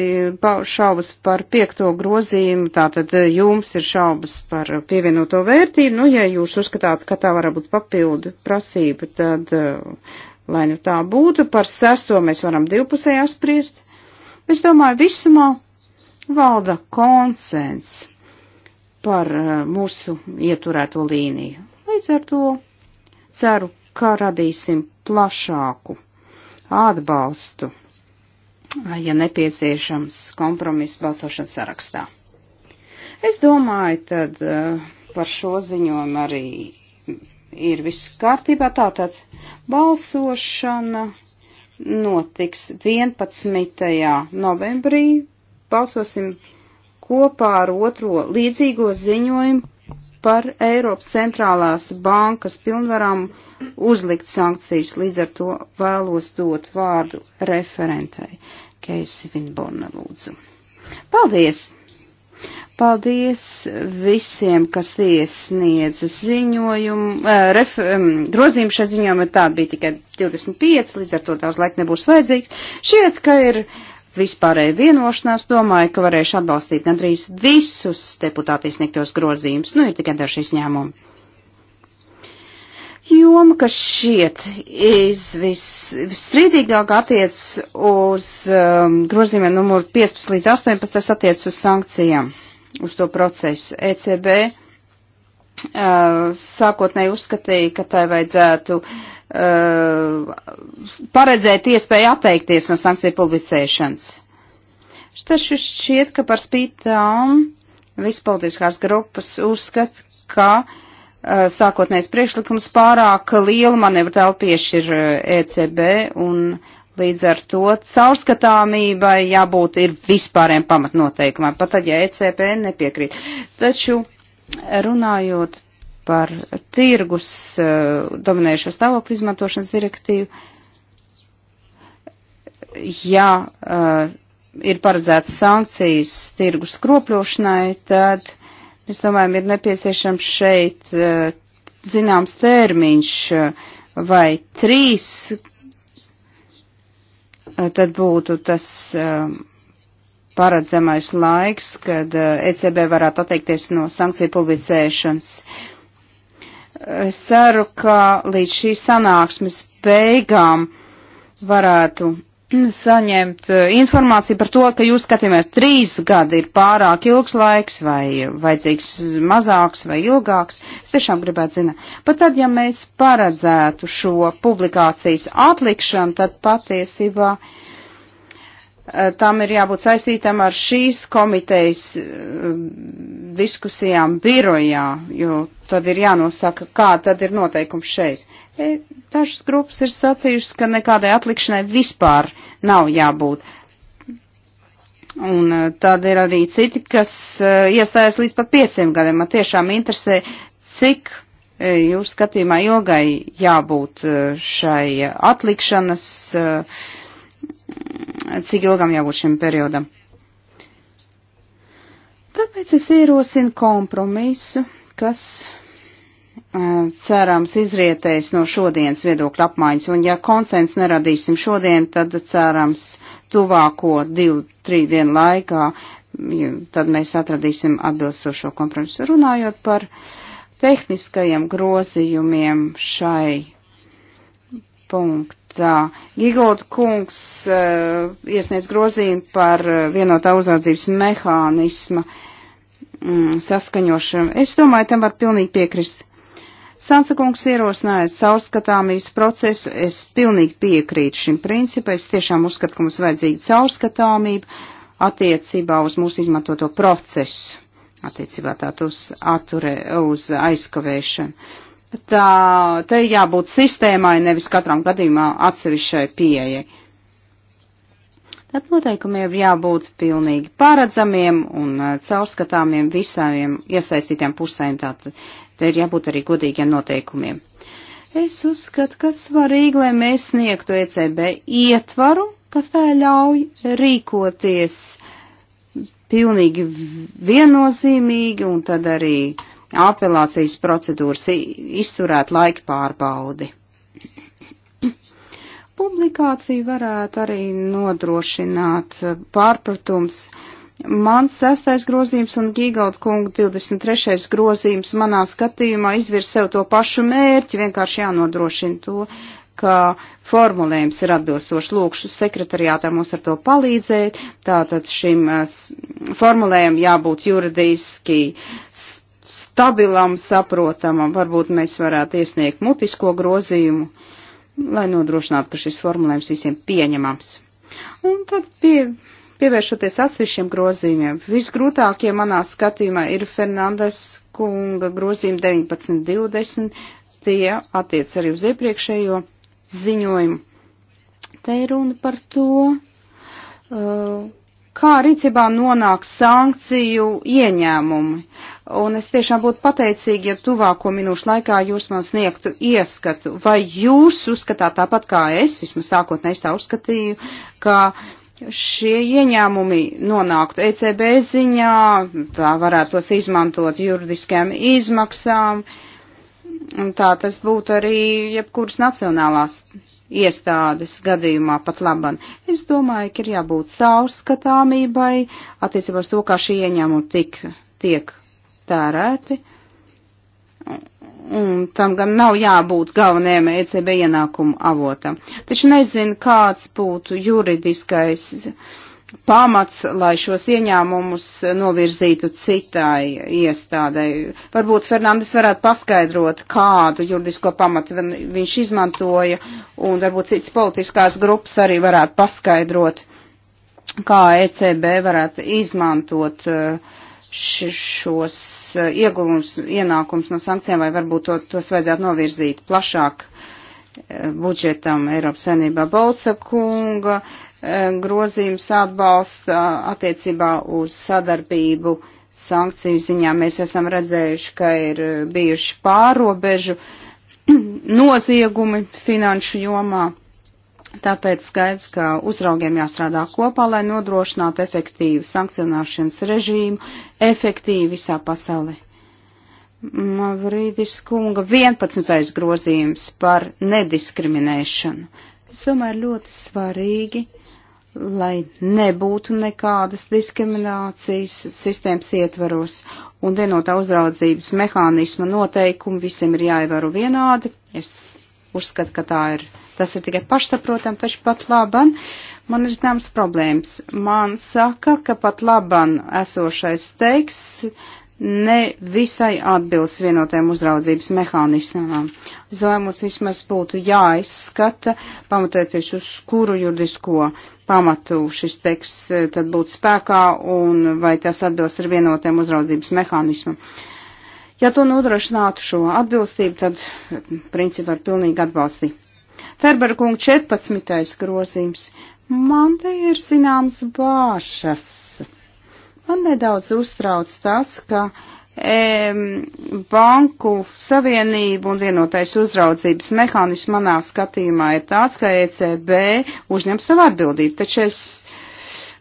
šaubas par piekto grozījumu, tātad eh, jums ir šaubas par pievienoto vērtību. Nu, ja jūs uzskatāt, ka tā var būt papildu prasība, tad, eh, lai nu tā būtu, par sesto mēs varam divpusējā spriest. Es domāju, visumā valda konsens par eh, mūsu ieturēto līniju. Līdz ar to ceru, ka radīsim plašāku atbalstu, eh, ja nepieciešams, kompromisu balsošanas sarakstā. Es domāju, tad eh, par šo ziņojumu arī ir viss kārtībā. Tātad balsošana notiks 11. novembrī. Balsosim kopā ar otro līdzīgo ziņojumu par Eiropas centrālās bankas pilnvarām uzlikt sankcijas. Līdz ar to vēlos dot vārdu referentai Keisi Vinborna lūdzu. Paldies! Paldies visiem, kas iesniedz ziņojumu, eh, ref, grozījumu šai ziņojumā, tāda bija tikai 25, līdz ar to daudz laika nebūs vajadzīgs. Šķiet, ka ir uh, vispārēju vienošanās, domāju, ka varēšu atbalstīt gandrīz visus deputātīs sniegtos grozījumus, nu ir tikai daži izņēmumi. Joma, kas šiet visstrīdīgāk attiec uz um, grozījumiem numur 15 līdz 18, tas attiec uz sankcijām, uz to procesu. ECB uh, sākotnēji uzskatīja, ka tai vajadzētu uh, Uh, paredzēt iespēju atteikties no sankciju publicēšanas. Taču šķiet, ka par spītām vispolitiskās grupas uzskata, ka uh, sākotnējais priekšlikums pārāk lielu manevru telpu piešķir uh, ECB un līdz ar to caurskatāmībai jābūt ir vispāriem pamatnoteikumam, pat tad, ja ECB nepiekrīt. Taču runājot par tirgus eh, dominējušo stāvokli izmantošanas direktīvu. Ja uh, ir paredzēts sankcijas tirgus kropļošanai, tad mēs domājam, ir nepieciešams šeit uh, zināms termiņš uh, vai trīs, uh, tad būtu tas. Uh, paredzamais laiks, kad ECB e varētu atteikties no sankciju publicēšanas. Uh, Es ceru, ka līdz šīs sanāksmes beigām varētu saņemt eh, informāciju par to, ka jūs skatījumēs trīs gadi ir pārāk ilgs laiks vai vajadzīgs mazāks vai ilgāks. Es tiešām gribētu zināt. Pat tad, ja mēs paredzētu šo publikācijas atlikšanu, tad patiesībā uh, Eh, tam ir jābūt saistītam ar šīs komitejas eh, diskusijām birojā, jo tad ir jānosaka, kā tad ir noteikums šeit. E, dažas grupas ir sacījušas, ka nekādai atlikšanai vispār nav jābūt. Un eh, tad ir arī citi, kas iestājas līdz pat pieciem gadiem. Man tiešām interesē, cik jūs skatījumā ilgai jābūt šai atlikšanas uh, cik ilgam jābūt šim periodam. Tāpēc es ierosinu kompromisu, kas cerams izrietēs no šodienas viedokļa apmaiņas, un ja konsens neradīsim šodien, tad cerams tuvāko divu, trīs dienu laikā, tad mēs atradīsim atbilstošo kompromisu. Runājot par tehniskajiem grozījumiem šai punktā. Gigolda kungs uh, iesniedz grozījumu par eh, vienotā uzraudzības mehānisma mm, saskaņošanu. Es domāju, tam var pilnīgi piekrist. Sansa kungs ierosināja caurskatāmības procesu, es pilnīgi piekrītu šim principam, es tiešām uzskatu, ka mums vajadzīga caurskatāmība attiecībā uz mūsu izmantoto procesu, attiecībā tātad uz, ature, uz aizkavēšanu tā te jābūt sistēmai, nevis katram gadījumā atsevišķai pieejai. Tad noteikumi ir jābūt pilnīgi paredzamiem un eh, caurskatāmiem visām iesaistītām pusēm, tātad te ir jābūt arī godīgiem noteikumiem. Es uzskatu, ka svarīgi, lai mēs sniegtu ECB ietvaru, kas tā ļauj rīkoties pilnīgi viennozīmīgi un tad arī uh, apelācijas procedūras izturēt laika pārbaudi. Publikācija varētu arī nodrošināt pārpratums. Mans sestais grozījums un Gīgaut kunga 23. grozījums manā skatījumā izvirs sev to pašu mērķi, vienkārši jānodrošina to, ka formulējums ir atbilstošs. Lūkšu sekretariātā mums ar to palīdzēt. Tātad šim eh, formulējumam jābūt juridiski stabilam, saprotamam. Varbūt mēs varētu iesniegt mutisko grozījumu, lai nodrošinātu, ka šis formulējums visiem pieņemams. Un tad pie, pievēršoties atsevišķiem grozījumiem. Visgrūtākie manā skatījumā ir Fernandes kunga grozījumi 19.20. Tie attiec arī uz iepriekšējo ziņojumu. Te ir runa par to, uh, kā rīcībā nonāk sankciju ieņēmumi. Un es tiešām būtu pateicīgi, ja tuvāko minūšu laikā jūs man sniegtu ieskatu, vai jūs uzskatāt tāpat kā es, vismaz sākotnēji tā uzskatīju, ka šie ieņēmumi nonāktu ECB ziņā, tā varētu tos izmantot juridiskajām izmaksām, un tā tas būtu arī jebkuras nacionālās iestādes gadījumā pat laban. Es domāju, ka ir jābūt caurskatāmībai attiecībā uz to, kā šie ieņēmumi tik, tiek tērēti. Un tam gan nav jābūt galvenajam ECB ienākumu avotam. Taču nezinu, kāds būtu juridiskais pamats, lai šos ieņēmumus novirzītu citai iestādei. Varbūt Fernandes varētu paskaidrot, kādu juridisko pamatu viņš izmantoja, un varbūt citas politiskās grupas arī varētu paskaidrot, kā ECB varētu izmantot uh, šos e, ieguvums, ienākums no sankcijām, vai varbūt to, tos vajadzētu novirzīt plašāk e, budžetam Eiropas saimnībā Balca kunga e, grozījums atbalsta attiecībā uz sadarbību sankciju ziņā. Mēs esam redzējuši, ka ir bijuši pārobežu noziegumi finanšu jomā. Tāpēc skaidrs, ka uzraugiem jāstrādā kopā, lai nodrošinātu efektīvu sankcionēšanas režīmu, efektīvu visā pasaulē. Mavrīdis kunga 11. grozījums par nediskriminēšanu. Es domāju, ļoti svarīgi, lai nebūtu nekādas diskriminācijas sistēmas ietvaros, un vienotā uzraudzības mehānisma noteikumi visiem ir jāievēro vienādi. Es uzskatu, ka tā ir Tas ir tikai pašsaprotam, taču pat laban man ir zināms problēmas. Man saka, ka pat laban esošais teksts ne visai atbilst vienotajam uzraudzības mehānismam. Zvai mums vismaz būtu jāizskata, pamatoties uz kuru juridisko pamatu šis teksts eh, tad būtu spēkā un vai tas atbilst ar vienotajam uzraudzības mehānismam. Ja to nodrošinātu šo atbilstību, tad principā ar pilnīgi atbalstību. Ferberkunga 14. grozījums. Man te ir zināms bāšas. Man nedaudz uztrauc tas, ka e, banku savienība un vienotais uzraudzības mehānisms manā skatījumā ir tāds, ka ECB uzņem savu atbildību. Taču es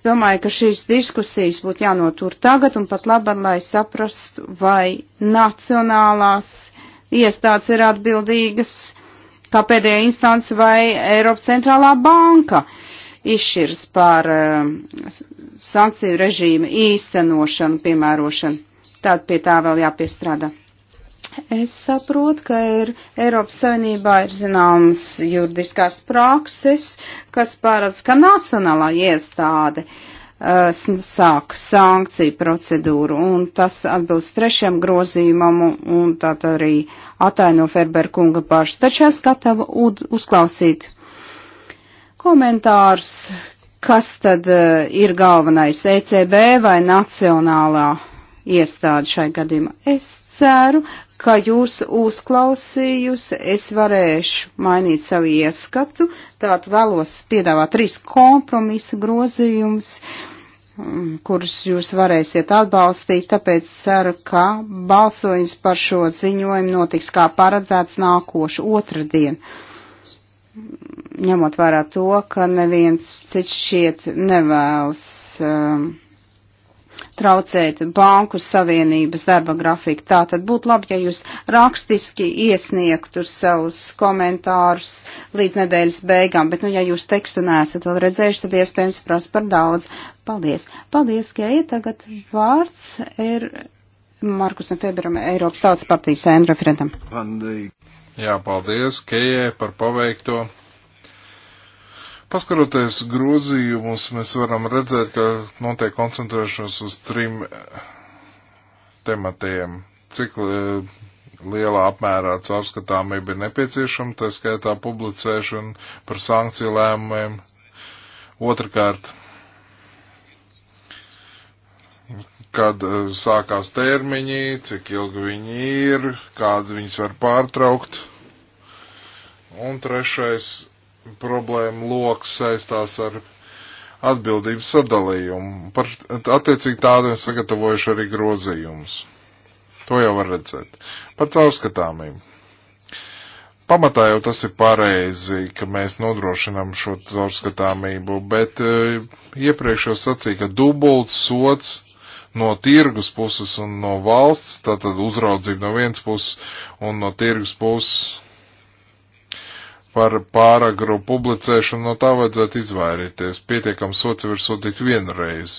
domāju, ka šīs diskusijas būtu jānotur tagad un pat labāk, lai saprastu, vai nacionālās iestādes ir atbildīgas kā pēdējā instance vai Eiropas centrālā banka izšķirs par uh, sankciju režīmu īstenošanu, piemērošanu. Tātad pie tā vēl jāpiestrādā. Es saprotu, ka ir Eiropas Savienībā ir zināmas juridiskās prakses, kas pārāds, ka nacionālā iestāde uh, Eh, sāk sankciju procedūru, un tas atbilst trešajam grozījumam, un tā arī ataino Ferber kunga pašu. Taču es gatavu uzklausīt komentārus, kas tad eh, ir galvenais ECB vai nacionālā iestāde šai gadījumā. Es ceru, ka jūs uzklausījusi, es varēšu mainīt savu ieskatu, tātad vēlos piedāvāt trīs kompromisa grozījumus, mm, kurus jūs varēsiet atbalstīt, tāpēc ceru, ka balsojums par šo ziņojumu notiks kā paredzēts nākošu otrdien. Ņemot vērā to, ka neviens cits šiet nevēlas. Um, traucēt banku savienības darba grafiku. Tā tad būtu labi, ja jūs rakstiski iesniegtu savus komentārus līdz nedēļas beigām, bet, nu, ja jūs tekstu neesat vēl redzējuši, tad iespējams prasa par daudz. Paldies! Paldies, Keija! Tagad vārds ir Markusam Feberam, Eiropas Tautas partijas ēnreferentam. Jā, paldies Keijai par paveikto. Paskaroties grozījumus, mēs varam redzēt, ka notiek koncentrēšanos uz trim eh, tematiem. Cik eh, lielā apmērā caurskatāmība ir nepieciešama, tā skaitā publicēšana par sankciju lēmumiem. Otrakārt, kad eh, sākās termiņi, cik ilgi viņi ir, kādu viņus var pārtraukt. Un trešais problēma loks saistās ar atbildības sadalījumu. Par attiecīgi tādiem sagatavojuši arī grozījumus. To jau var redzēt. Par caurskatāmību. Pamatā jau tas ir pareizi, ka mēs nodrošinām šo caurskatāmību, bet e, iepriekš jau sacīja, ka dubults sots no tirgus puses un no valsts, tātad uzraudzība no vienas puses un no tirgus puses par pāragru publicēšanu no tā vajadzētu izvairīties. Pietiekams sots var sodīt vienreiz.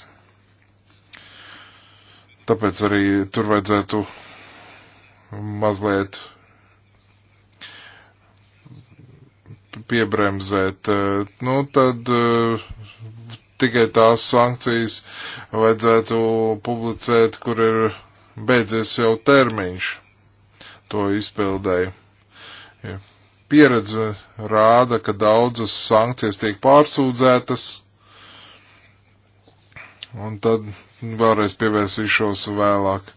Tāpēc arī tur vajadzētu mazliet piebremzēt. Nu, tad eh, tikai tās sankcijas vajadzētu publicēt, kur ir beidzies jau termiņš to izpildēju. Yeah. Pieredze rāda, ka daudzas sankcijas tiek pārsūdzētas, un tad vēlreiz pievērsīšos vēlāk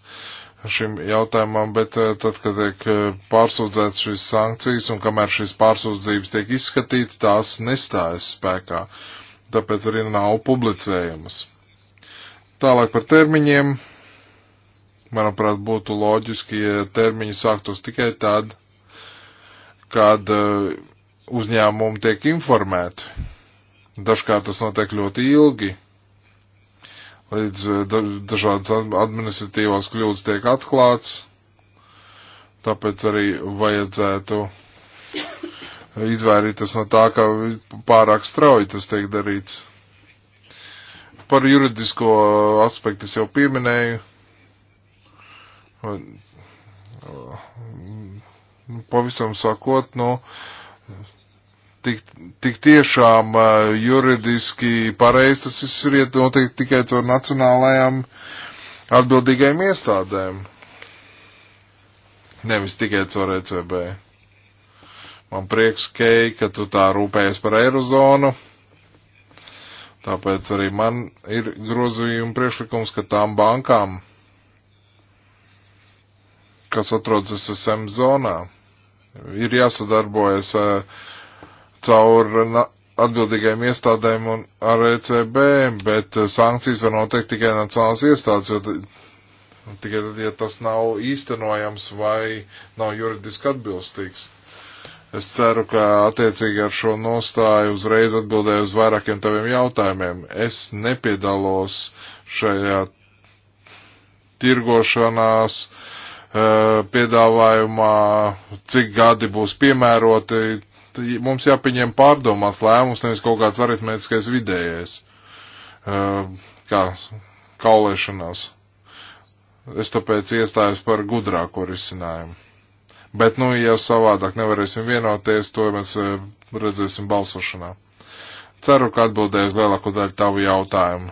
šim jautājumam, bet eh, tad, kad tiek eh, pārsūdzēts šīs sankcijas un kamēr šīs pārsūdzības tiek izskatītas, tās nestājas spēkā, tāpēc arī nav publicējumas. Tālāk par termiņiem. Manuprāt, būtu loģiski, ja termiņi sāktos tikai tad, kad eh, uzņēmumi tiek informēti. Dažkārt tas notiek ļoti ilgi, līdz eh, dažādas administratīvās kļūdas tiek atklāts, tāpēc arī vajadzētu izvairīties no tā, ka pārāk strauji tas tiek darīts. Par juridisko aspektu es jau pieminēju pavisam sakot, nu, tik, tik tiešām juridiski pareizi tas ir iet noteikti tikai caur nacionālajām atbildīgajām iestādēm. Nevis tikai caur ECB. Man prieks, Kei, ka tu tā rūpējies par Eirozonu. Tāpēc arī man ir grozījuma priekšlikums, ka tām bankām, kas atrodas SM zonā, Ir jāsadarbojas eh, caur atbildīgajiem iestādēm un ar ECB, bet eh, sankcijas var noteikt tikai nacionālās iestādes, jo tikai tad, ja tas nav īstenojams vai nav juridiski atbilstīgs. Es ceru, ka attiecīgi ar šo nostāju uzreiz atbildēju uz vairākiem taviem jautājumiem. Es nepiedalos šajā tirgošanās uh, piedāvājumā, cik gadi būs piemēroti. Mums jāpieņem pārdomās lēmums, nevis kaut kāds aritmētiskais vidējais, kā kaulēšanās. Es tāpēc iestājos par gudrāko risinājumu. Bet, nu, ja savādāk nevarēsim vienoties, to mēs redzēsim balsošanā. Ceru, ka atbildēju uz lielāko daļu tavu jautājumu.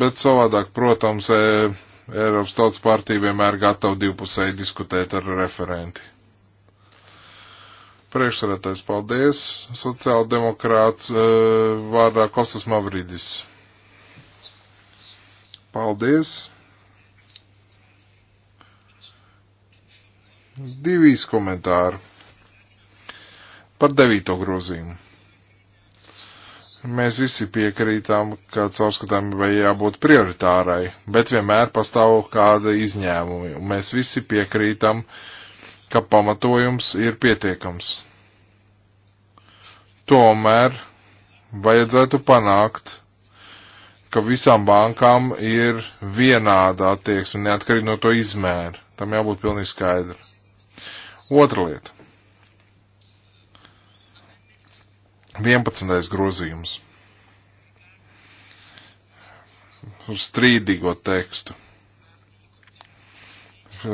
Bet savādāk, protams, Eiropas Tautas partija vienmēr gatava divpusēji diskutēt ar referenti. Priekšsarētais paldies, sociāldemokrāts eh, vārdā Kostas Mavridis. Paldies. Divīs komentāri par devīto grozījumu. Mēs visi piekrītām, ka caurskatāmībai jābūt prioritārai, bet vienmēr pastāv kāda izņēmumi. Mēs visi piekrītam, ka pamatojums ir pietiekams. Tomēr vajadzētu panākt, ka visām bankām ir vienāda attieksme, neatkarīgi no to izmēra. Tam jābūt pilnīgi skaidri. Otra lieta. 11. grozījums uz strīdīgo tekstu.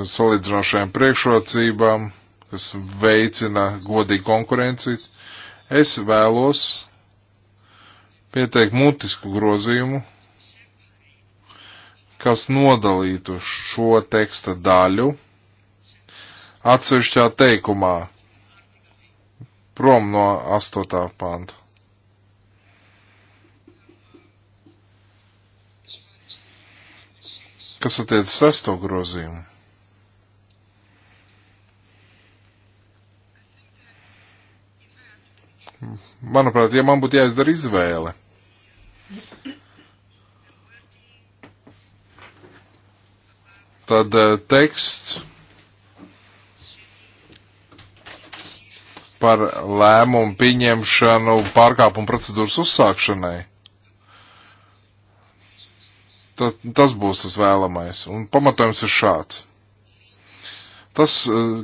Salīdzinošajām priekšrocībām, kas veicina godīgu konkurenci, es vēlos pieteikt mutisku grozījumu, kas nodalītu šo teksta daļu atsevišķā teikumā prom no 8. pānta. Kas attiec sesto grozījumu? Manuprāt, ja man būtu jāizdara izvēle, tad eh, teksts par lēmumu pieņemšanu pārkāpumu procedūras uzsākšanai. Tas, tas būs tas vēlamais. Un pamatojums ir šāds. Tas uh,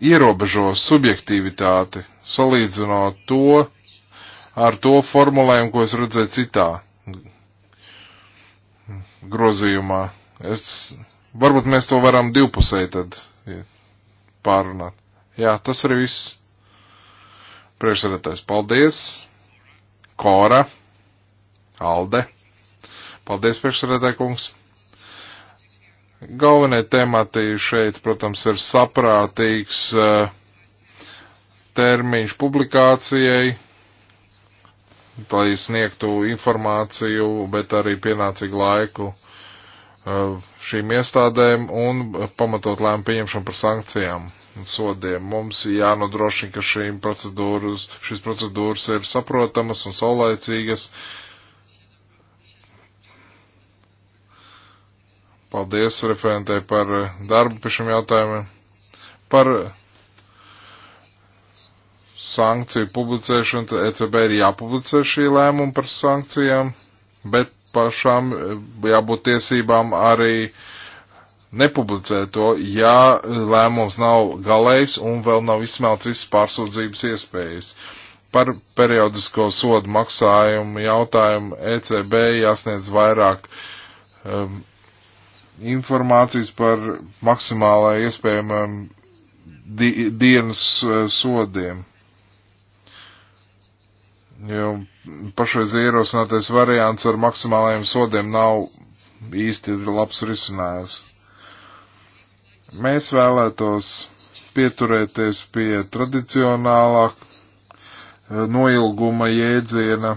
ierobežo subjektivitāti, salīdzinot to ar to formulējumu, ko es redzēju citā grozījumā. Es, varbūt mēs to varam divpusēji tad pārunāt. Jā, tas arī viss. Priekšsēdētājs, paldies. Kora, Alde. Paldies, priekšsēdētāj kungs. Galvenie temati šeit, protams, ir saprātīgs eh, termiņš publikācijai, lai sniegtu informāciju, bet arī pienācīgu laiku eh, šīm iestādēm un eh, pamatot lēmu pieņemšanu par sankcijām sodiem. Mums jānodrošina, ka šīs procedūras, šīs procedūras ir saprotamas un saulaicīgas. Paldies referentē par darbu pie šiem jautājumiem. Par sankciju publicēšanu, tad ECB ir jāpublicē šī lēmuma par sankcijām, bet pašām jābūt tiesībām arī uh, nepublicē to, ja lēmums nav galējs un vēl nav izsmelts visas pārsūdzības iespējas. Par periodisko sodu maksājumu jautājumu ECB jāsniedz vairāk um, informācijas par maksimālai iespējamiem di dienas uh, sodiem. Jo pašreiz ierosinātais variants ar maksimālajiem sodiem nav īsti labs risinājums. Mēs vēlētos pieturēties pie tradicionālā eh, noilguma jēdziena,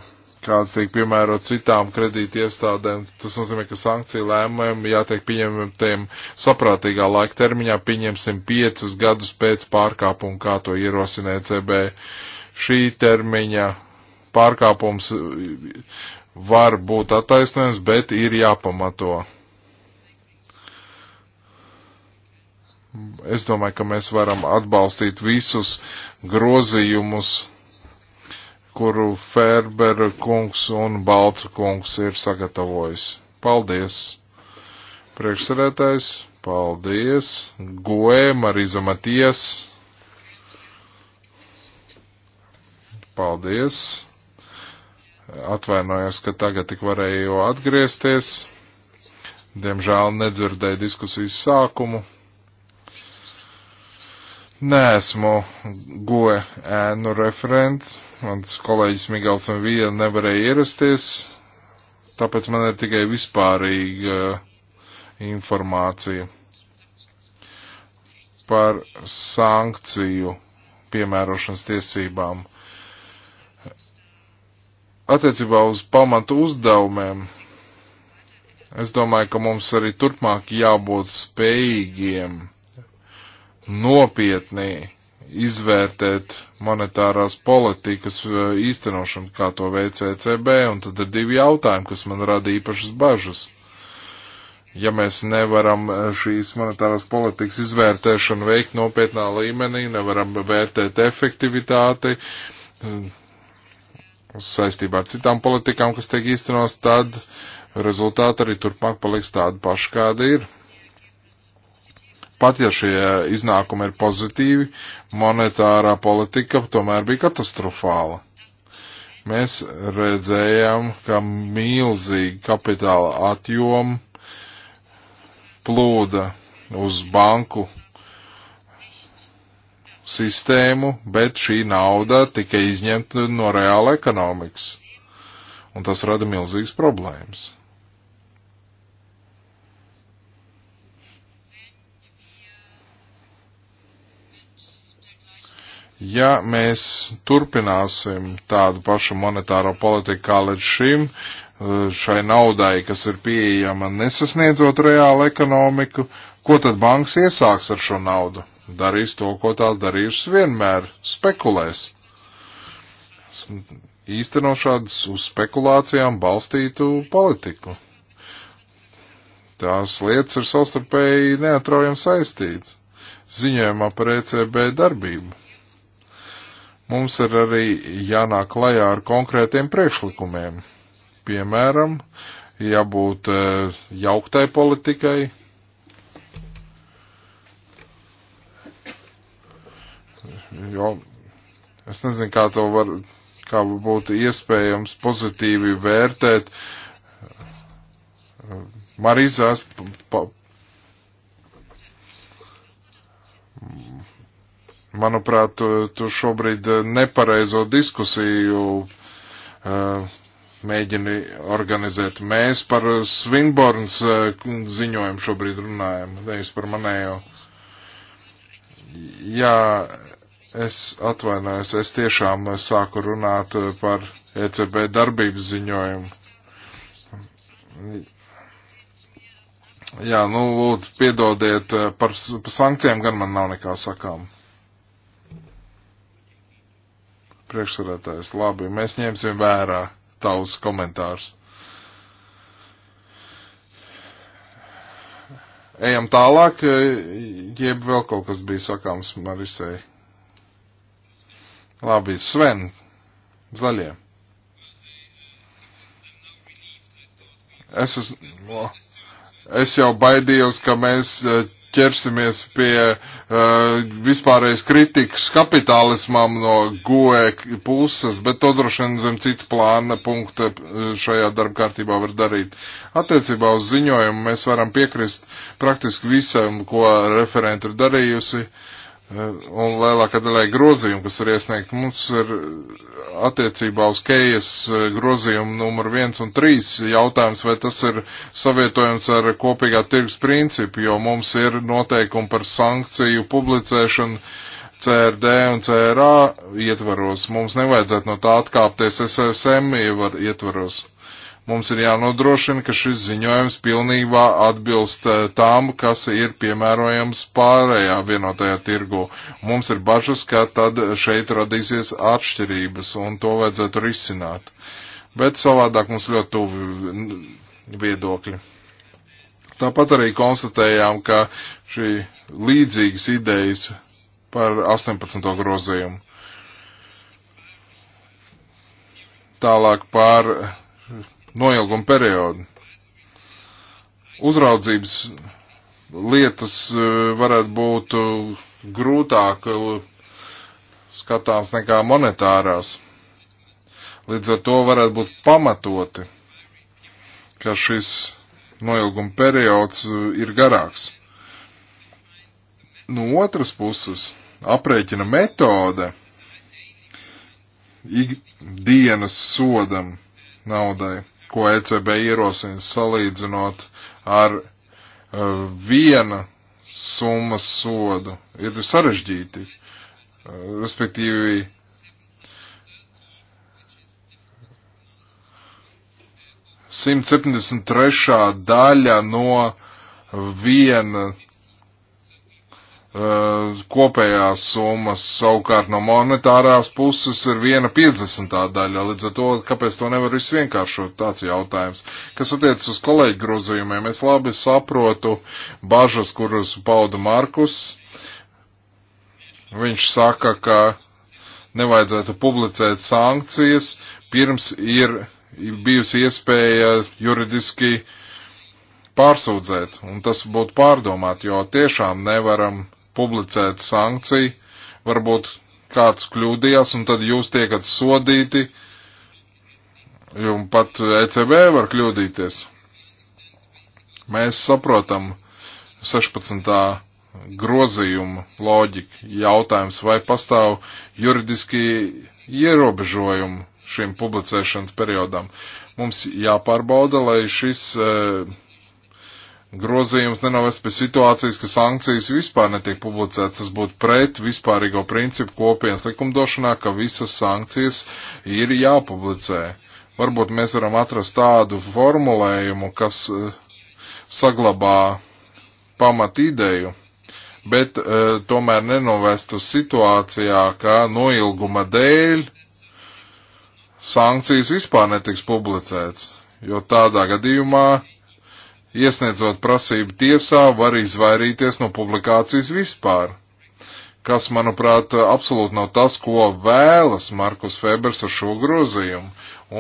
kāds tiek piemērot citām kredīti iestādēm. Tas nozīmē, ka sankciju lēmumiem jātiek pieņemtiem saprātīgā laika termiņā, pieņemsim piecus gadus pēc pārkāpuma, kā to ierosina ECB. Šī termiņa pārkāpums var būt attaisnojums, bet ir jāpamato. Es domāju, ka mēs varam atbalstīt visus grozījumus, kuru Ferbera kungs un Balca kungs ir sagatavojis. Paldies! Priekšsarētājs, paldies! Goe, Marīza Matijas! Paldies! Atvainojos, ka tagad tik varēju atgriezties. Diemžēl nedzirdēju diskusijas sākumu. Nesmu goe ēnu referents, mans kolēģis Migals un Vija nevarēja ierasties, tāpēc man ir tikai vispārīga informācija par sankciju piemērošanas tiesībām. Attiecībā uz pamatu uzdevumiem, es domāju, ka mums arī turpmāk jābūt spējīgiem nopietni izvērtēt monetārās politikas e, īstenošanu, kā to veic ECB, un tad ir divi jautājumi, kas man rada īpašas bažas. Ja mēs nevaram e, šīs monetārās politikas izvērtēšanu veikt nopietnā līmenī, nevaram vērtēt efektivitāti e, saistībā ar citām politikām, kas tiek īstenos, tad rezultāti arī turpmāk paliks tādi paši, kādi ir pat ja šie iznākumi ir pozitīvi, monetārā politika tomēr bija katastrofāla. Mēs redzējām, ka milzīgi kapitāla atjoma plūda uz banku sistēmu, bet šī nauda tika izņemta no reāla ekonomikas. Un tas rada milzīgas problēmas. Ja mēs turpināsim tādu pašu monetāro politiku kā līdz šim, eh, šai naudai, kas ir pieejama nesasniedzot reālu ekonomiku, ko tad banks iesāks ar šo naudu? Darīs to, ko tās darījušas vienmēr - spekulēs. Īsteno šādas uz spekulācijām balstītu politiku. Tās lietas ir savstarpēji neatraujami saistītas ziņojumā par ECB darbību mums ir arī jānāk klajā ar konkrētiem priekšlikumiem. Piemēram, jābūt e, jauktai politikai. Jo es nezinu, kā to var, kā būtu iespējams pozitīvi vērtēt Marizās pa, Manuprāt, tu, tu šobrīd eh, nepareizo diskusiju uh, mēģini organizēt. Mēs par Svinborns eh, ziņojumu šobrīd runājam, nevis par manējo. Jā, es atvainojos, es tiešām sāku runāt par ECB darbības ziņojumu. Jā, nu lūdzu, piedodiet par, par sankcijām, gan man nav nekā sakām. Priekšsarētājs, labi, mēs ņemsim vērā tavus komentārus. Ejam tālāk, jeb vēl kaut kas bija sakāms Marisei. Labi, Sven, zaļie. Es, es, es jau baidījos, ka mēs ķersimies pie uh, vispārējais kritikas kapitālismam no goē e puses, bet to droši vien zem citu plāna punkta eh, šajā darba kārtībā var darīt. Attiecībā uz ziņojumu mēs varam piekrist praktiski visam, ko referenti ir darījusi. Uh, un lielākā daļai grozījumu, kas ir iesniegt mums, ir attiecībā uz Keijas eh, grozījumu numur 1 un 3 jautājums, vai tas ir savietojams ar kopīgā tirgus principu, jo mums ir noteikumi par sankciju publicēšanu CRD un CRA ietvaros. Mums nevajadzētu no tā atkāpties SSM ietvaros. Mums ir jānodrošina, ka šis ziņojums pilnībā atbilst eh, tām, kas ir piemērojams pārējā vienotajā tirgu. Mums ir bažas, ka tad šeit radīsies atšķirības un to vajadzētu risināt. Bet savādāk mums ļoti tuvi viedokļi. Tāpat arī konstatējām, ka šī līdzīgas idejas par 18. grozījumu. Tālāk par noilguma periodu. Uzraudzības lietas e, varētu būt e, grūtāk e, skatāms nekā monetārās. Līdz ar to varētu būt pamatoti, ka šis noilguma periods ir garāks. No otras puses, aprēķina metode ikdienas sodam naudai ko ECB ierosina salīdzinot ar uh, viena summas sodu, ir sarežģīti. Uh, respektīvi, simt septiņdesmit trešā daļa no viena Eh, kopējās summas savukārt no monetārās puses ir viena piecdesmitā daļa. Līdz ar to, kāpēc to nevar viss vienkāršot, tāds jautājums. Kas attiecas uz kolēģi grozījumiem, es labi saprotu bažas, kuras pauda Markus. Viņš saka, ka nevajadzētu publicēt sankcijas, pirms ir bijusi iespēja juridiski pārsūdzēt, un tas būtu pārdomāt, jo tiešām nevaram publicēt sankciju, varbūt kāds kļūdījās un tad jūs tiekat sodīti, un pat ECB var kļūdīties. Mēs saprotam 16. grozījuma loģiku jautājums, vai pastāv juridiski ierobežojumi šim publicēšanas periodam. Mums jāpārbauda, lai šis uh, grozījums nenovest pie situācijas, ka sankcijas vispār netiek publicētas. Tas būtu pret vispārīgo principu kopienas likumdošanā, ka visas sankcijas ir jāpublicē. Varbūt mēs varam atrast tādu formulējumu, kas eh, saglabā pamat ideju, bet uh, tomēr nenovestu situācijā, ka noilguma dēļ sankcijas vispār netiks publicēts, jo tādā gadījumā Iesniedzot prasību tiesā, var izvairīties no publikācijas vispār, kas, manuprāt, absolūti nav tas, ko vēlas Markus Febers ar šo grozījumu,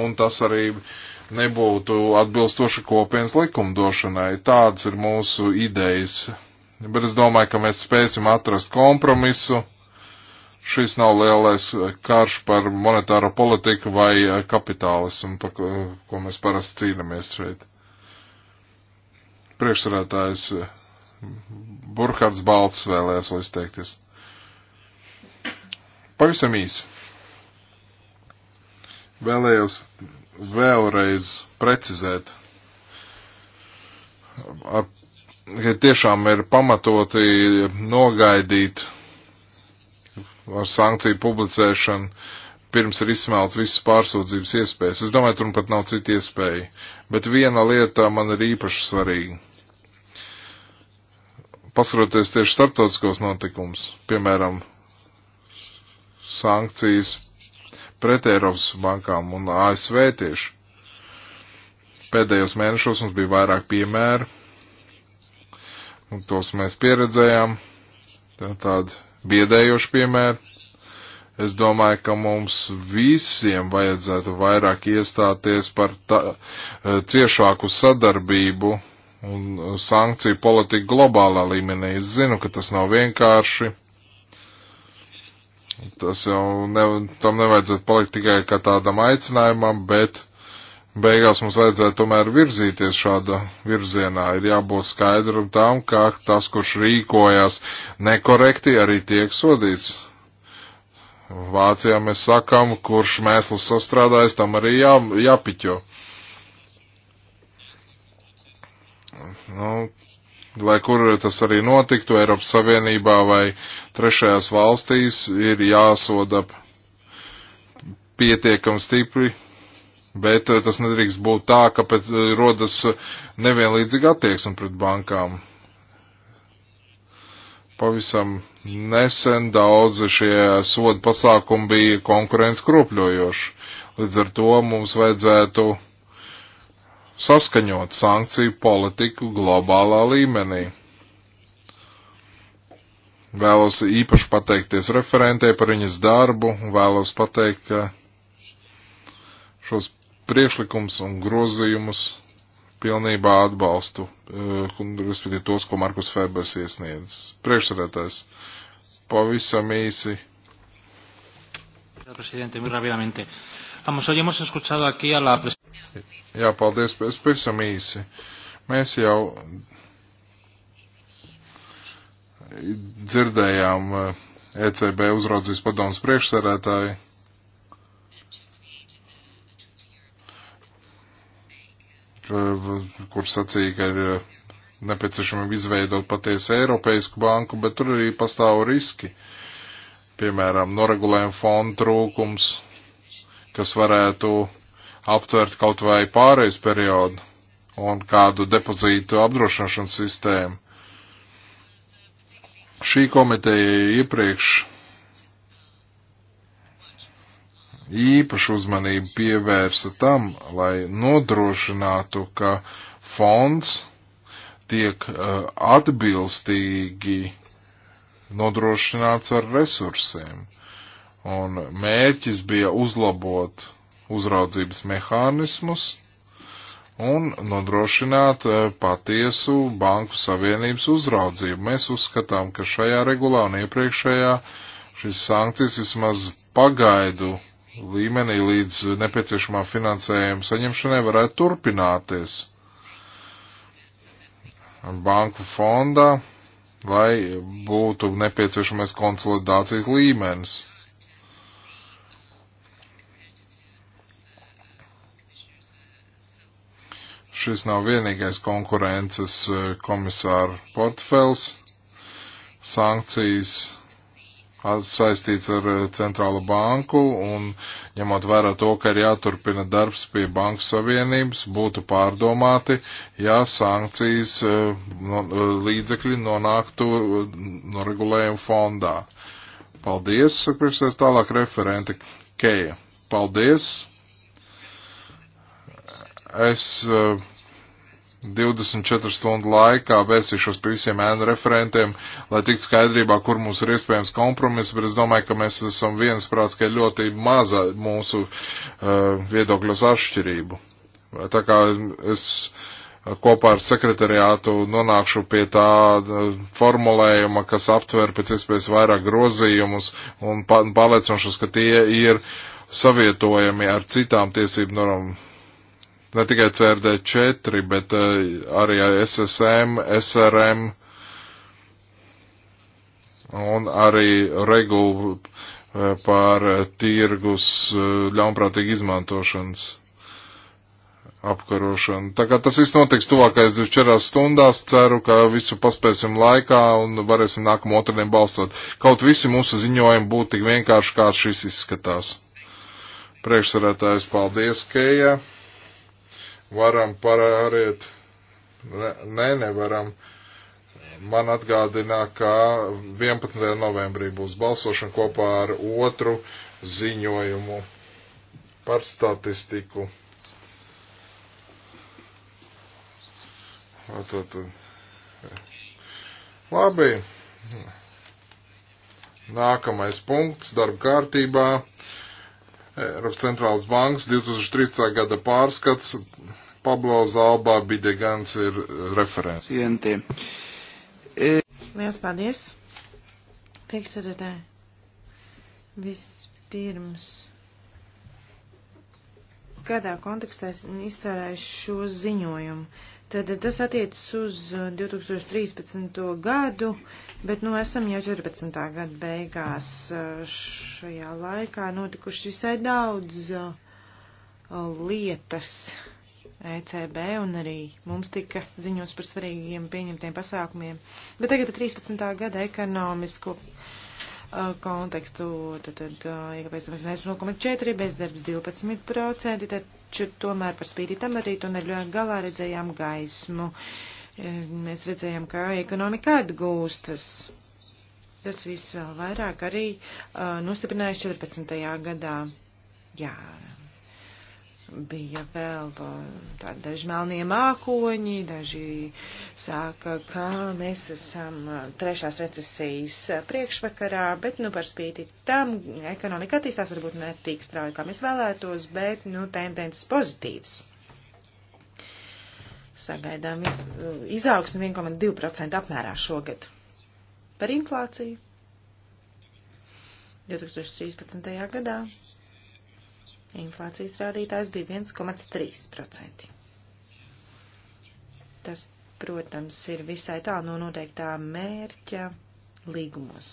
un tas arī nebūtu atbilstoši kopienas likumdošanai. Tāds ir mūsu idejas, bet es domāju, ka mēs spēsim atrast kompromisu šis nav lielais karš par monetāro politiku vai kapitālismu, par ko, ko mēs parasti cīnāmies šeit priekšsarētājs eh, Burkhards Balts vēlējās vēl izteikties. Pavisam īsi. Vēlējos vēlreiz precizēt, ar, ka tiešām ir pamatoti nogaidīt ar sankciju publicēšanu pirms ir izsmelt visas pārsūdzības iespējas. Es domāju, tur pat nav citu iespēju. Bet viena lieta man ir īpaši svarīga pasaroties tieši starptautiskos notikums, piemēram, sankcijas pret Eiropas bankām un ASV tieši. Pēdējos mēnešos mums bija vairāk piemēru, un tos mēs pieredzējām, tā tādi biedējoši piemēri. Es domāju, ka mums visiem vajadzētu vairāk iestāties par tā, ciešāku sadarbību un uh, sankciju politiku globālā līmenī. Es zinu, ka tas nav vienkārši. Tas jau ne, tam nevajadzētu palikt tikai kā tādam aicinājumam, bet beigās mums vajadzētu tomēr virzīties šāda virzienā. Ir jābūt skaidram tam, ka tas, kurš rīkojās nekorekti, arī tiek sodīts. Vācijā mēs sakam, kurš mēsls sastrādājas, tam arī jā, jāpiķo. Uh, Nu, lai kur tas arī notiktu, Eiropas Savienībā vai trešajās valstīs, ir jāsoda pietiekami stipri, bet tas nedrīkst būt tā, ka pēc rodas nevienlīdzīga attieksme pret bankām. Pavisam nesen daudzi šie soda pasākumi bija konkurence kropļojoši. Līdz ar to mums vajadzētu saskaņot sankciju politiku globālā līmenī. Vēlos īpaši pateikties referentē par viņas darbu, vēlos pateikt, ka šos priekšlikums un grozījumus pilnībā atbalstu, eh, respektīvi tos, ko Markus Febers iesniedz. Priekšsarētājs, pavisam īsi. Presidente, muy rápidamente. Vamos, hoy hemos escuchado aquí a la Jā, paldies, es pavisam īsi. Mēs jau dzirdējām ECB eh, e uzraudzīs padomus priekšsarētāju. kur sacīja, ka ir eh, nepieciešami izveidot patiesu Eiropeisku banku, bet tur arī pastāv riski. Piemēram, noregulējuma fonda trūkums, kas varētu uh, aptvert kaut vai pārejas periodu un kādu depozītu apdrošināšanas sistēmu. Šī komiteja iepriekš īpašu uzmanību pievērsa tam, lai nodrošinātu, ka fonds tiek uh, atbilstīgi nodrošināts ar resursiem. Un mērķis bija uzlabot uzraudzības mehānismus un nodrošināt eh, patiesu banku savienības uzraudzību. Mēs uzskatām, ka šajā regulā un iepriekšējā šīs sankcijas vismaz pagaidu līmenī līdz nepieciešamā finansējuma saņemšanai varētu turpināties banku fondā, lai būtu nepieciešamais konsolidācijas līmenis. Šis nav vienīgais konkurences e, komisāra portfels. Sankcijas saistīts ar e, centrālu banku un ņemot vērā to, ka ir jāturpina darbs pie banku savienības, būtu pārdomāti, ja sankcijas e, no, līdzekļi nonāktu no regulējuma fondā. Paldies, priekšsēs tālāk referente Keja. Paldies. Es uh, 24 stundu laikā vērsīšos pie visiem ēnu referentiem, lai tiktu skaidrībā, kur mums ir iespējams kompromiss, bet es domāju, ka mēs esam viensprāts, ka ir ļoti maza mūsu uh, viedokļos atšķirību. Tā kā es kopā ar sekretariātu nonākšu pie tā eh, formulējuma, kas aptver pēc iespējas vairāk grozījumus un pārliecinošos, ka tie ir savietojami ar citām tiesību normām ne tikai CRD4, bet eh, arī SSM, SRM un arī regulu eh, pār tirgus eh, ļaunprātīgi izmantošanas apkarošanu. Tā kā tas viss notiks tuvākais 24 stundās, ceru, ka visu paspēsim laikā un varēsim nākamo otrdien balstot. Kaut visi mūsu ziņojumi būtu tik vienkārši, kā šis izskatās. Priekšsarētājs paldies, Keja varam pāriet. Nē, nevaram. Man atgādina, ka 11. novembrī būs balsošana kopā ar otru ziņojumu par statistiku. Tātad. Labi. Nākamais punkts darba kārtībā Eiropas centrālas bankas 2013. gada pārskats. Pablo Zalbā Bidegans ir eh, referents. E- Liels paldies. Priekšsēdētāji. Vispirms. Kādā kontekstā esmu izstrādājis šo ziņojumu? Tad tas attiecas uz 2013. Uh, gadu, bet nu esam jau 14. gada beigās. Uh, šajā laikā notikuši visai daudz uh, lietas ECB un arī mums tika ziņots par svarīgiem pieņemtiem pasākumiem. Bet tagad par 13. gada ekonomisko Uh, kontekstu, tad, tad uh, iekāpēc mēs neesam 0,4, bezdarbs 12%, taču tomēr par spīti tam arī tuneļu galā redzējām gaismu. E, mēs redzējām, ka ekonomika atgūstas. Tas viss vēl vairāk arī uh, nostiprinājas 14. gadā. Jā, bija vēl uh, tādi daži melnie mākoņi, daži sāka, ka mēs esam uh, trešās recesijas uh, priekšvakarā, bet, nu, par spīti tam ekonomika attīstās varbūt ne tik strauji, kā mēs vēlētos, bet, nu, tendences pozitīvas. Sagaidām izaugsmi 1,2% apmērā šogad. Par inflāciju 2013. gadā Inflācijas rādītājs bija 1,3%. Tas, protams, ir visai tālu no noteiktā mērķa līgumos.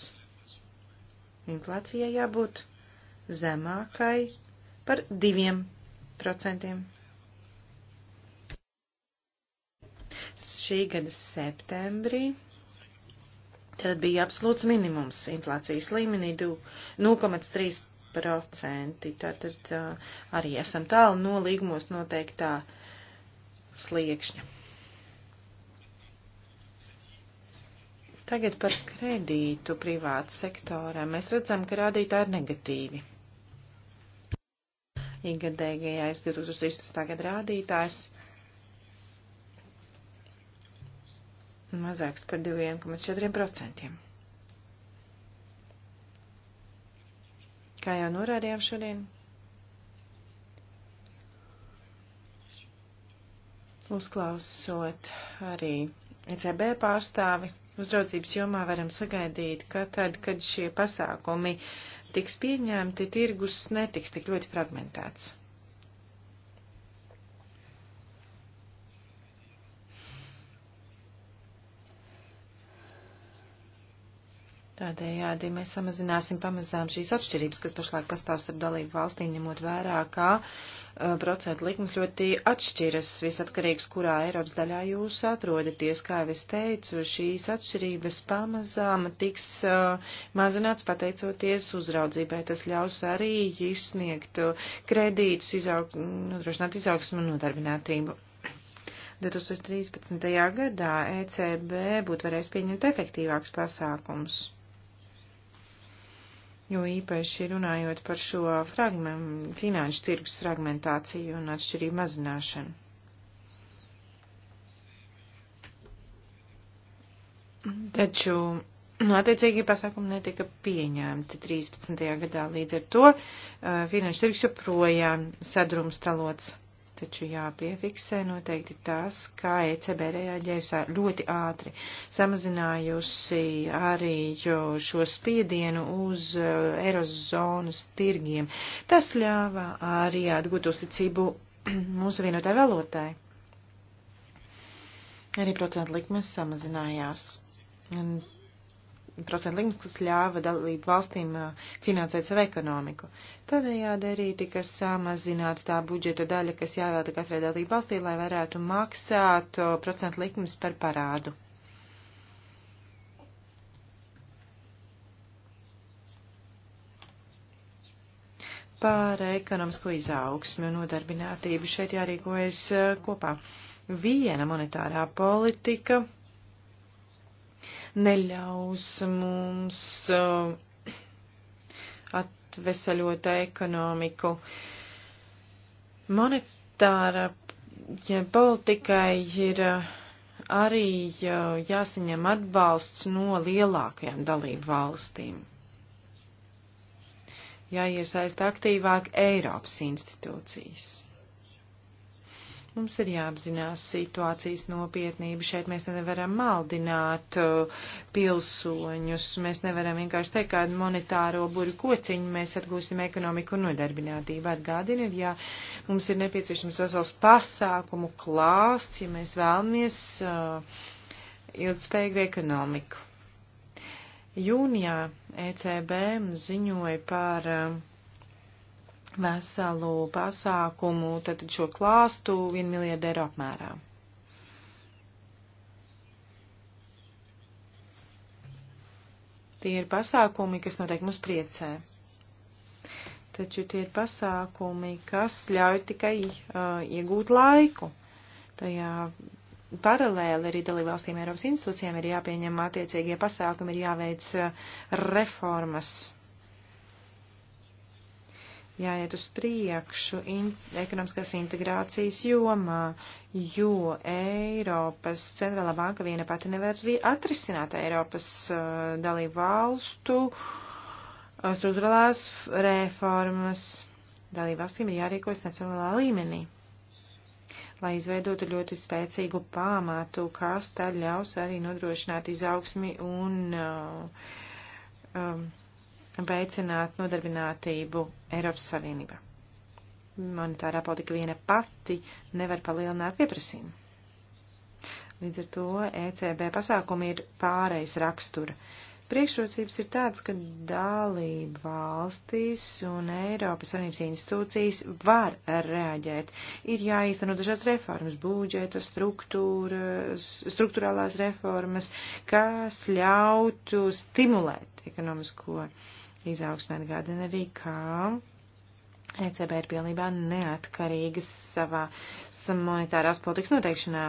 Inflācijai jābūt zemākai par 2%. Šī gada septembrī tad bija absolūts minimums inflācijas līmenī 0,3% procenti. Tātad arī esam tālu no līgumos noteiktā sliekšņa. Tagad par kredītu privātu sektorā. Mēs redzam, ka rādītāji ir negatīvi. Igadējais 2016. gada rādītājs mazāks par 2,4%. kā jau norādījām šodien. Uzklausot arī ECB pārstāvi, uzraudzības jomā varam sagaidīt, ka tad, kad šie pasākumi tiks pieņemti, tirgus netiks tik ļoti fragmentēts. Tādējādi mēs samazināsim pamazām šīs atšķirības, kas pašlaik pastāv starp dalību valstīm, ņemot vērā, kā uh, procentu likmes ļoti atšķiras, visatkarīgs, kurā Eiropas daļā jūs atrodaties. Kā jau es teicu, šīs atšķirības pamazām tiks uh, mazināts pateicoties uzraudzībai. Tas ļaus arī izsniegt uh, kredītus, izaug, nodrošināt izaugsmu un nodarbinātību. 2013. gadā ECB būtu varējis pieņemt efektīvāks pasākums jo īpaši runājot par šo fragment, finanšu tirgus fragmentāciju un atšķirību mazināšanu. Taču nu, attiecīgi pasākumi netika pieņemti 13. gadā, līdz ar to uh, finanšu tirgus joprojām sadrumstalots. Taču jāpiefiksē noteikti tas, kā ECB reaģējusi ļoti ātri, samazinājusi arī šo spiedienu uz eh, Eirozonas tirgiem. Tas ļāva arī atgūt uzticību mūsu vienotai valotai. Arī procentu likmes samazinājās. Un procentu likmes, kas ļāva dalību valstīm finansēt savu ekonomiku. Tādējādi arī tika samazināta tā budžeta daļa, kas jāvēlta katrai dalību valstī, lai varētu maksāt procentu likmes par parādu. Par ekonomisko izaugsmi un nodarbinātību šeit jārīkojas kopā. Viena monetārā politika neļaus mums uh, atvesaļot ekonomiku. Monetāra ja politikai ir uh, arī uh, jāsaņem atbalsts no lielākajām dalību valstīm. Jāiesaist aktīvāk Eiropas institūcijas. Mums ir jāapzinās situācijas nopietnība. Šeit mēs nevaram maldināt uh, pilsoņus. Mēs nevaram vienkārši teikt, kādu monetāro burju kociņu mēs atgūsim ekonomiku un nodarbinātību. Atgādina ir, ja mums ir nepieciešams vesels pasākumu klāsts, ja mēs vēlamies uh, ilgspējīgu ekonomiku. Jūnijā ECB ziņoja par uh, veselu pasākumu, tad šo klāstu 1 miljardu eiro apmērā. Tie ir pasākumi, kas noteikti mūs priecē. Taču tie ir pasākumi, kas ļauj tikai uh, iegūt laiku. Tajā paralēli arī dalībvalstīm Eiropas institūcijām ir jāpieņem attiecīgie pasākumi, ir jāveic uh, reformas jāiet uz priekšu in, ekonomiskās integrācijas jomā, jo Eiropas centrālā banka viena pati nevar atrisināt Eiropas uh, dalību valstu uh, struktūrālās reformas. Dalību valstīm ir jārīkojas nacionālā līmenī, lai izveidotu ļoti spēcīgu pamatu, kas tad ļaus arī nodrošināt izaugsmi un uh, um, veicināt nodarbinātību Eiropas Savienībā. Monetārā politika viena pati nevar palielināt pieprasījumu. Līdz ar to ECB pasākumi ir pārejas rakstura. Priekšrocības ir tādas, ka dalība valstīs un Eiropas Savienības institūcijas var reaģēt. Ir jāīsteno dažādas reformas, budžeta, struktūrālās reformas, kas ļautu stimulēt ekonomisko uh, izaugsmē atgādina arī, kā ECB ir pilnībā neatkarīga savā monetārās politikas noteikšanā.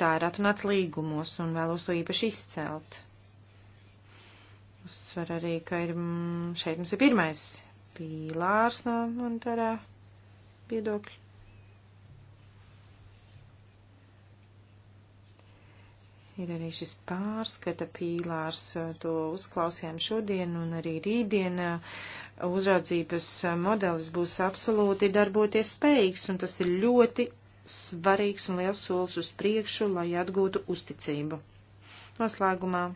Tā ir atrunāts līgumos un vēlos to īpaši izcelt. Uzsver arī, ka ir, šeit mums ir pirmais pīlārs no monetārā viedokļa. Ir arī šis pārskata pīlārs, to uzklausījām šodien un arī rītdien. Uzraudzības modelis būs absolūti darboties spējīgs, un tas ir ļoti svarīgs un liels solis uz priekšu, lai atgūtu uzticību. Noslēgumā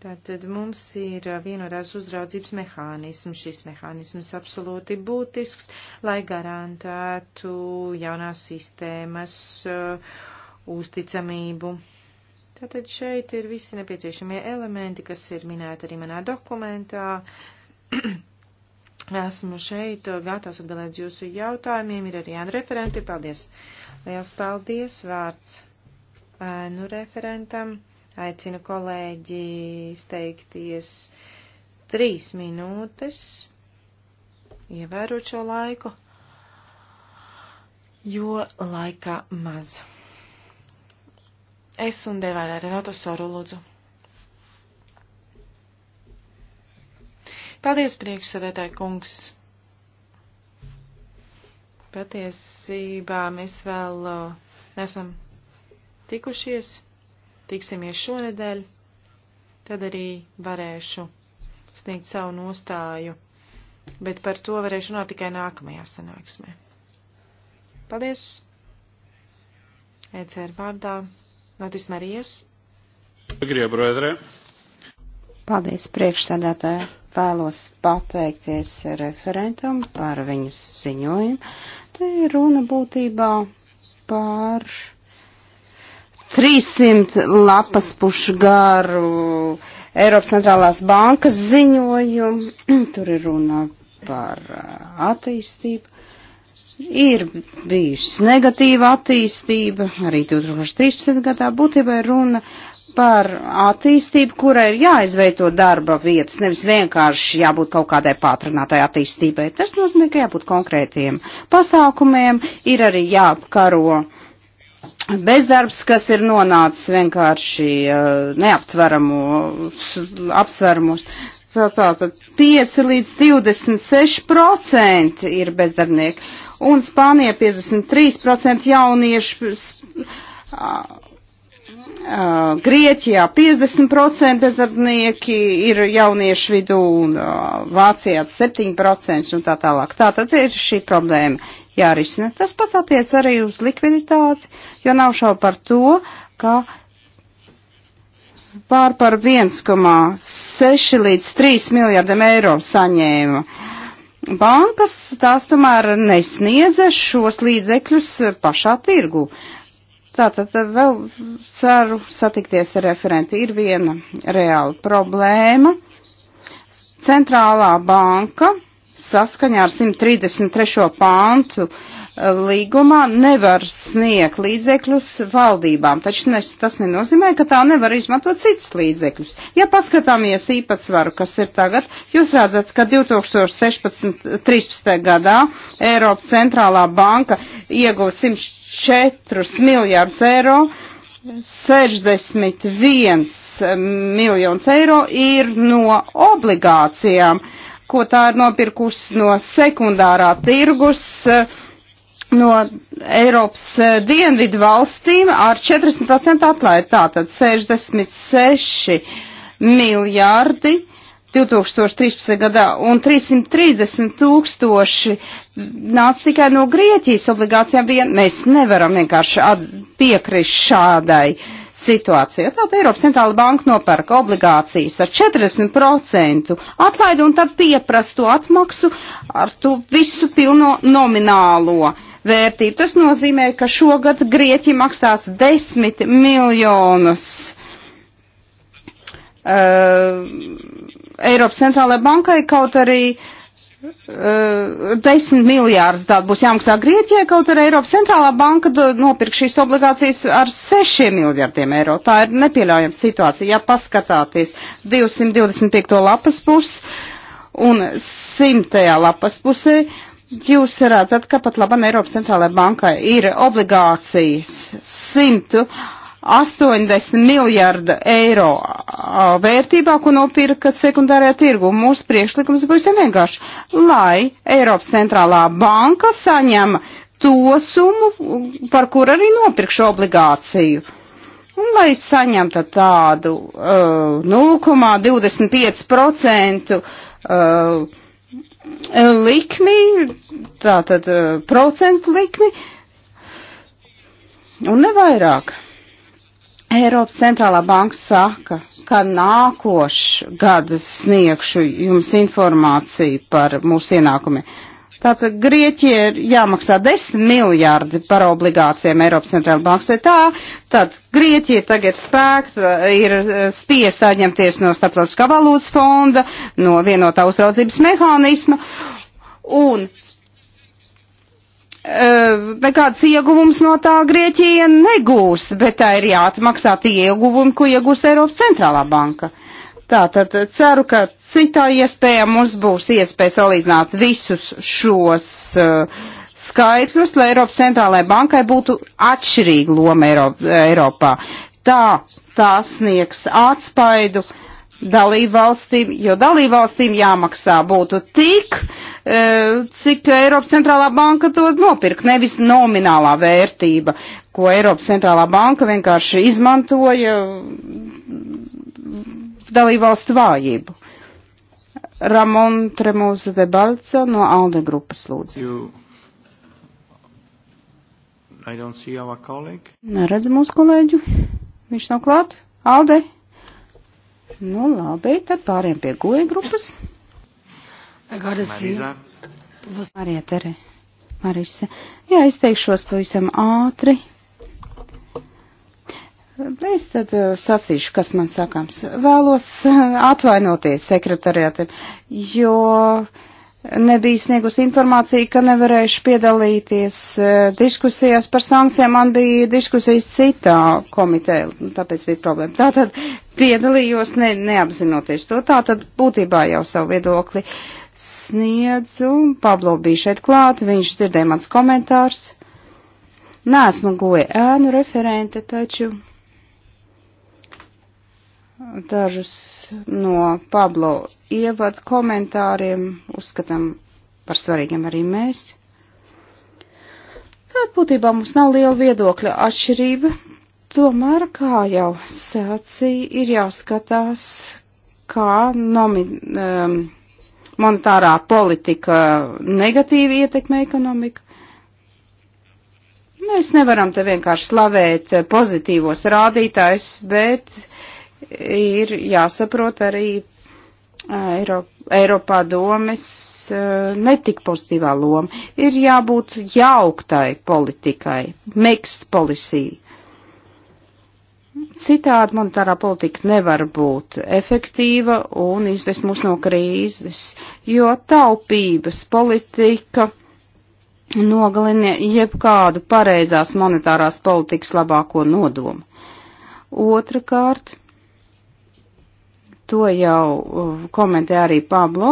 Tātad mums ir vienotās uzraudzības mehānisms. Šis mehānisms absolūti būtisks, lai garantētu jaunās sistēmas uh, uzticamību. Tātad šeit ir visi nepieciešamie elementi, kas ir minēti arī manā dokumentā. Esmu šeit gatavs atbildēt jūsu jautājumiem, ir arī Jāna referenti. Paldies! Liels paldies! Vārds ēnu referentam. Aicinu kolēģi izteikties trīs minūtes, ievērot šo laiku, jo laika maz. Es un Devārā Renato Soru lūdzu. Paldies, priekšsēdētāji kungs! Patiesībā mēs vēl uh, nesam tikušies tiksimies šonedēļ, tad arī varēšu sniegt savu nostāju, bet par to varēšu runāt tikai nākamajā sanāksmē. Paldies! ECR vārdā Notis Marijas. Paldies priekšsēdētāji. Vēlos pateikties referentam par viņas ziņojumu. Te ir runa būtībā par 300 lapas pušu garu Eiropas centrālās bankas ziņojumu. Tur ir runa par uh, attīstību. Ir bijusi negatīva attīstība, arī 2013. gadā būtībā ir runa par attīstību, kurai ir jāizveido darba vietas, nevis vienkārši jābūt kaut kādai pātrinātai attīstībai. Tas nozīmē, ka jābūt konkrētiem pasākumiem, ir arī jāapkaro uh, bezdarbs, kas ir nonācis vienkārši eh, neaptveramos, aptveramos. Tātad 5 līdz 26% ir bezdarbnieki, un Spānija 53% jauniešu, Grieķijā 50% bezdarbnieki ir jauniešu vidū, un Vācijā 7% un tā tālāk. Tātad ir šī problēma jārisina. Tas pats attiec arī uz likviditāti, jo nav šau par to, ka pār par 1,6 līdz 3 miljardiem eiro saņēma. Bankas tās tomēr nesniedza šos līdzekļus pašā tirgu. Tātad vēl ceru satikties ar referenti. Ir viena reāla problēma. Centrālā banka saskaņā ar 133. pāntu eh, līgumā nevar sniegt līdzekļus valdībām, taču nes, tas nenozīmē, ka tā nevar izmantot citus līdzekļus. Ja paskatāmies īpatsvaru, kas ir tagad, jūs redzat, ka 2016. gadā Eiropas centrālā banka ieguva 104 miljārdus eiro, 61 miljonus eiro ir no obligācijām ko tā ir nopirkusi no sekundārā tirgus eh, no Eiropas eh, dienvidu valstīm ar 40% atlaidi. Tātad 66 miljārdi 2013. gadā un 330 tūkstoši nāca tikai no Grieķijas obligācijām vien. Mēs nevaram vienkārši piekrist šādai uh, situācija. Tātad Eiropas centrāla banka nopērk obligācijas ar 40% atlaidu un tad pieprasa to atmaksu ar to visu pilno nominālo vērtību. Tas nozīmē, ka šogad Grieķi maksās 10 miljonus. Uh, Eiropas centrālajai bankai kaut arī uh, Eh, desmit miljārdus tādu būs jāmaksā Grieķijai, kaut arī Eiropas centrālā banka nopirk šīs obligācijas ar sešiem miljardiem eiro. Tā ir nepieļaujama situācija. Ja paskatāties 225. lapas pusi un 100. lapas pusē, jūs redzat, ka pat labam Eiropas centrālajai bankai ir obligācijas 100 80 miljardu eiro vērtībā, ko nopirka sekundārajā tirgu. Mūsu priekšlikums būs vienkārši, lai Eiropas centrālā banka saņem to summu, par kur arī nopirkšu obligāciju. Un lai saņemtu tādu uh, 0,25% uh, likmi, tātad uh, procentu likmi, un nevairāk. vairāk. Eiropas centrālā banka saka, ka nākošais gads sniegšu jums informāciju par mūsu ienākumiem. Tātad Grieķija ir jāmaksā 10 miljārdi par obligācijām Eiropas centrāla bankas. Tā, tad Grieķija tagad spēkt, eh, ir eh, spiest aizņemties no starptautiskā valūtas fonda, no vienotā uzraudzības mehānisma. Un Eh, nekāds ieguvums no tā Grieķija negūs, bet tā ir jāatmaksā tie ieguvumi, ko iegūs Eiropas centrālā banka. Tātad eh, ceru, ka citā iespējā mums būs iespēja salīdzināt visus šos uh, skaitļus, lai Eiropas centrālajai bankai būtu atšķirīga loma Eiro Eiropā. Tā, tā sniegs atspaidu uh, dalībvalstīm, jo dalībvalstīm jāmaksā būtu tik, e, cik Eiropas centrālā banka to nopirkt, nevis nominālā vērtība, ko Eiropas centrālā banka vienkārši izmantoja dalībvalstu vājību. Ramon Tremūza de Balca no Alde grupas lūdzu. You... Neredzu mūsu kolēģu. Viņš nav klāt. Alde? Nu, labi, tad pāriem pie goja grupas. Marija Tere, Marisa. Jā, es teikšos pavisam ātri. Es tad eh, sacīšu, kas man sakāms. Vēlos eh, atvainoties sekretariātam, jo nebija sniegusi informāciju, ka nevarēšu piedalīties e, diskusijās par sankcijām. Man bija diskusijas citā komitejā, tāpēc bija problēma. Tātad piedalījos ne, neapzinoties to. Tātad būtībā jau savu viedokli sniedzu. Pablo bija šeit klāt, viņš dzirdēja mans komentārs. Nē, esmu goja ēnu referente, taču dažus no Pablo ievadu komentāriem, uzskatām par svarīgiem arī mēs. Tad būtībā mums nav liela viedokļa atšķirība, tomēr, kā jau sācīja, ir jāskatās, kā nomi, um, monetārā politika negatīvi ietekmē ekonomiku. Mēs nevaram te vienkārši slavēt pozitīvos rādītājs, bet ir jāsaprot arī Eiro, Eiropā domes netik pozitīvā loma. Ir jābūt jauktai politikai, mixed policy. Citādi monetārā politika nevar būt efektīva un izvest mūs no krīzes, jo taupības politika nogalina jebkādu pareizās monetārās politikas labāko nodomu. Otrakārt, To jau uh, komentē arī Pablo,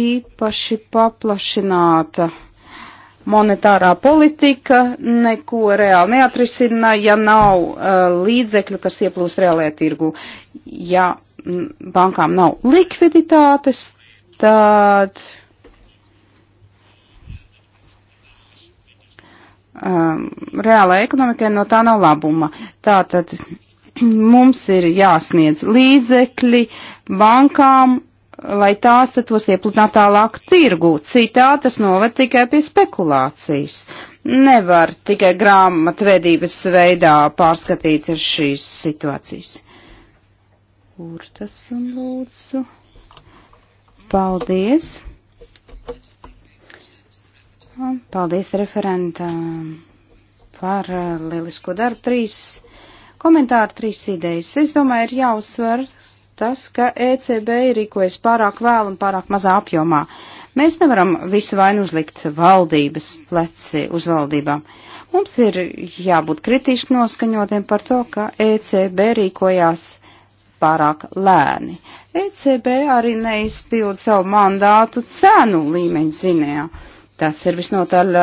īpaši paplašināta monetārā politika neko reāli neatrisina, ja nav uh, līdzekļu, kas ieplūst reālajā tirgu. Ja m, bankām nav likviditātes, tad. Um, reālai ekonomikai no tā nav labuma. Tātad mums ir jāsniedz līdzekļi bankām, lai tās tad tos iepludinātu tālāk tirgu. Citā tas noved tikai pie spekulācijas. Nevar tikai grāmatvedības veidā pārskatīt šīs situācijas. Kur tas un lūdzu? Paldies! Paldies referentam par uh, lielisko darbu. Trīs Komentāri trīs idejas. Es domāju, ir jāuzsver tas, ka ECB rīkojas pārāk vēl un pārāk mazā apjomā. Mēs nevaram visu vainu uzlikt valdības pleci uz valdībām. Mums ir jābūt kritiski noskaņotiem par to, ka ECB rīkojās pārāk lēni. ECB arī neizpild savu mandātu cenu līmeņu zinējā. Tas ir visnotaļ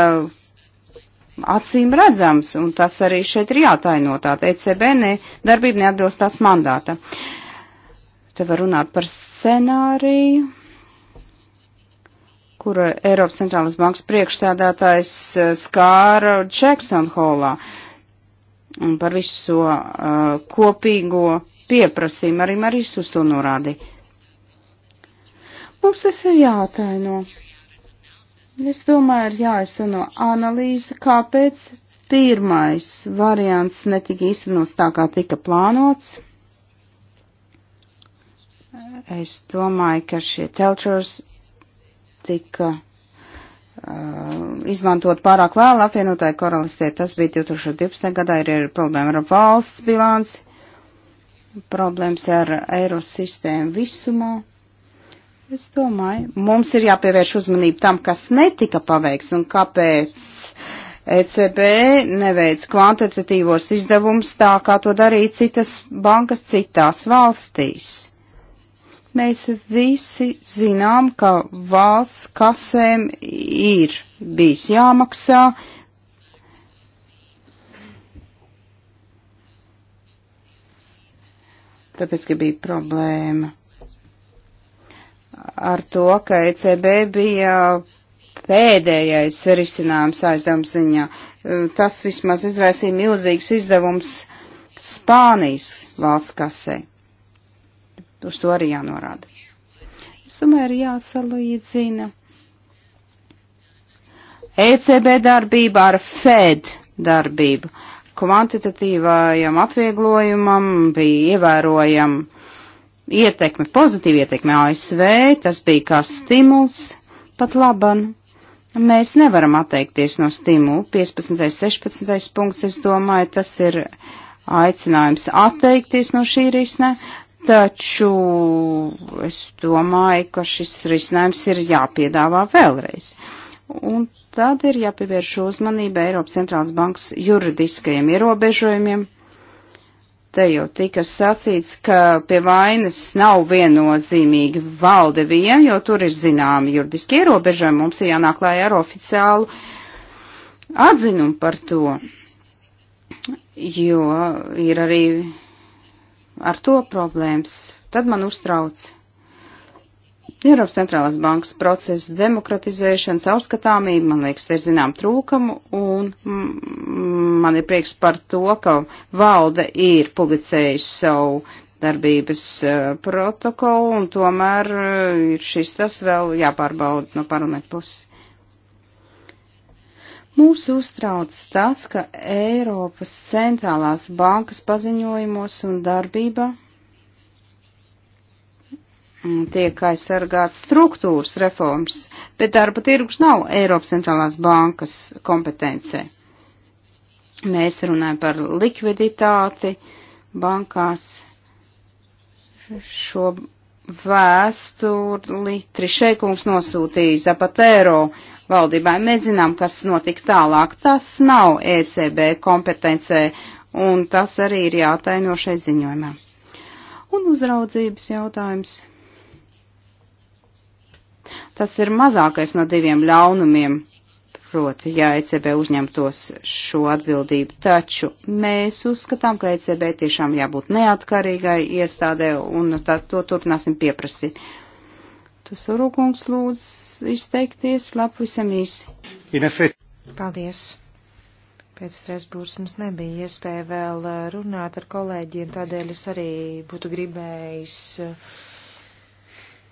acīm redzams, un tas arī šeit ir jātaino tāda ECB ne, darbība neatbilst tās mandāta. Te var runāt par scenāriju, kur Eiropas centrālas bankas priekšsēdētājs eh, skāra Jackson Hallā un par visu šo uh, kopīgo pieprasījumu arī Marijas uz to norādīja. Mums tas ir jātaino. No Es domāju, ir jāizsano analīze, kāpēc pirmais variants netika īstenots tā, kā tika plānots. Es domāju, ka šie telčers tika Uh, izmantot pārāk vēlu apvienotāju karalistē. Tas bija 2012. gadā, ir, ir problēma ar valsts bilanci, problēmas ar eiro sistēmu visumā. Es domāju, mums ir jāpievērš uzmanība tam, kas netika paveikts un kāpēc ECB neveic kvantitatīvos izdevumus tā, kā to darīja citas bankas citās valstīs. Mēs visi zinām, ka valsts kasēm ir bijis jāmaksā, tāpēc, ka bija problēma ar to, ka ECB bija pēdējais risinājums aizdevuma ziņā. E, tas vismaz izraisīja milzīgs izdevums Spānijas valsts kasē. Uz to arī jānorāda. Es domāju, ir jāsalīdzina ECB darbība ar Fed darbību. Kvantitatīvajam atvieglojumam bija ievērojama ietekme, pozitīva ietekme ASV, tas bija kā stimuls pat laban. Mēs nevaram atteikties no stimulu. 15. 16. punkts, es domāju, tas ir aicinājums atteikties no šī risinē, taču es domāju, ka šis risinājums ir jāpiedāvā vēlreiz. Un tad ir jāpievērš uzmanība Eiropas centrālās bankas juridiskajiem ierobežojumiem Te jau tika sacīts, ka pie vainas nav viennozīmīgi valde vien, jo tur ir zināmi juridiski ierobežojumi. Mums ir jānāk klājā ar oficiālu atzinumu par to, jo ir arī ar to problēmas. Tad man uztrauc Eiropas centrālās bankas procesu demokratizēšanas auskatāmība, man liekas, ir zinām trūkumu, un man ir prieks par to, ka valde ir publicējusi savu darbības eh, protokolu, un tomēr eh, ir šis tas vēl jāpārbauda no parlamentu puses. Mūs uztrauc tas, ka Eiropas centrālās bankas paziņojumos un darbībā Mm, tiek aizsargāts struktūras reformas, bet darba tirgus nav Eiropas centrālās bankas kompetencē. Mēs runājam par likviditāti bankās. Šo vēsturi Trišēkungs nosūtīja Zapatero valdībai. Mēs zinām, kas notika tālāk. Tas nav ECB kompetencē, un tas arī ir jātaino šai ziņojumā. Un uzraudzības jautājums Tas ir mazākais no diviem ļaunumiem, proti, ja ECB uzņemtos šo atbildību. Taču mēs uzskatām, ka ECB tiešām jābūt neatkarīgai iestādē un tad to turpināsim pieprasīt. Tu sarūkums lūdzu izteikties, labi visam īsi. Paldies! Pēc Strasbūras mums nebija iespēja vēl eh, runāt ar kolēģiem, tādēļ es arī būtu gribējis uh,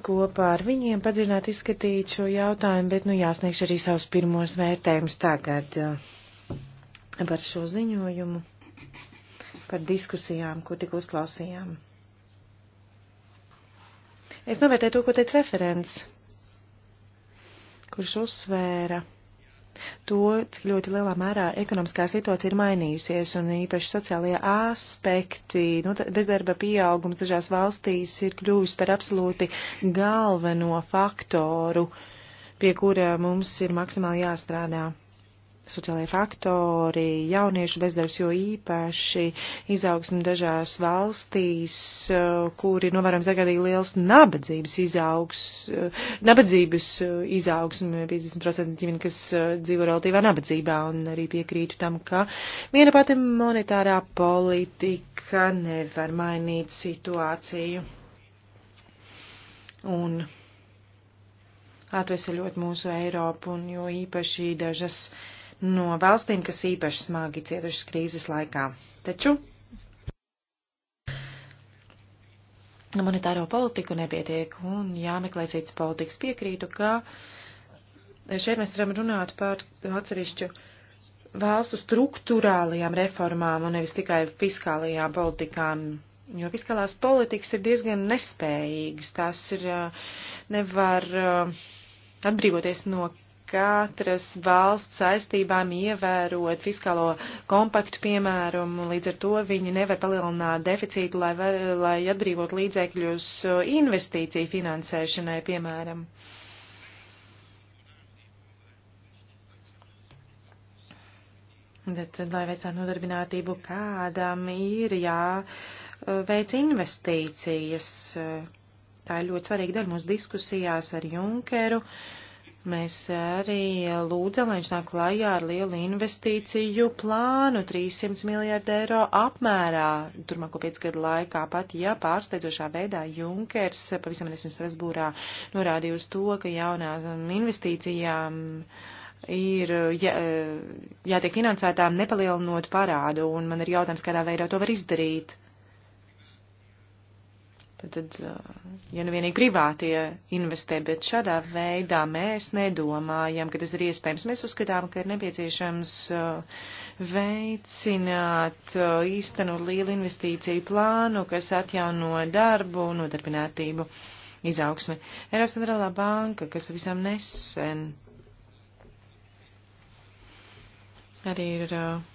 kopā ar viņiem padzināt izskatīt šo jautājumu, bet, nu, jāsniegšu arī savus pirmos vērtējumus tagad uh, par šo ziņojumu, par diskusijām, ko tik uzklausījām. Es novērtēju to, ko teica referents, kurš uzsvēra to, cik ļoti lielā mērā ekonomiskā situācija ir mainījusies un īpaši sociālajie aspekti, nu, bezdarba pieaugums dažās valstīs ir kļuvis par absolūti galveno faktoru, pie kura mums ir maksimāli jāstrādā sociālajie faktori, jauniešu bezdarbs, jo īpaši izaugsmi dažās valstīs, eh, kur ir novērojams tagad arī liels nabadzības izaugs, eh, nabadzības izaugsmi, 50% ģimeni, kas eh, dzīvo relatīvā nabadzībā, un arī piekrītu tam, ka viena pati monetārā politika nevar mainīt situāciju. Un atveseļot mūsu Eiropu un jo īpaši dažas uh, no valstīm, kas īpaši smagi cietušas krīzes laikā. Taču monetāro politiku nepietiek un jāmeklē cits politikas piekrītu, ka šeit mēs varam runāt par atsevišķu valstu struktūrālajām reformām un nevis tikai fiskālajām politikām, jo fiskālās politikas ir diezgan nespējīgas, tās ir eh, nevar eh, atbrīvoties no katras valsts saistībām ievērot fiskālo kompaktu piemērumu, līdz ar to viņi nevar palielināt deficītu, lai, var, lai atbrīvot līdzekļus investīciju finansēšanai, piemēram. Bet, lai veicinātu nodarbinātību, kādam ir jāveic investīcijas. Tā ir ļoti svarīga daļa mūsu diskusijās ar Junkeru. Uh, Mēs arī lūdzam, lai viņš nāk klajā ar lielu investīciju plānu 300 miljārdu eiro apmērā turmāko piecu gadu laikā, pat ja pārsteidzošā veidā Junkers pavisam nesen Strasbūrā norādīja uz to, ka jaunām investīcijām ir jā, jātiek finansētām nepalielinot parādu, un man ir jautājums, kādā veidā to var izdarīt. Tad, tad, eh, ja nu vienīgi privātie investē, bet šādā veidā mēs nedomājam, ka tas ir iespējams. Mēs uzskatām, ka ir nepieciešams eh, veicināt eh, īstenu lielu investīciju plānu, kas atjauno darbu, nodarbinātību, izaugsmi. Eiropas centrālā banka, kas pavisam nesen arī ir. Uh,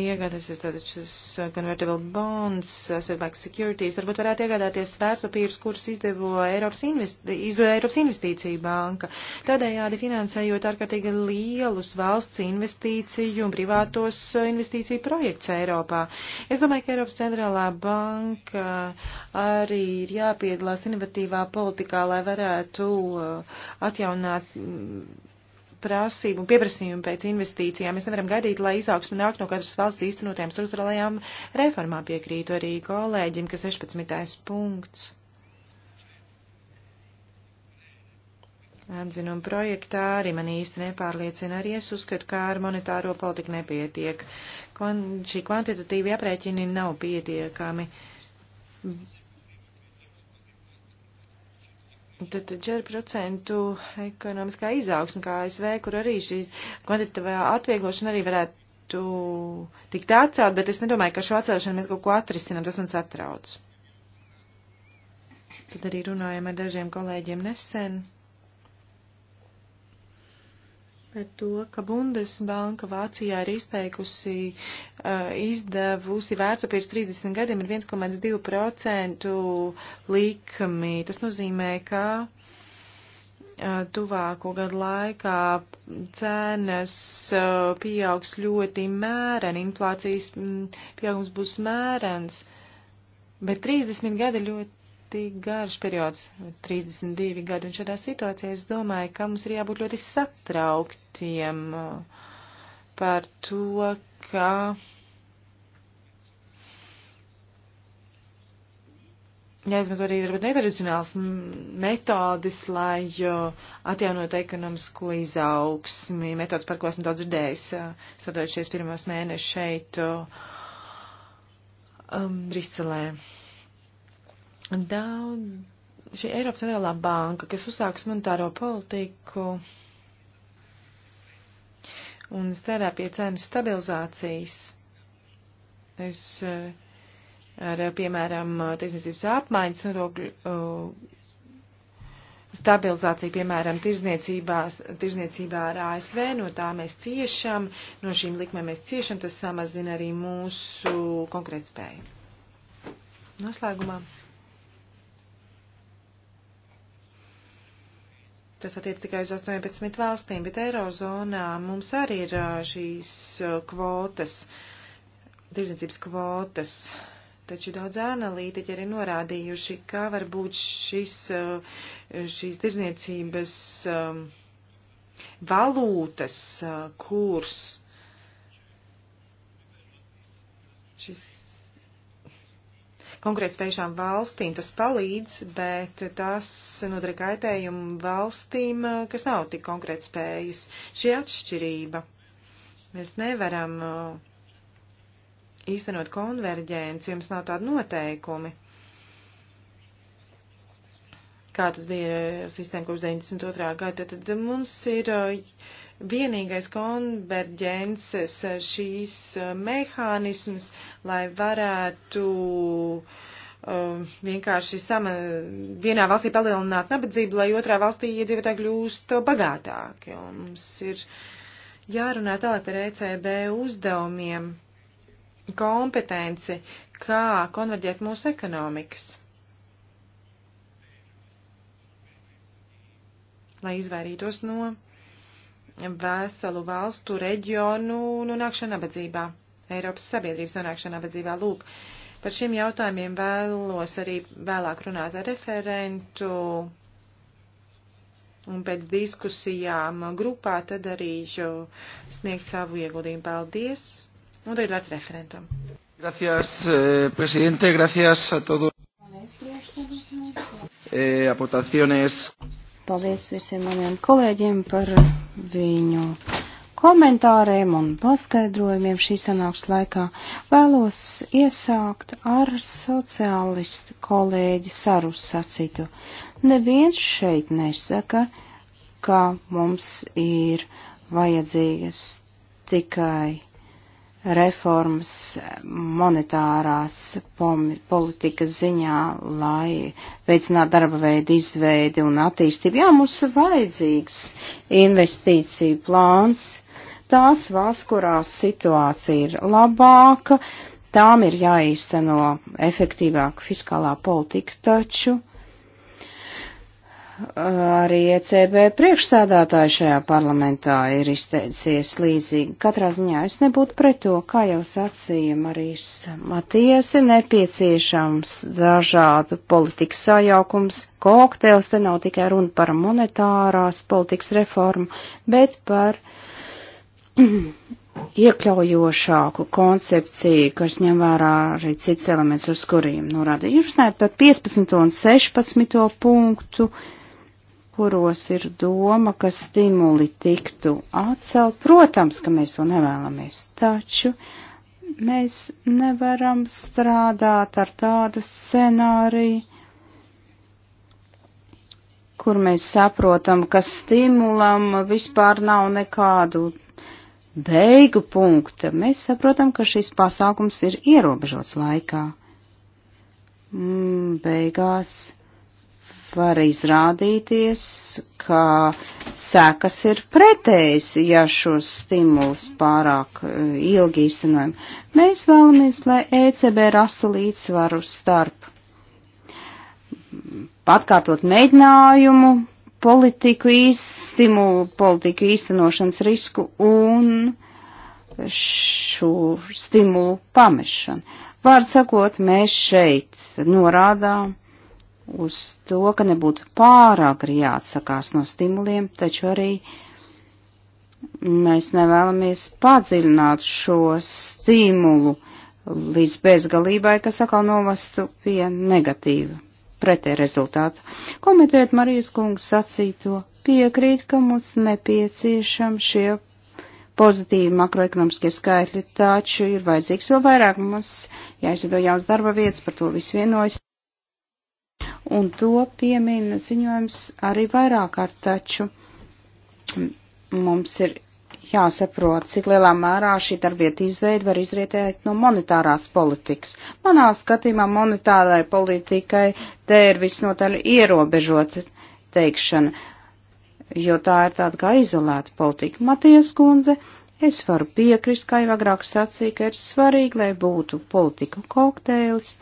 iegādāties jūs tātad šis uh, convertible bonds, asset-backed uh, securities, varbūt varētu iegādāties vērtspapīrus, kurus izdevo Eiropas, investi izdevo Eiropas investīcija banka. Tādējādi finansējot ārkārtīgi lielus valsts investīciju un privātos uh, investīciju projekts Eiropā. Es domāju, ka Eiropas centrālā banka arī ir jāpiedalās inovatīvā politikā, lai varētu atjaunāt mm, prasību un pieprasījumu pēc investīcijām. Mēs nevaram gaidīt, lai izaugsme nāk no katras valsts īstenotajām struktūrālajām reformām. Piekrītu arī kolēģim, ka 16. punkts. Atzinuma projektā arī man īsti nepārliecina, arī es uzskatu, ka ar monetāro politiku nepietiek. Kon šī kvantitatīva aprēķini nav pietiekami Tad 4% ekonomiskā izaugsme, kā ASV, kur arī šīs kvantitatīvā atvieglošana arī varētu tikt atcelt, bet es nedomāju, ka šo atcelšanu mēs kaut ko atrisinām, tas man satrauc. Tad arī runājam ar dažiem kolēģiem nesen par to, ka Bundesbanka Vācijā ir izteikusi, uh, izdevusi vērts pirms 30 gadiem ir 1,2% likmi. Tas nozīmē, ka uh, tuvāko gadu laikā cenas uh, pieaugs ļoti mēreni, inflācijas mm, pieaugums būs mērens, bet 30 gadi ļoti ļoti garš periods, 32 gadi, un šādā situācijā es domāju, ka mums ir jābūt ļoti satrauktiem uh, par to, ka jāizmanto arī varbūt netradicionāls metodas, lai uh, atjaunot ekonomisko izaugsmi, metodas, par ko esmu daudz dzirdējis, uh, strādājušies pirmos mēnešus šeit um, Briselē. Daudz šī Eiropas Centrālā banka, kas uzsākus monetāro politiku un strādā pie cenu stabilizācijas, es eh, ar, piemēram, tirsniecības apmaiņas nodokļu eh, stabilizāciju, piemēram, tirzniecībā ar ASV, no tā mēs ciešam, no šīm likmēm mēs ciešam, tas samazina arī mūsu konkrētspēju. Noslēgumā. Tas attiec tikai uz 18 valstīm, bet Eirozonā mums arī ir šīs kvotas, tirdzniecības kvotas. Taču daudz analītiķi arī norādījuši, kā var būt šis, šīs tirdzniecības valūtas kurs. Šis konkrētspējušām valstīm tas palīdz, bet tas nodara kaitējumu valstīm, eh, kas nav tik konkrētspējas. Šī atšķirība. Mēs nevaram eh, īstenot konverģenci, jums nav tādi noteikumi. Kā tas bija sistēma kopš 92. gada, tad mums ir uh, vienīgais konverģences šīs eh, mehānisms, lai varētu um, vienkārši sama, vienā valstī palielināt nabadzību, lai otrā valstī iedzīvotāji kļūst bagātāki. Un mums ir jārunā tālāk par ECB uzdevumiem, kompetenci, kā konverģēt mūsu ekonomikas. Lai izvairītos no veselu valstu reģionu nonākšanu nabadzībā, Eiropas sabiedrības nonākšanu nabadzībā. Lūk, par šiem jautājumiem vēlos arī vēlāk runāt ar referentu un pēc diskusijām grupā tad arī sniegt savu ieguldījumu. Paldies! Un tagad vārds referentam. Gracias, eh, presidente, gracias a todos. Eh, aportaciones. Paldies visiem maniem kolēģiem par viņu komentāriem un paskaidrojumiem šī sanāks laikā. Vēlos iesākt ar sociālistu kolēģi Saru sacītu. Neviens šeit nesaka, ka mums ir vajadzīgas tikai reformas monetārās politikas ziņā, lai veicinātu darba veidu izveidi un attīstību. Jā, mums ir vajadzīgs investīciju plāns. Tās valsts, kurās situācija ir labāka, tām ir jāīsteno efektīvāka fiskālā politika, taču Arī ECB priekšsādātāji šajā parlamentā ir izteicies līdzīgi. Katrā ziņā es nebūtu pret to, kā jau sacīja Marijas Matijas, ir nepieciešams dažādu politikas sajaukums, kokteils, te nav tikai runa par monetārās politikas reformu, bet par iekļaujošāku koncepciju, kas ņem vērā arī cits elements, uz kuriem norāda. Jūs runājat par 15 un 16 punktu kuros ir doma, ka stimuli tiktu atcelt. Protams, ka mēs to nevēlamies, taču mēs nevaram strādāt ar tādu scenāriju, kur mēs saprotam, ka stimulam vispār nav nekādu beigu punkta. Mēs saprotam, ka šis pasākums ir ierobežots laikā. Mm, beigās var izrādīties, ka sekas ir pretējas, ja šos stimulus pārāk e, ilgi izsanojam. Mēs vēlamies, lai ECB rastu līdzsvaru starp patkārtot mēģinājumu, politiku īstimu, politiku īstenošanas risku un šo stimulu pamešanu. Vārds sakot, mēs šeit norādām, uz to, ka nebūtu pārāk jāatsakās no stimuliem, taču arī mēs nevēlamies padziļināt šo stimulu līdz bezgalībai, kas atkal novestu pie negatīva pretē rezultātu. Komentējot Marijas kungas sacīto, piekrīt, ka mums nepieciešam šie pozitīvi makroekonomiskie skaitļi, taču ir vajadzīgs vēl vairāk, mums jāizveido jauns darba vietas, par to viss vienojas un to piemina ziņojums arī vairāk kārt, taču mums ir jāsaprot, cik lielā mērā šī darbieta izveida var izrietēt no monetārās politikas. Manā skatījumā monetārai politikai te ir visnotaļ ierobežota teikšana, jo tā ir tāda kā izolēta politika. Maties kundze, es varu piekrist, kā jau agrāk sacīja, ka ir svarīgi, lai būtu politika kokteilis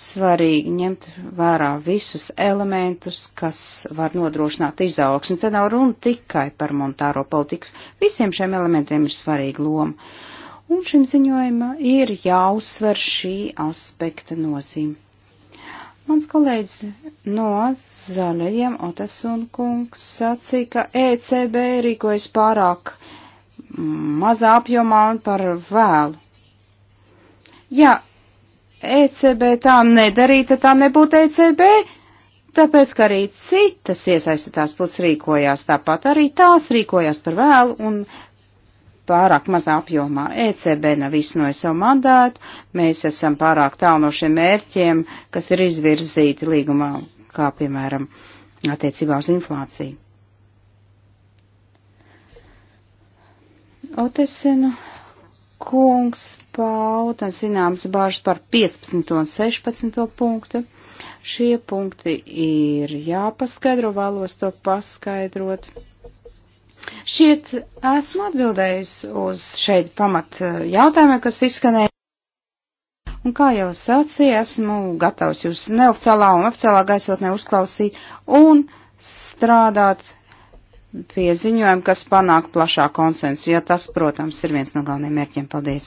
svarīgi ņemt vērā visus elementus, kas var nodrošināt izaugsmi. Te nav runa tikai par monetāro politiku. Visiem šiem elementiem ir svarīga loma. Un šim ziņojumam ir jāuzsver šī aspekta nozīme. Mans kolēģis no zaļajiem Otasunkungs sacīja, ka ECB rīkojas pārāk mazā apjomā un par vēlu. Jā, ECB tā nedarītu, tā nebūtu ECB, tāpēc, ka arī citas iesaistītās puses rīkojās tāpat, arī tās rīkojās par vēlu un pārāk mazā apjomā. ECB nav iznoja savu mandātu, mēs esam pārāk tālu no šiem mērķiem, kas ir izvirzīti līgumā, kā piemēram attiecībā uz inflāciju. Otesenu kungs pauda zināmas bāžas par 15 un 16 punktu. Šie punkti ir jāpaskaidro, vēlos to paskaidrot. Šiet esmu atbildējusi uz šeit pamat eh, jautājumiem, kas izskanēja. Un kā jau sacīju, esmu gatavs jūs neoficiālā un oficiālā gaisotnē uzklausīt un strādāt pie ziņojuma, kas panāk plašā konsensu, jo tas, protams, ir viens no galvenajiem mērķiem. Paldies!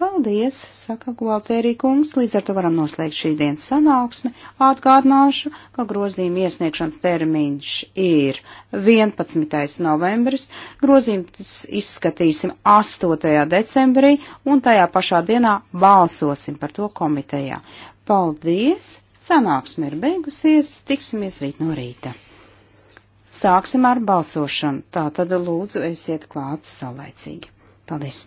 Paldies, saka Gualtērī kungs, līdz ar to varam noslēgt šī dienas sanāksmi. Atgādināšu, ka grozījuma iesniegšanas termiņš ir 11. novembris, grozījums izskatīsim 8. decembrī un tajā pašā dienā balsosim par to komitejā. Paldies, sanāksme ir beigusies, tiksimies rīt no rīta. Sāksim ar balsošanu. Tā tad lūdzu esiet klāt saulaicīgi. Paldies!